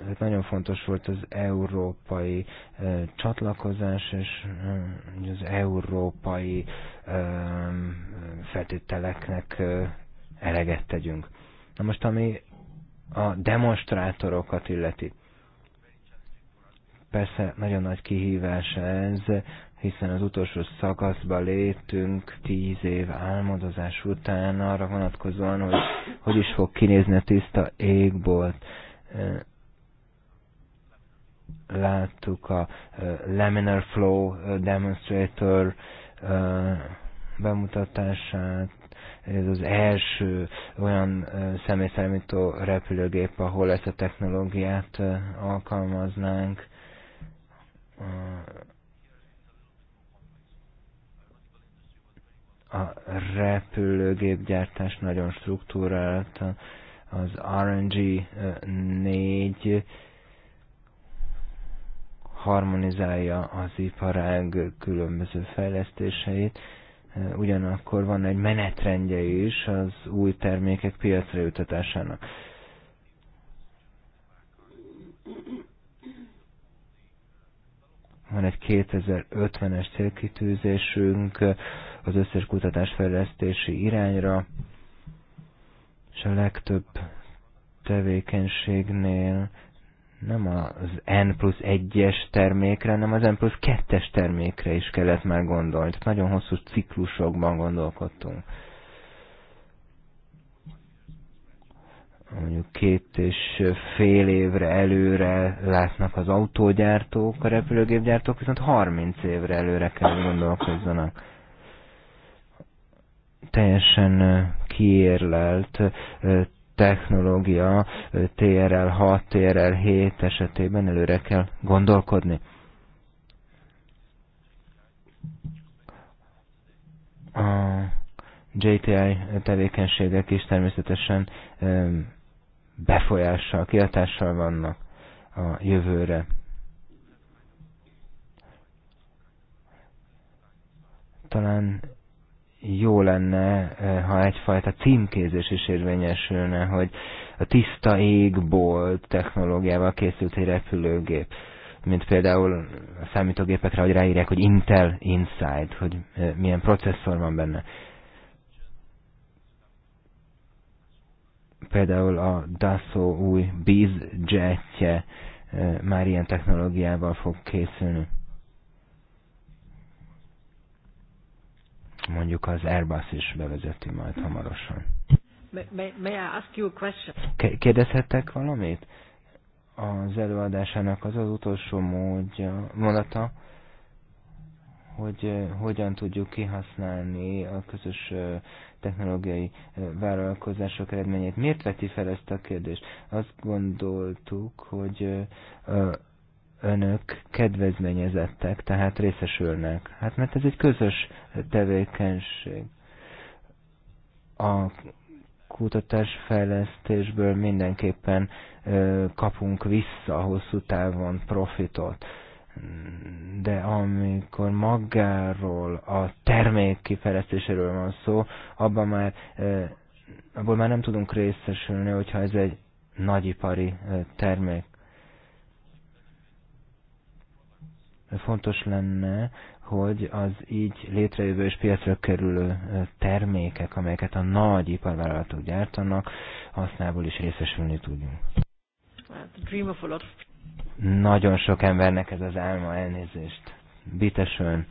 ez hát nagyon fontos volt az európai csatlakozás és az európai feltételeknek eleget tegyünk. Na most, ami a demonstrátorokat illeti. Persze nagyon nagy kihívás ez, hiszen az utolsó szakaszba léptünk tíz év álmodozás után arra vonatkozóan, hogy hogy is fog kinézni a tiszta égbolt. Láttuk a Laminar Flow Demonstrator bemutatását, ez az első olyan személyszámító repülőgép, ahol ezt a technológiát alkalmaznánk. A repülőgépgyártás nagyon struktúrált, az RNG 4 harmonizálja az iparág különböző fejlesztéseit, Eh, ugyanakkor van egy menetrendje is az új termékek piacra jutatásának. Van egy 2050-es célkitűzésünk eh, az összes kutatásfejlesztési irányra, és a legtöbb tevékenységnél nem az N plusz 1-es termékre, hanem az N plusz 2-es termékre is kellett már gondolni. Tehát nagyon hosszú ciklusokban gondolkodtunk. Mondjuk két és fél évre előre látnak az autógyártók, a repülőgépgyártók, viszont 30 évre előre kell gondolkozzanak. Teljesen kiérlelt technológia TRL6, TRL7 esetében előre kell gondolkodni. A JTI tevékenységek is természetesen befolyással, kihatással vannak a jövőre. Talán jó lenne, eh, ha egyfajta címkézés is érvényesülne, hogy a tiszta égbolt technológiával készült egy repülőgép, mint például a számítógépekre, hogy ráírják, hogy Intel Inside, hogy eh, milyen processzor van benne. Például a Dassault új bizjetje eh, már ilyen technológiával fog készülni. Mondjuk az Airbus is bevezeti majd hamarosan. May, may I ask you a question? Kérdezhettek valamit? Az előadásának az az utolsó módja, mondata, hogy eh, hogyan tudjuk kihasználni a közös eh, technológiai eh, vállalkozások eredményét. Miért veti fel ezt a kérdést? Azt gondoltuk, hogy önök kedvezményezettek, tehát részesülnek. Hát mert ez egy közös tevékenység. A kutatásfejlesztésből mindenképpen kapunk vissza hosszú távon profitot. De amikor magáról a termék kifejlesztéséről van szó, abban már, abból már nem tudunk részesülni, hogyha ez egy nagyipari termék fontos lenne, hogy az így létrejövő és piacra kerülő termékek, amelyeket a nagy iparvállalatok gyártanak, használból is részesülni tudjunk. Nagyon sok embernek ez az álma elnézést. Bitesön.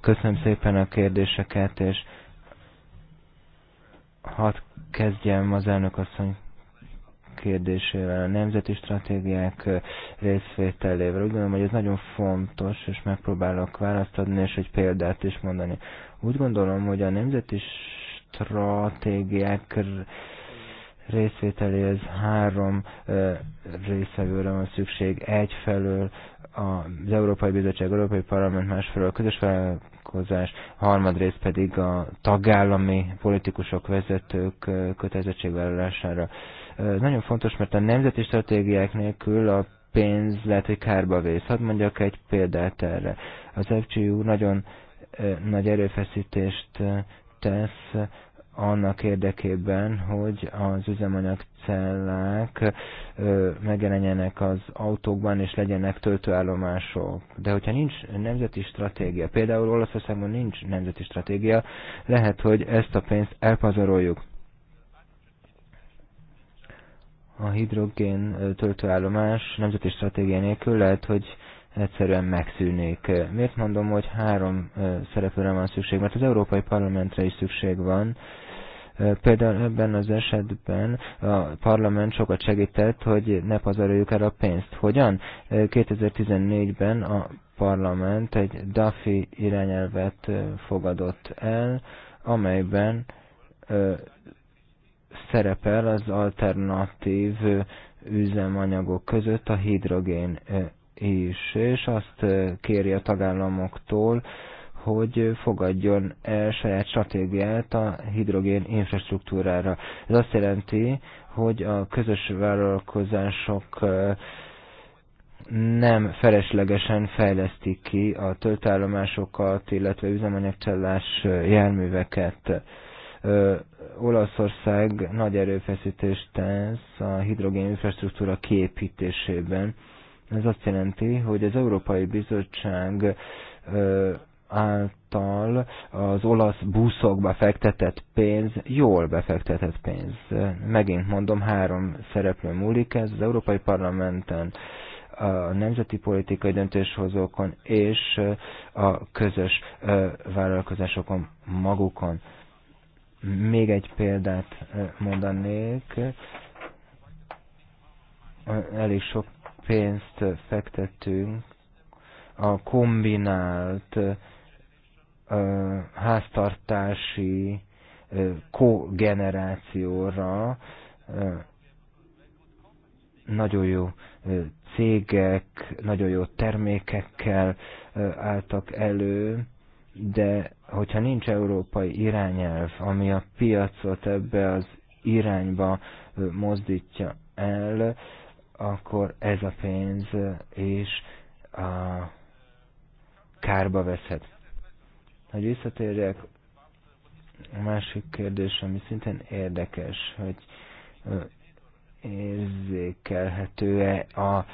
Köszönöm szépen a kérdéseket, és hadd kezdjem az elnök asszony kérdésével, a nemzeti stratégiák részvételével. Úgy gondolom, hogy ez nagyon fontos, és megpróbálok választ adni, és egy példát is mondani. Úgy gondolom, hogy a nemzeti stratégiák részvételéhez három részevőre van szükség. Egyfelől az Európai Bizottság, Európai Parlament, másfelől a közös vállalkozás, harmadrészt pedig a tagállami politikusok, vezetők kötelezettségvállalására ez nagyon fontos, mert a nemzeti stratégiák nélkül a pénz lehet, hogy kárba vész. Hadd mondjak egy példát erre. Az FGU nagyon nagy erőfeszítést tesz annak érdekében, hogy az üzemanyagcellák megjelenjenek az autókban, és legyenek töltőállomások. De hogyha nincs nemzeti stratégia, például Olaszországban nincs nemzeti stratégia, lehet, hogy ezt a pénzt elpazaroljuk a hidrogén töltőállomás nemzeti stratégia nélkül lehet, hogy egyszerűen megszűnik. Miért mondom, hogy három szereplőre van szükség? Mert az Európai Parlamentre is szükség van. Például ebben az esetben a parlament sokat segített, hogy ne pazaroljuk el a pénzt. Hogyan? 2014-ben a parlament egy DAFI irányelvet fogadott el, amelyben szerepel az alternatív üzemanyagok között a hidrogén is, és azt kéri a tagállamoktól, hogy fogadjon el saját stratégiát a hidrogén infrastruktúrára. Ez azt jelenti, hogy a közös vállalkozások nem feleslegesen fejlesztik ki a töltállomásokat, illetve üzemanyagcsellás járműveket. Olaszország nagy erőfeszítést tesz a hidrogén infrastruktúra kiépítésében. Ez azt jelenti, hogy az Európai Bizottság által az olasz buszokba fektetett pénz jól befektetett pénz. Megint mondom, három szereplő múlik ez, az Európai Parlamenten, a nemzeti politikai döntéshozókon és a közös vállalkozásokon magukon. Még egy példát mondanék. Elég sok pénzt fektettünk a kombinált háztartási kogenerációra nagyon jó cégek, nagyon jó termékekkel álltak elő, de hogyha nincs európai irányelv, ami a piacot ebbe az irányba mozdítja el, akkor ez a pénz és a kárba veszhet. Hogy visszatérjek a másik kérdés, ami szintén érdekes, hogy érzékelhető-e a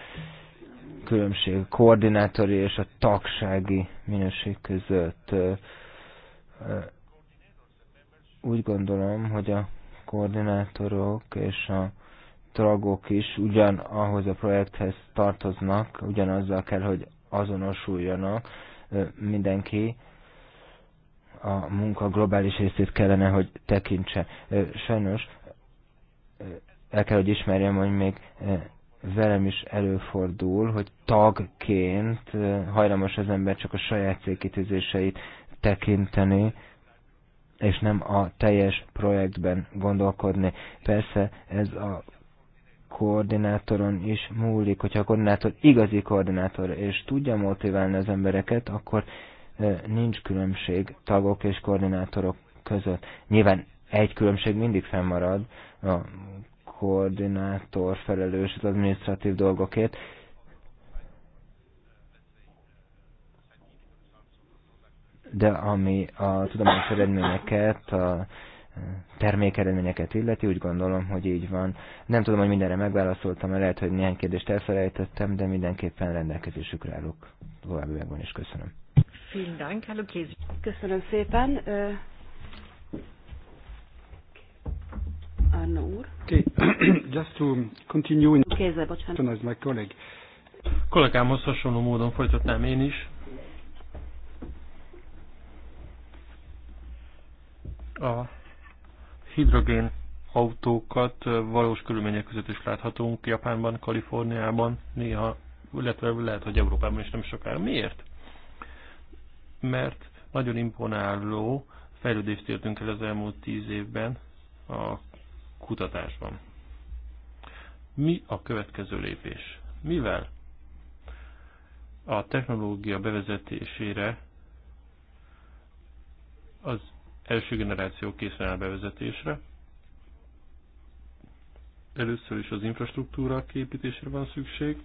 különbség a koordinátori és a tagsági minőség között. Úgy gondolom, hogy a koordinátorok és a tragok is ugyan ahhoz a projekthez tartoznak, ugyanazzal kell, hogy azonosuljanak mindenki, a munka globális részét kellene, hogy tekintse. Sajnos el kell, hogy ismerjem, hogy még velem is előfordul, hogy tagként hajlamos az ember csak a saját célkitűzéseit tekinteni, és nem a teljes projektben gondolkodni. Persze ez a koordinátoron is múlik, hogyha a koordinátor igazi koordinátor, és tudja motiválni az embereket, akkor nincs különbség tagok és koordinátorok között. Nyilván egy különbség mindig fennmarad, a koordinátor felelős az adminisztratív dolgokért, de ami a tudományos eredményeket, a eh, termékeredményeket illeti, úgy gondolom, hogy így van. Nem tudom, hogy mindenre megválaszoltam, mert lehet, hogy néhány kérdést elfelejtettem, de mindenképpen rendelkezésükre állok. Továbbiakban is köszönöm. Köszönöm szépen. Arno úr. Okay. Just to continue in... Kézzel, bocsánat. my colleague. Kollégámhoz hasonló módon folytatnám én is. A hidrogén autókat valós körülmények között is láthatunk Japánban, Kaliforniában, néha, illetve lehet, hogy Európában is nem sokára. Miért? Mert nagyon imponáló fejlődést értünk el az elmúlt tíz évben a kutatásban. Mi a következő lépés? Mivel a technológia bevezetésére az Első generáció készen áll bevezetésre. Először is az infrastruktúra képítésre van szükség.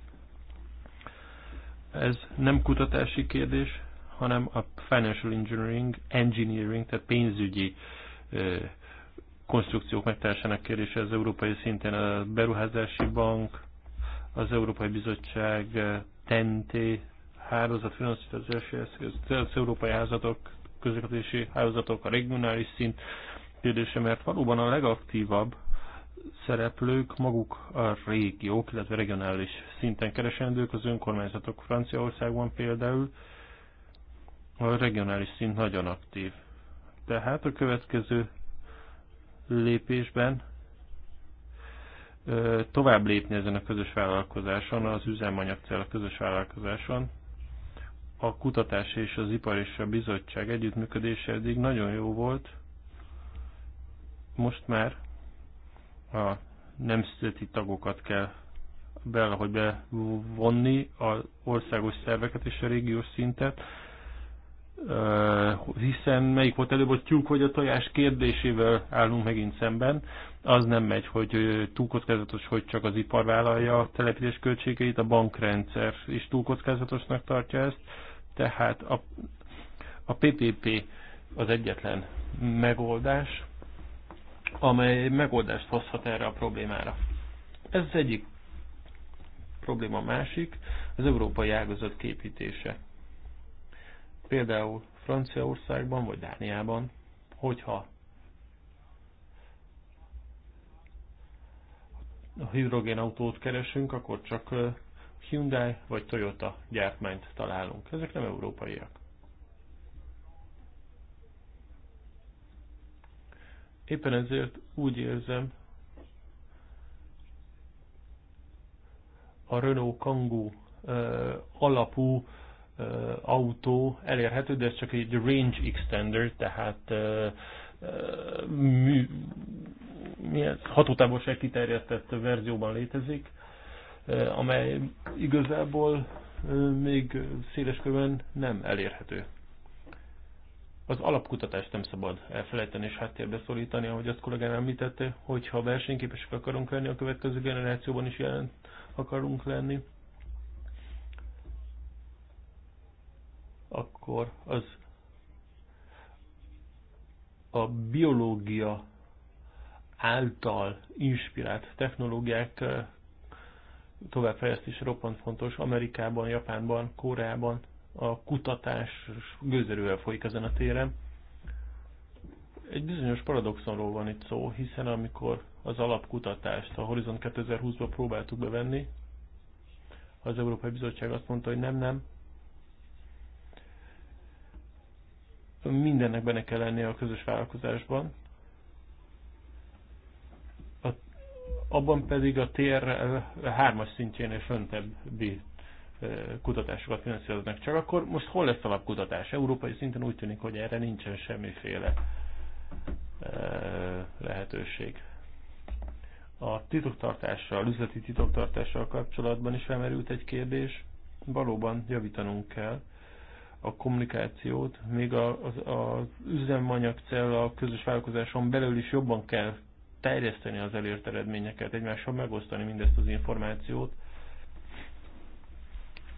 Ez nem kutatási kérdés, hanem a financial engineering, engineering tehát pénzügyi konstrukciók megtalálásának kérdése az európai szinten a Beruházási Bank, az Európai Bizottság, TNT hálózat finanszírozási eszköz, az európai házatok közlekedési hálózatok, a regionális szint kérdése, mert valóban a legaktívabb szereplők maguk a régiók, illetve regionális szinten keresendők, az önkormányzatok Franciaországban például, a regionális szint nagyon aktív. Tehát a következő lépésben tovább lépni ezen a közös vállalkozáson, az üzemanyagcél a közös vállalkozáson, a kutatás és az ipar és a bizottság együttműködése eddig nagyon jó volt. Most már a nemzeti tagokat kell be, hogy bevonni az országos szerveket és a régiós szintet, hiszen melyik volt előbb a tyúk, hogy a tojás kérdésével állunk megint szemben az nem megy, hogy túl kockázatos, hogy csak az ipar vállalja a telepítés költségeit, a bankrendszer is túl kockázatosnak tartja ezt, tehát a, a PPP az egyetlen megoldás, amely megoldást hozhat erre a problémára. Ez az egyik probléma, másik az európai ágazat képítése. Például Franciaországban vagy Dániában, hogyha a hidrogén autót keresünk, akkor csak Hyundai vagy Toyota gyártmányt találunk. Ezek nem európaiak. Éppen ezért úgy érzem, a Renault Kangoo alapú autó elérhető, de ez csak egy range extender, tehát mű, milyen hatótávolság kiterjesztett verzióban létezik, amely igazából még széles körben nem elérhető. Az alapkutatást nem szabad elfelejteni és háttérbe szorítani, ahogy azt kollégám említette, hogyha versenyképesek akarunk lenni, a következő generációban is jelen akarunk lenni, akkor az a biológia által inspirált technológiák továbbfejlesztés roppant fontos. Amerikában, Japánban, Koreában a kutatás gőzerővel folyik ezen a téren. Egy bizonyos paradoxonról van itt szó, hiszen amikor az alapkutatást a Horizon 2020-ba próbáltuk bevenni, az Európai Bizottság azt mondta, hogy nem, nem, mindennek benne kell lennie a közös vállalkozásban, abban pedig a TRL 3-as és föntebbi kutatásokat finanszíroznak. Csak akkor most hol lesz alapkutatás? Európai szinten úgy tűnik, hogy erre nincsen semmiféle lehetőség. A titoktartással, üzleti titoktartással kapcsolatban is felmerült egy kérdés. Valóban javítanunk kell a kommunikációt, még az, az üzemanyagcell a közös vállalkozáson belül is jobban kell terjeszteni az elért eredményeket, egymással megosztani mindezt az információt,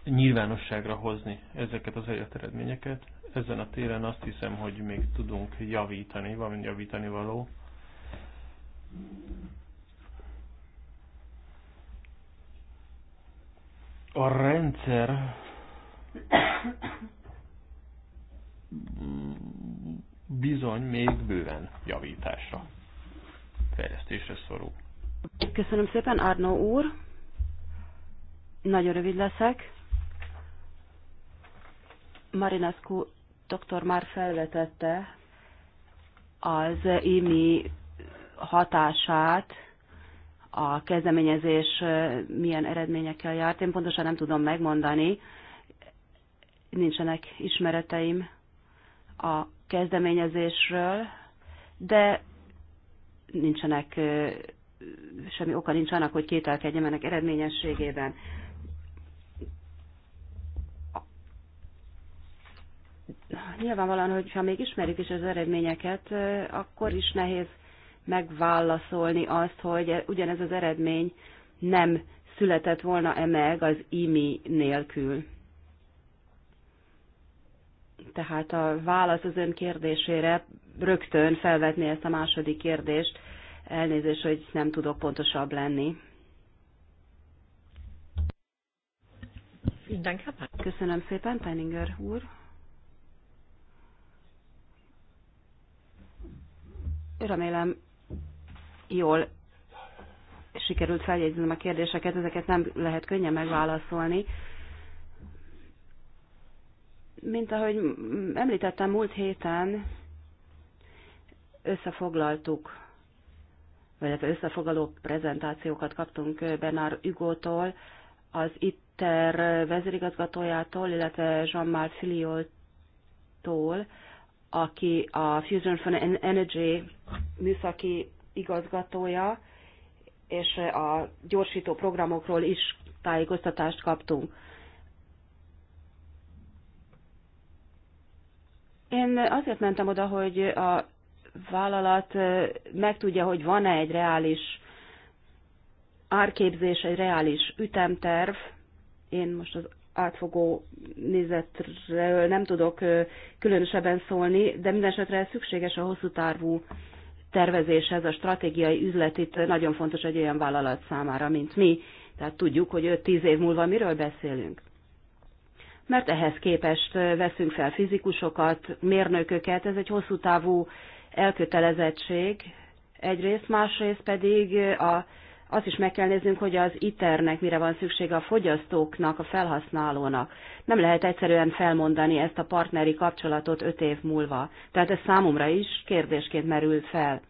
nyilvánosságra hozni ezeket az elért eredményeket. Ezen a téren azt hiszem, hogy még tudunk javítani, valamint javítani való. A rendszer bizony még bőven javításra fejlesztésre szorul. Köszönöm szépen, Arno úr. Nagyon rövid leszek. Marinescu doktor már felvetette az IMI hatását, a kezdeményezés milyen eredményekkel járt. Én pontosan nem tudom megmondani, nincsenek ismereteim a kezdeményezésről, de nincsenek, semmi oka nincs annak, hogy kételkedjem ennek eredményességében. Nyilvánvalóan, hogyha még ismerjük is az eredményeket, akkor is nehéz megválaszolni azt, hogy ugyanez az eredmény nem született volna-e meg az IMI nélkül. Tehát a válasz az ön kérdésére rögtön felvetni ezt a második kérdést. Elnézést, hogy nem tudok pontosabb lenni. Köszönöm szépen, Penninger úr. Remélem, jól sikerült feljegyzni a kérdéseket, ezeket nem lehet könnyen megválaszolni. Mint ahogy említettem múlt héten, összefoglaltuk, vagy hát összefoglaló prezentációkat kaptunk hugo tól az ITER vezérigazgatójától, illetve Jean-Marc tól aki a Fusion for Energy műszaki igazgatója, és a gyorsító programokról is tájékoztatást kaptunk. Én azért mentem oda, hogy a vállalat megtudja, hogy van-e egy reális árképzés, egy reális ütemterv. Én most az átfogó nézetről nem tudok különösebben szólni, de minden esetre szükséges a hosszú távú tervezéshez, a stratégiai üzlet itt nagyon fontos egy olyan vállalat számára, mint mi. Tehát tudjuk, hogy 5-10 év múlva miről beszélünk. Mert ehhez képest veszünk fel fizikusokat, mérnököket, ez egy hosszú távú elkötelezettség egyrészt, másrészt pedig a, azt is meg kell néznünk, hogy az iternek mire van szüksége a fogyasztóknak, a felhasználónak. Nem lehet egyszerűen felmondani ezt a partneri kapcsolatot öt év múlva. Tehát ez számomra is kérdésként merül fel.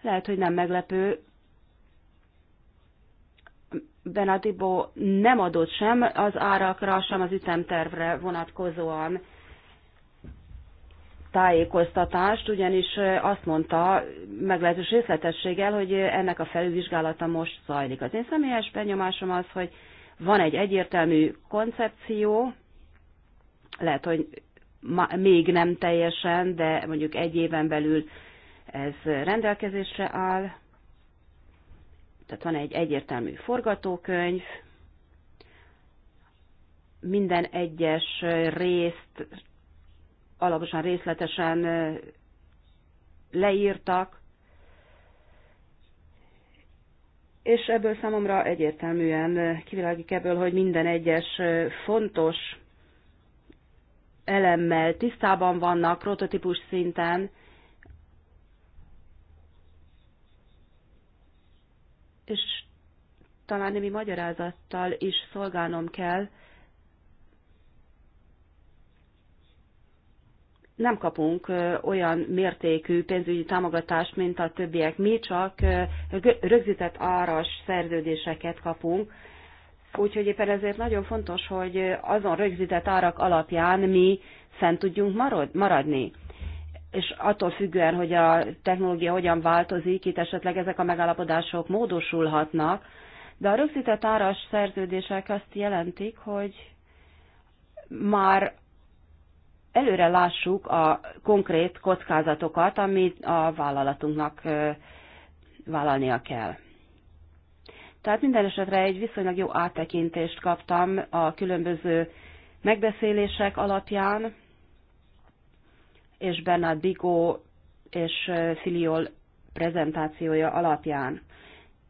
Lehet, hogy nem meglepő, Benadibó nem adott sem az árakra, sem az ütemtervre vonatkozóan tájékoztatást, ugyanis azt mondta meglehetős részletességgel, hogy ennek a felülvizsgálata most zajlik. Az én személyes benyomásom az, hogy van egy egyértelmű koncepció, lehet, hogy még nem teljesen, de mondjuk egy éven belül ez rendelkezésre áll. Tehát van egy egyértelmű forgatókönyv, minden egyes részt alaposan, részletesen leírtak, és ebből számomra egyértelműen kivilágik ebből, hogy minden egyes fontos elemmel tisztában vannak prototípus szinten, és talán némi magyarázattal is szolgálnom kell, nem kapunk olyan mértékű pénzügyi támogatást, mint a többiek. Mi csak rögzített áras szerződéseket kapunk, úgyhogy éppen ezért nagyon fontos, hogy azon rögzített árak alapján mi fent tudjunk marad maradni. És attól függően, hogy a technológia hogyan változik, itt esetleg ezek a megállapodások módosulhatnak, de a rögzített áras szerződések azt jelentik, hogy már előre lássuk a konkrét kockázatokat, amit a vállalatunknak vállalnia kell. Tehát minden esetre egy viszonylag jó áttekintést kaptam a különböző megbeszélések alapján, és Bernard Bigó és Filiol prezentációja alapján.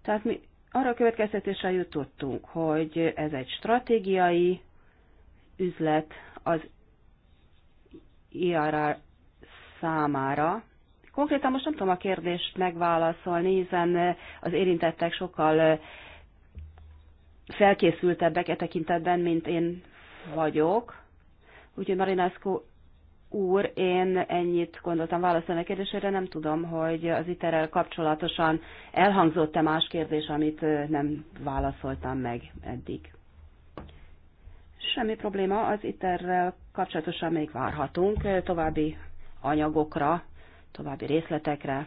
Tehát mi arra a következtetésre jutottunk, hogy ez egy stratégiai üzlet az IRR számára. Konkrétan most nem tudom a kérdést megválaszolni, hiszen az érintettek sokkal felkészültebbek e tekintetben, mint én vagyok. Úgyhogy Marinescu úr, én ennyit gondoltam válaszolni a kérdésére, nem tudom, hogy az iterrel kapcsolatosan elhangzott-e más kérdés, amit nem válaszoltam meg eddig. Semmi probléma, az iterrel kapcsolatosan még várhatunk eh, további anyagokra, további részletekre.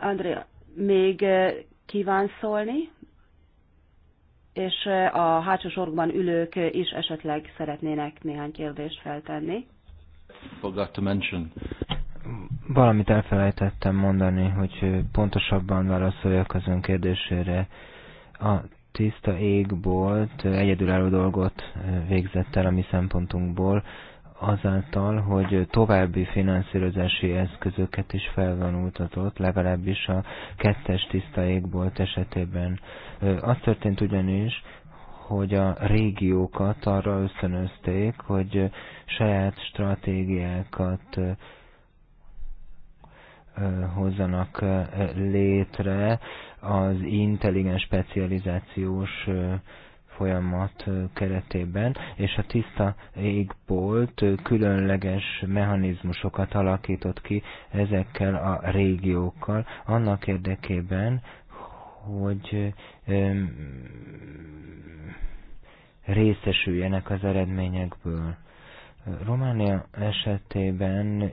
Andrea, még eh, kíván szólni? és eh, a hátsó sorokban ülők is esetleg szeretnének néhány kérdést feltenni. Forgot to mention. Valamit elfelejtettem mondani, hogy pontosabban válaszoljak az ön kérdésére. A tiszta égbolt egyedülálló dolgot végzett el a mi szempontunkból, azáltal, hogy további finanszírozási eszközöket is felvonultatott, legalábbis a kettes tiszta égbolt esetében. Az történt ugyanis, hogy a régiókat arra összönözték, hogy saját stratégiákat hozzanak létre az intelligens specializációs folyamat keretében, és a tiszta égbolt különleges mechanizmusokat alakított ki ezekkel a régiókkal, annak érdekében, hogy részesüljenek az eredményekből. Románia esetében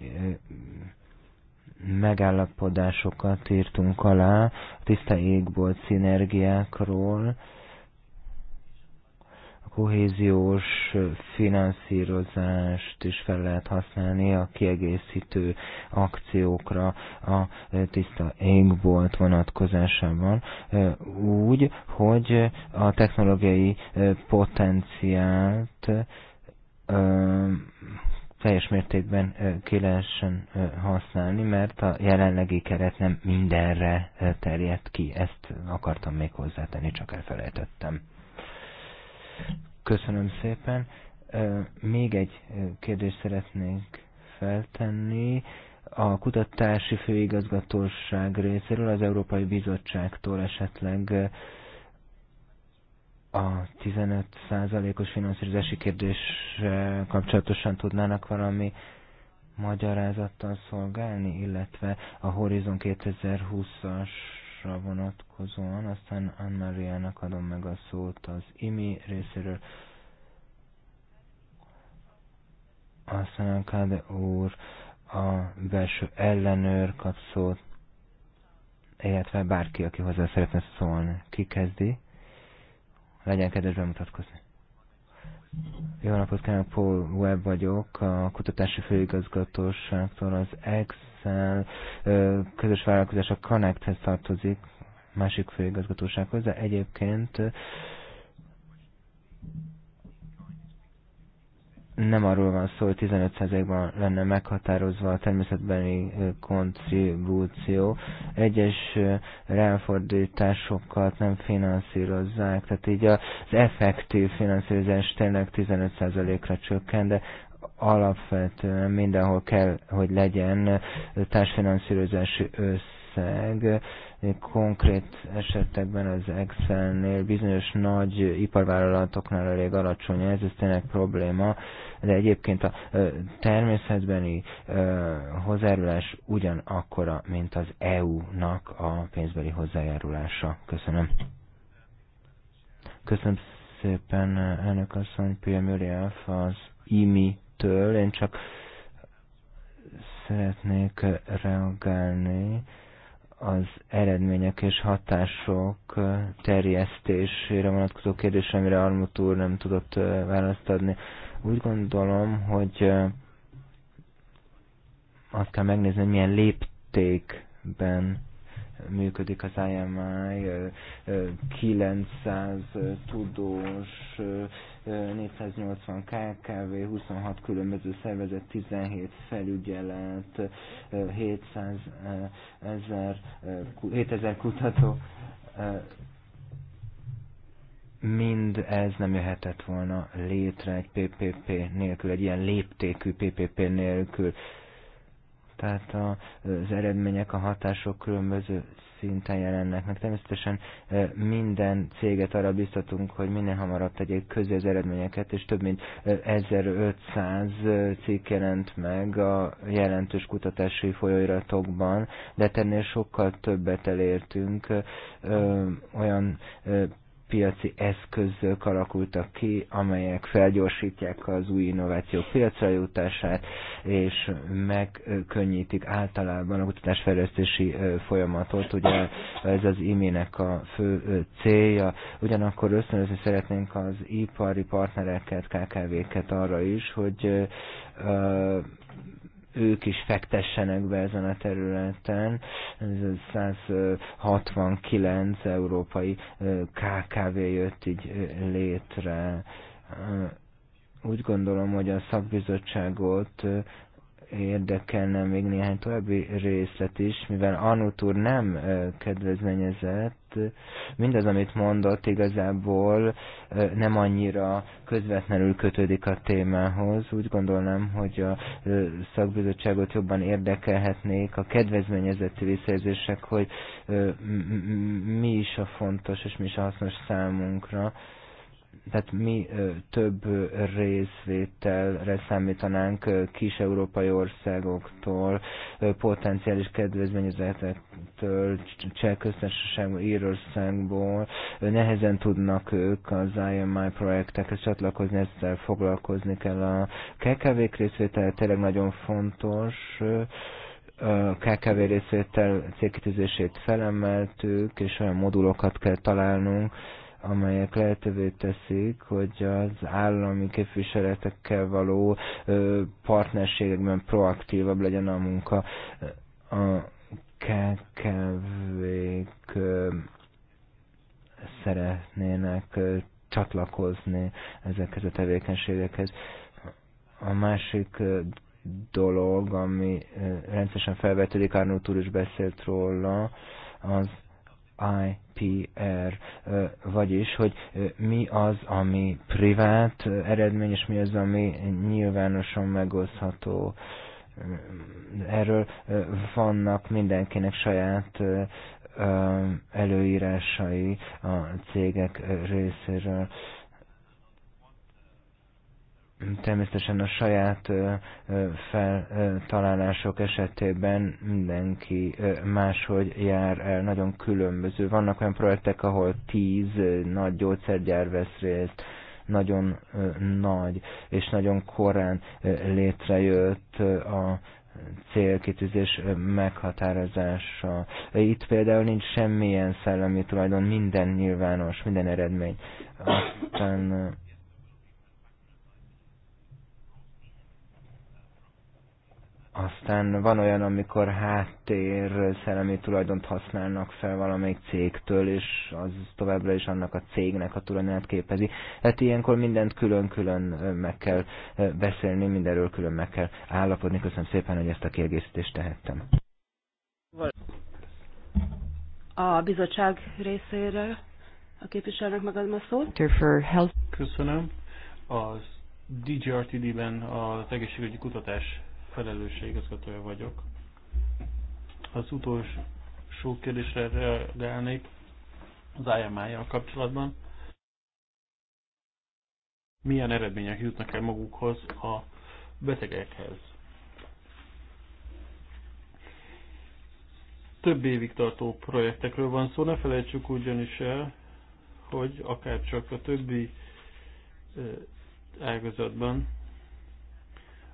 megállapodásokat írtunk alá a tiszta égbolt szinergiákról, a kohéziós finanszírozást is fel lehet használni a kiegészítő akciókra a tiszta égbolt vonatkozásában, úgy, hogy a technológiai potenciált teljes mértékben ki lehessen használni, mert a jelenlegi keret nem mindenre terjed ki. Ezt akartam még hozzátenni, csak elfelejtettem. Köszönöm szépen. Még egy kérdést szeretnék feltenni. A kutatási főigazgatóság részéről, az Európai Bizottságtól esetleg a 15%-os finanszírozási kérdés kapcsolatosan tudnának valami magyarázattal szolgálni, illetve a Horizon 2020-asra vonatkozóan, aztán ann adom meg a szót az IMI részéről, aztán Kade úr a belső ellenőr kap szót, illetve bárki, aki hozzá szeretne szólni. Ki kezdi? legyen kedves bemutatkozni. Jó napot kívánok, Paul Webb vagyok, a kutatási főigazgatóságtól az Excel közös vállalkozás a Connecthez tartozik, másik főigazgatósághoz, de egyébként nem arról van szó, hogy 15%-ban lenne meghatározva a természetbeni kontribúció. Egyes ráfordításokat nem finanszírozzák, tehát így az effektív finanszírozás tényleg 15%-ra csökken, de alapvetően mindenhol kell, hogy legyen társfinanszírozási össz Valószínűleg konkrét esetekben az nél, bizonyos nagy iparvállalatoknál elég alacsony ez, ez tényleg probléma, de egyébként a természetbeni hozzájárulás ugyanakkora, mint az EU-nak a pénzbeli hozzájárulása. Köszönöm. Köszönöm szépen, elnök asszony, PM Murielf az IMI-től. Én csak szeretnék reagálni az eredmények és hatások terjesztésére vonatkozó kérdés, amire Armut úr nem tudott választ adni. Úgy gondolom, hogy azt kell megnézni, hogy milyen léptékben működik az IMI, 900 tudós, 480 KKV, 26 különböző szervezet, 17 felügyelet, 700 ezer, 7000 kutató, mind ez nem jöhetett volna létre egy PPP nélkül, egy ilyen léptékű PPP nélkül. Tehát az eredmények, a hatások különböző szinten jelennek meg. Természetesen minden céget arra biztatunk, hogy minél hamarabb tegyék közé az eredményeket, és több mint 1500 cikk jelent meg a jelentős kutatási folyóiratokban, de ennél sokkal többet elértünk. Olyan piaci eszközök alakultak ki, amelyek felgyorsítják az új innováció piacra jutását, és megkönnyítik általában a kutatásfejlesztési folyamatot. Ugye ez az imének a fő célja. Ugyanakkor ösztönözni szeretnénk az ipari partnereket, KKV-ket arra is, hogy ők is fektessenek be ezen a területen. Ez 169 európai KKV jött így létre. Úgy gondolom, hogy a szakbizottságot érdekelne még néhány további részlet is, mivel Anutur nem kedvezményezett, mindaz, amit mondott, igazából nem annyira közvetlenül kötődik a témához. Úgy gondolnám, hogy a szakbizottságot jobban érdekelhetnék a kedvezményezeti visszajelzések, hogy mi is a fontos és mi is a hasznos számunkra tehát mi több részvételre számítanánk kis európai országoktól, potenciális kedvezményezetektől, cseh köztársaságból, Írországból, nehezen tudnak ők az IMI projektekhez csatlakozni, ezzel foglalkozni kell. A KKV-k részvétel tényleg nagyon fontos, KKV részvétel célkitűzését felemeltük, és olyan modulokat kell találnunk, amelyek lehetővé teszik, hogy az állami képviseletekkel való partnerségekben proaktívabb legyen a munka. A kkv szeretnének csatlakozni ezekhez a tevékenységekhez. A másik dolog, ami rendszeresen felvetődik, Arnold úr is beszélt róla, az IPR, vagyis, hogy mi az, ami privát eredmény, és mi az, ami nyilvánosan megosztható. Erről vannak mindenkinek saját előírásai a cégek részéről természetesen a saját feltalálások esetében mindenki máshogy jár el, nagyon különböző. Vannak olyan projektek, ahol tíz nagy gyógyszergyár vesz részt, nagyon nagy és nagyon korán létrejött a célkitűzés meghatározása. Itt például nincs semmilyen szellemi tulajdon, minden nyilvános, minden eredmény. Aztán Aztán van olyan, amikor háttér szellemi tulajdont használnak fel valamelyik cégtől, és az továbbra is annak a cégnek a tulajdonát képezi. Tehát ilyenkor mindent külön-külön meg kell beszélni, mindenről külön meg kell állapodni. Köszönöm szépen, hogy ezt a kiegészítést tehettem. A bizottság részéről a képviselőnek megadom a szót. Köszönöm. Az DGRTD-ben az egészségügyi kutatás felelősség igazgatója vagyok. Az utolsó kérdésre reagálnék az IMI-jal kapcsolatban. Milyen eredmények jutnak el magukhoz a betegekhez? Több évig tartó projektekről van szó, ne felejtsük ugyanis el, hogy akár csak a többi eh, ágazatban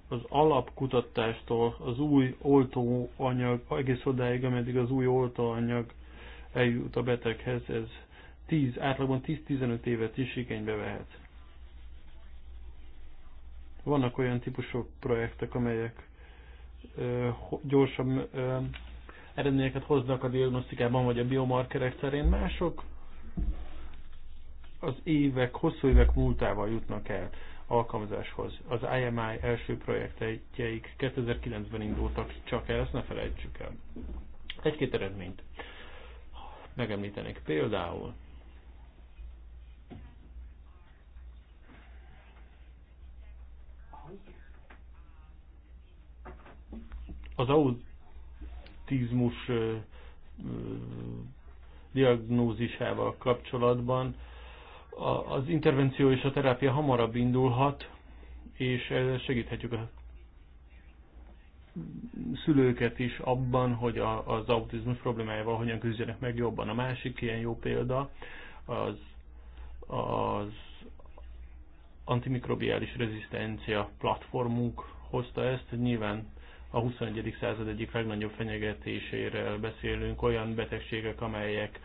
az alapkutatástól az új oltóanyag, egész odáig, ameddig az új oltóanyag eljut a beteghez, ez 10, átlagban 10-15 évet is igénybe vehet. Vannak olyan típusú projektek, amelyek ö, gyorsabb ö, eredményeket hoznak a diagnosztikában vagy a biomarkerek terén, mások az évek, hosszú évek múltával jutnak el alkalmazáshoz. Az IMI első projektjeik 2009-ben indultak csak el, ezt ne felejtsük el. Egy-két eredményt megemlítenék. Például az autizmus diagnózisával kapcsolatban az intervenció és a terápia hamarabb indulhat, és segíthetjük a szülőket is abban, hogy az autizmus problémájával hogyan küzdjenek meg jobban. A másik ilyen jó példa az, az antimikrobiális rezisztencia platformunk hozta ezt, nyilván a 21. század egyik legnagyobb fenyegetéséről beszélünk, olyan betegségek, amelyek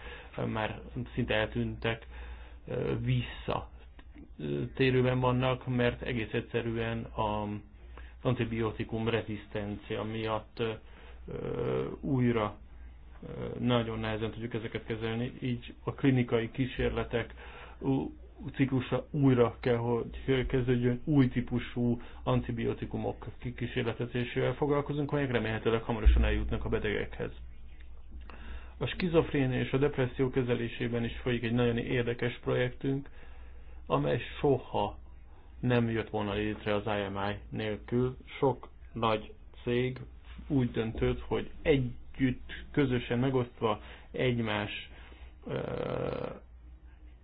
már szinte eltűntek, visszatérőben vannak, mert egész egyszerűen a antibiotikum rezisztencia miatt újra nagyon nehezen tudjuk ezeket kezelni, így a klinikai kísérletek ciklusa újra kell, hogy kezdődjön új típusú antibiotikumok kikísérletezésével foglalkozunk, amelyek remélhetőleg hamarosan eljutnak a betegekhez. A skizofrénia és a depresszió kezelésében is folyik egy nagyon érdekes projektünk, amely soha nem jött volna létre az IMI nélkül. Sok nagy cég úgy döntött, hogy együtt, közösen megosztva egymás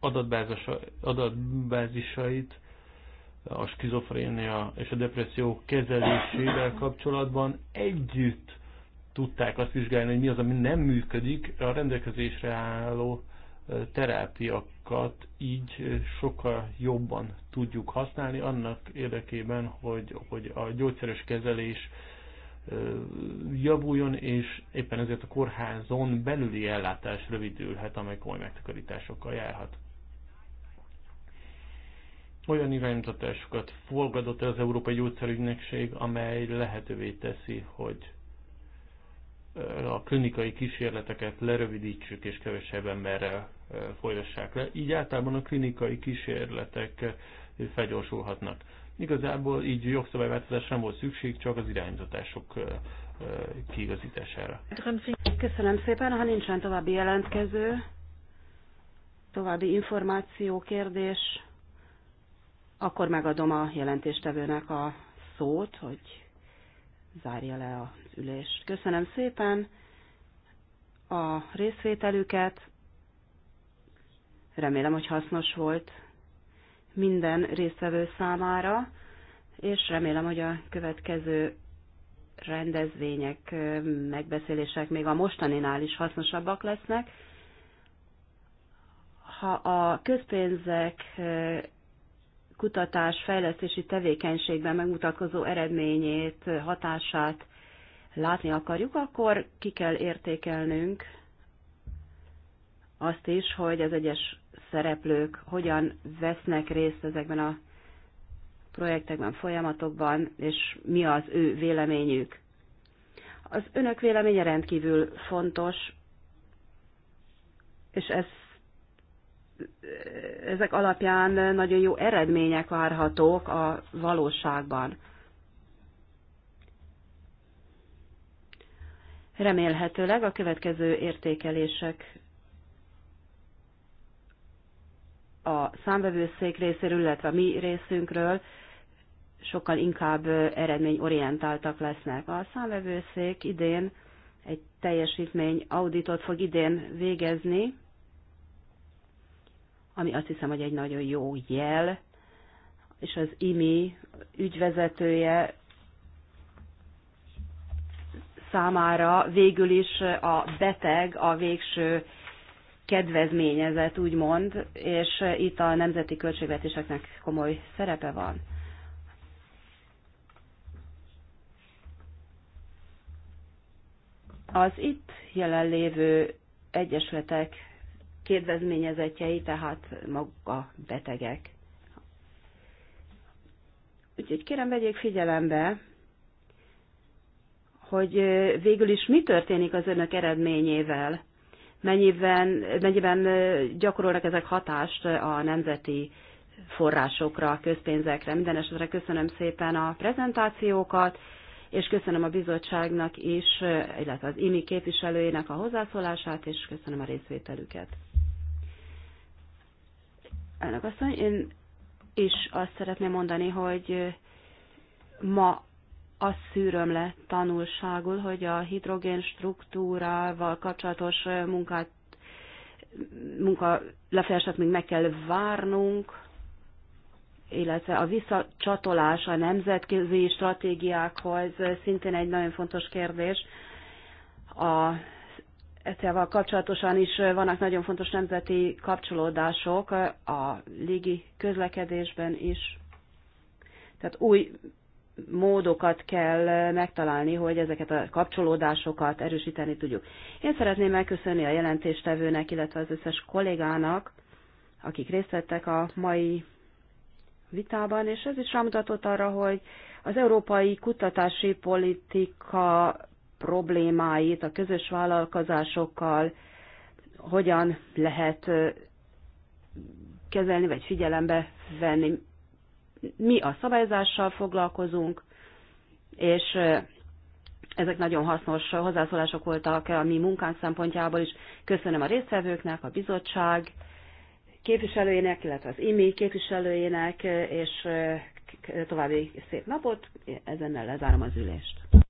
adatbázisait a skizofrénia és a depresszió kezelésével kapcsolatban együtt tudták azt vizsgálni, hogy mi az, ami nem működik, a rendelkezésre álló terápiakat így sokkal jobban tudjuk használni annak érdekében, hogy, hogy a gyógyszeres kezelés javuljon, és éppen ezért a kórházon belüli ellátás rövidülhet, amely komoly megtakarításokkal járhat. Olyan iránymutatásokat fogadott el az Európai Gyógyszerügynökség, amely lehetővé teszi, hogy a klinikai kísérleteket lerövidítsük és kevesebb emberrel folytassák le. Így általában a klinikai kísérletek felgyorsulhatnak. Igazából így jogszabályváltozás nem volt szükség, csak az irányzatások kiigazítására. Köszönöm szépen, ha nincsen további jelentkező, további információ, kérdés, akkor megadom a jelentéstevőnek a szót, hogy zárja le az ülést. Köszönöm szépen a részvételüket. Remélem, hogy hasznos volt minden résztvevő számára, és remélem, hogy a következő rendezvények, megbeszélések még a mostaninál is hasznosabbak lesznek. Ha a közpénzek kutatás fejlesztési tevékenységben megmutatkozó eredményét, hatását látni akarjuk, akkor ki kell értékelnünk azt is, hogy az egyes szereplők hogyan vesznek részt ezekben a projektekben, folyamatokban, és mi az ő véleményük. Az önök véleménye rendkívül fontos, és ez ezek alapján nagyon jó eredmények várhatók a valóságban. Remélhetőleg a következő értékelések a számvevőszék részéről, illetve a mi részünkről sokkal inkább eredményorientáltak lesznek. A számvevőszék idén egy teljesítmény auditot fog idén végezni, ami azt hiszem, hogy egy nagyon jó jel, és az IMI ügyvezetője számára végül is a beteg a végső kedvezményezett, úgymond, és itt a nemzeti költségvetéseknek komoly szerepe van. Az itt jelenlévő egyesületek kedvezményezetjei, tehát maguk a betegek. Úgyhogy kérem vegyék figyelembe, hogy végül is mi történik az önök eredményével, mennyiben, mennyiben gyakorolnak ezek hatást a nemzeti forrásokra, közpénzekre. Minden esetre köszönöm szépen a prezentációkat, és köszönöm a bizottságnak is, illetve az IMI képviselőjének a hozzászólását, és köszönöm a részvételüket. Elnök asszony, én is azt szeretném mondani, hogy ma azt szűröm le tanulságul, hogy a hidrogén struktúrával kapcsolatos munkát, munka lefolyását még meg kell várnunk, illetve a visszacsatolás a nemzetközi stratégiákhoz szintén egy nagyon fontos kérdés. A ECEA-val kapcsolatosan is vannak nagyon fontos nemzeti kapcsolódások a légi közlekedésben is. Tehát új módokat kell megtalálni, hogy ezeket a kapcsolódásokat erősíteni tudjuk. Én szeretném megköszönni a jelentéstevőnek, illetve az összes kollégának, akik részt vettek a mai vitában, és ez is rámutatott arra, hogy az európai kutatási politika problémáit a közös vállalkozásokkal, hogyan lehet kezelni vagy figyelembe venni. Mi a szabályzással foglalkozunk, és ezek nagyon hasznos hozzászólások voltak a mi munkánk szempontjából is. Köszönöm a résztvevőknek, a bizottság képviselőjének, illetve az IMI képviselőjének, és további szép napot. Ezennel lezárom az ülést.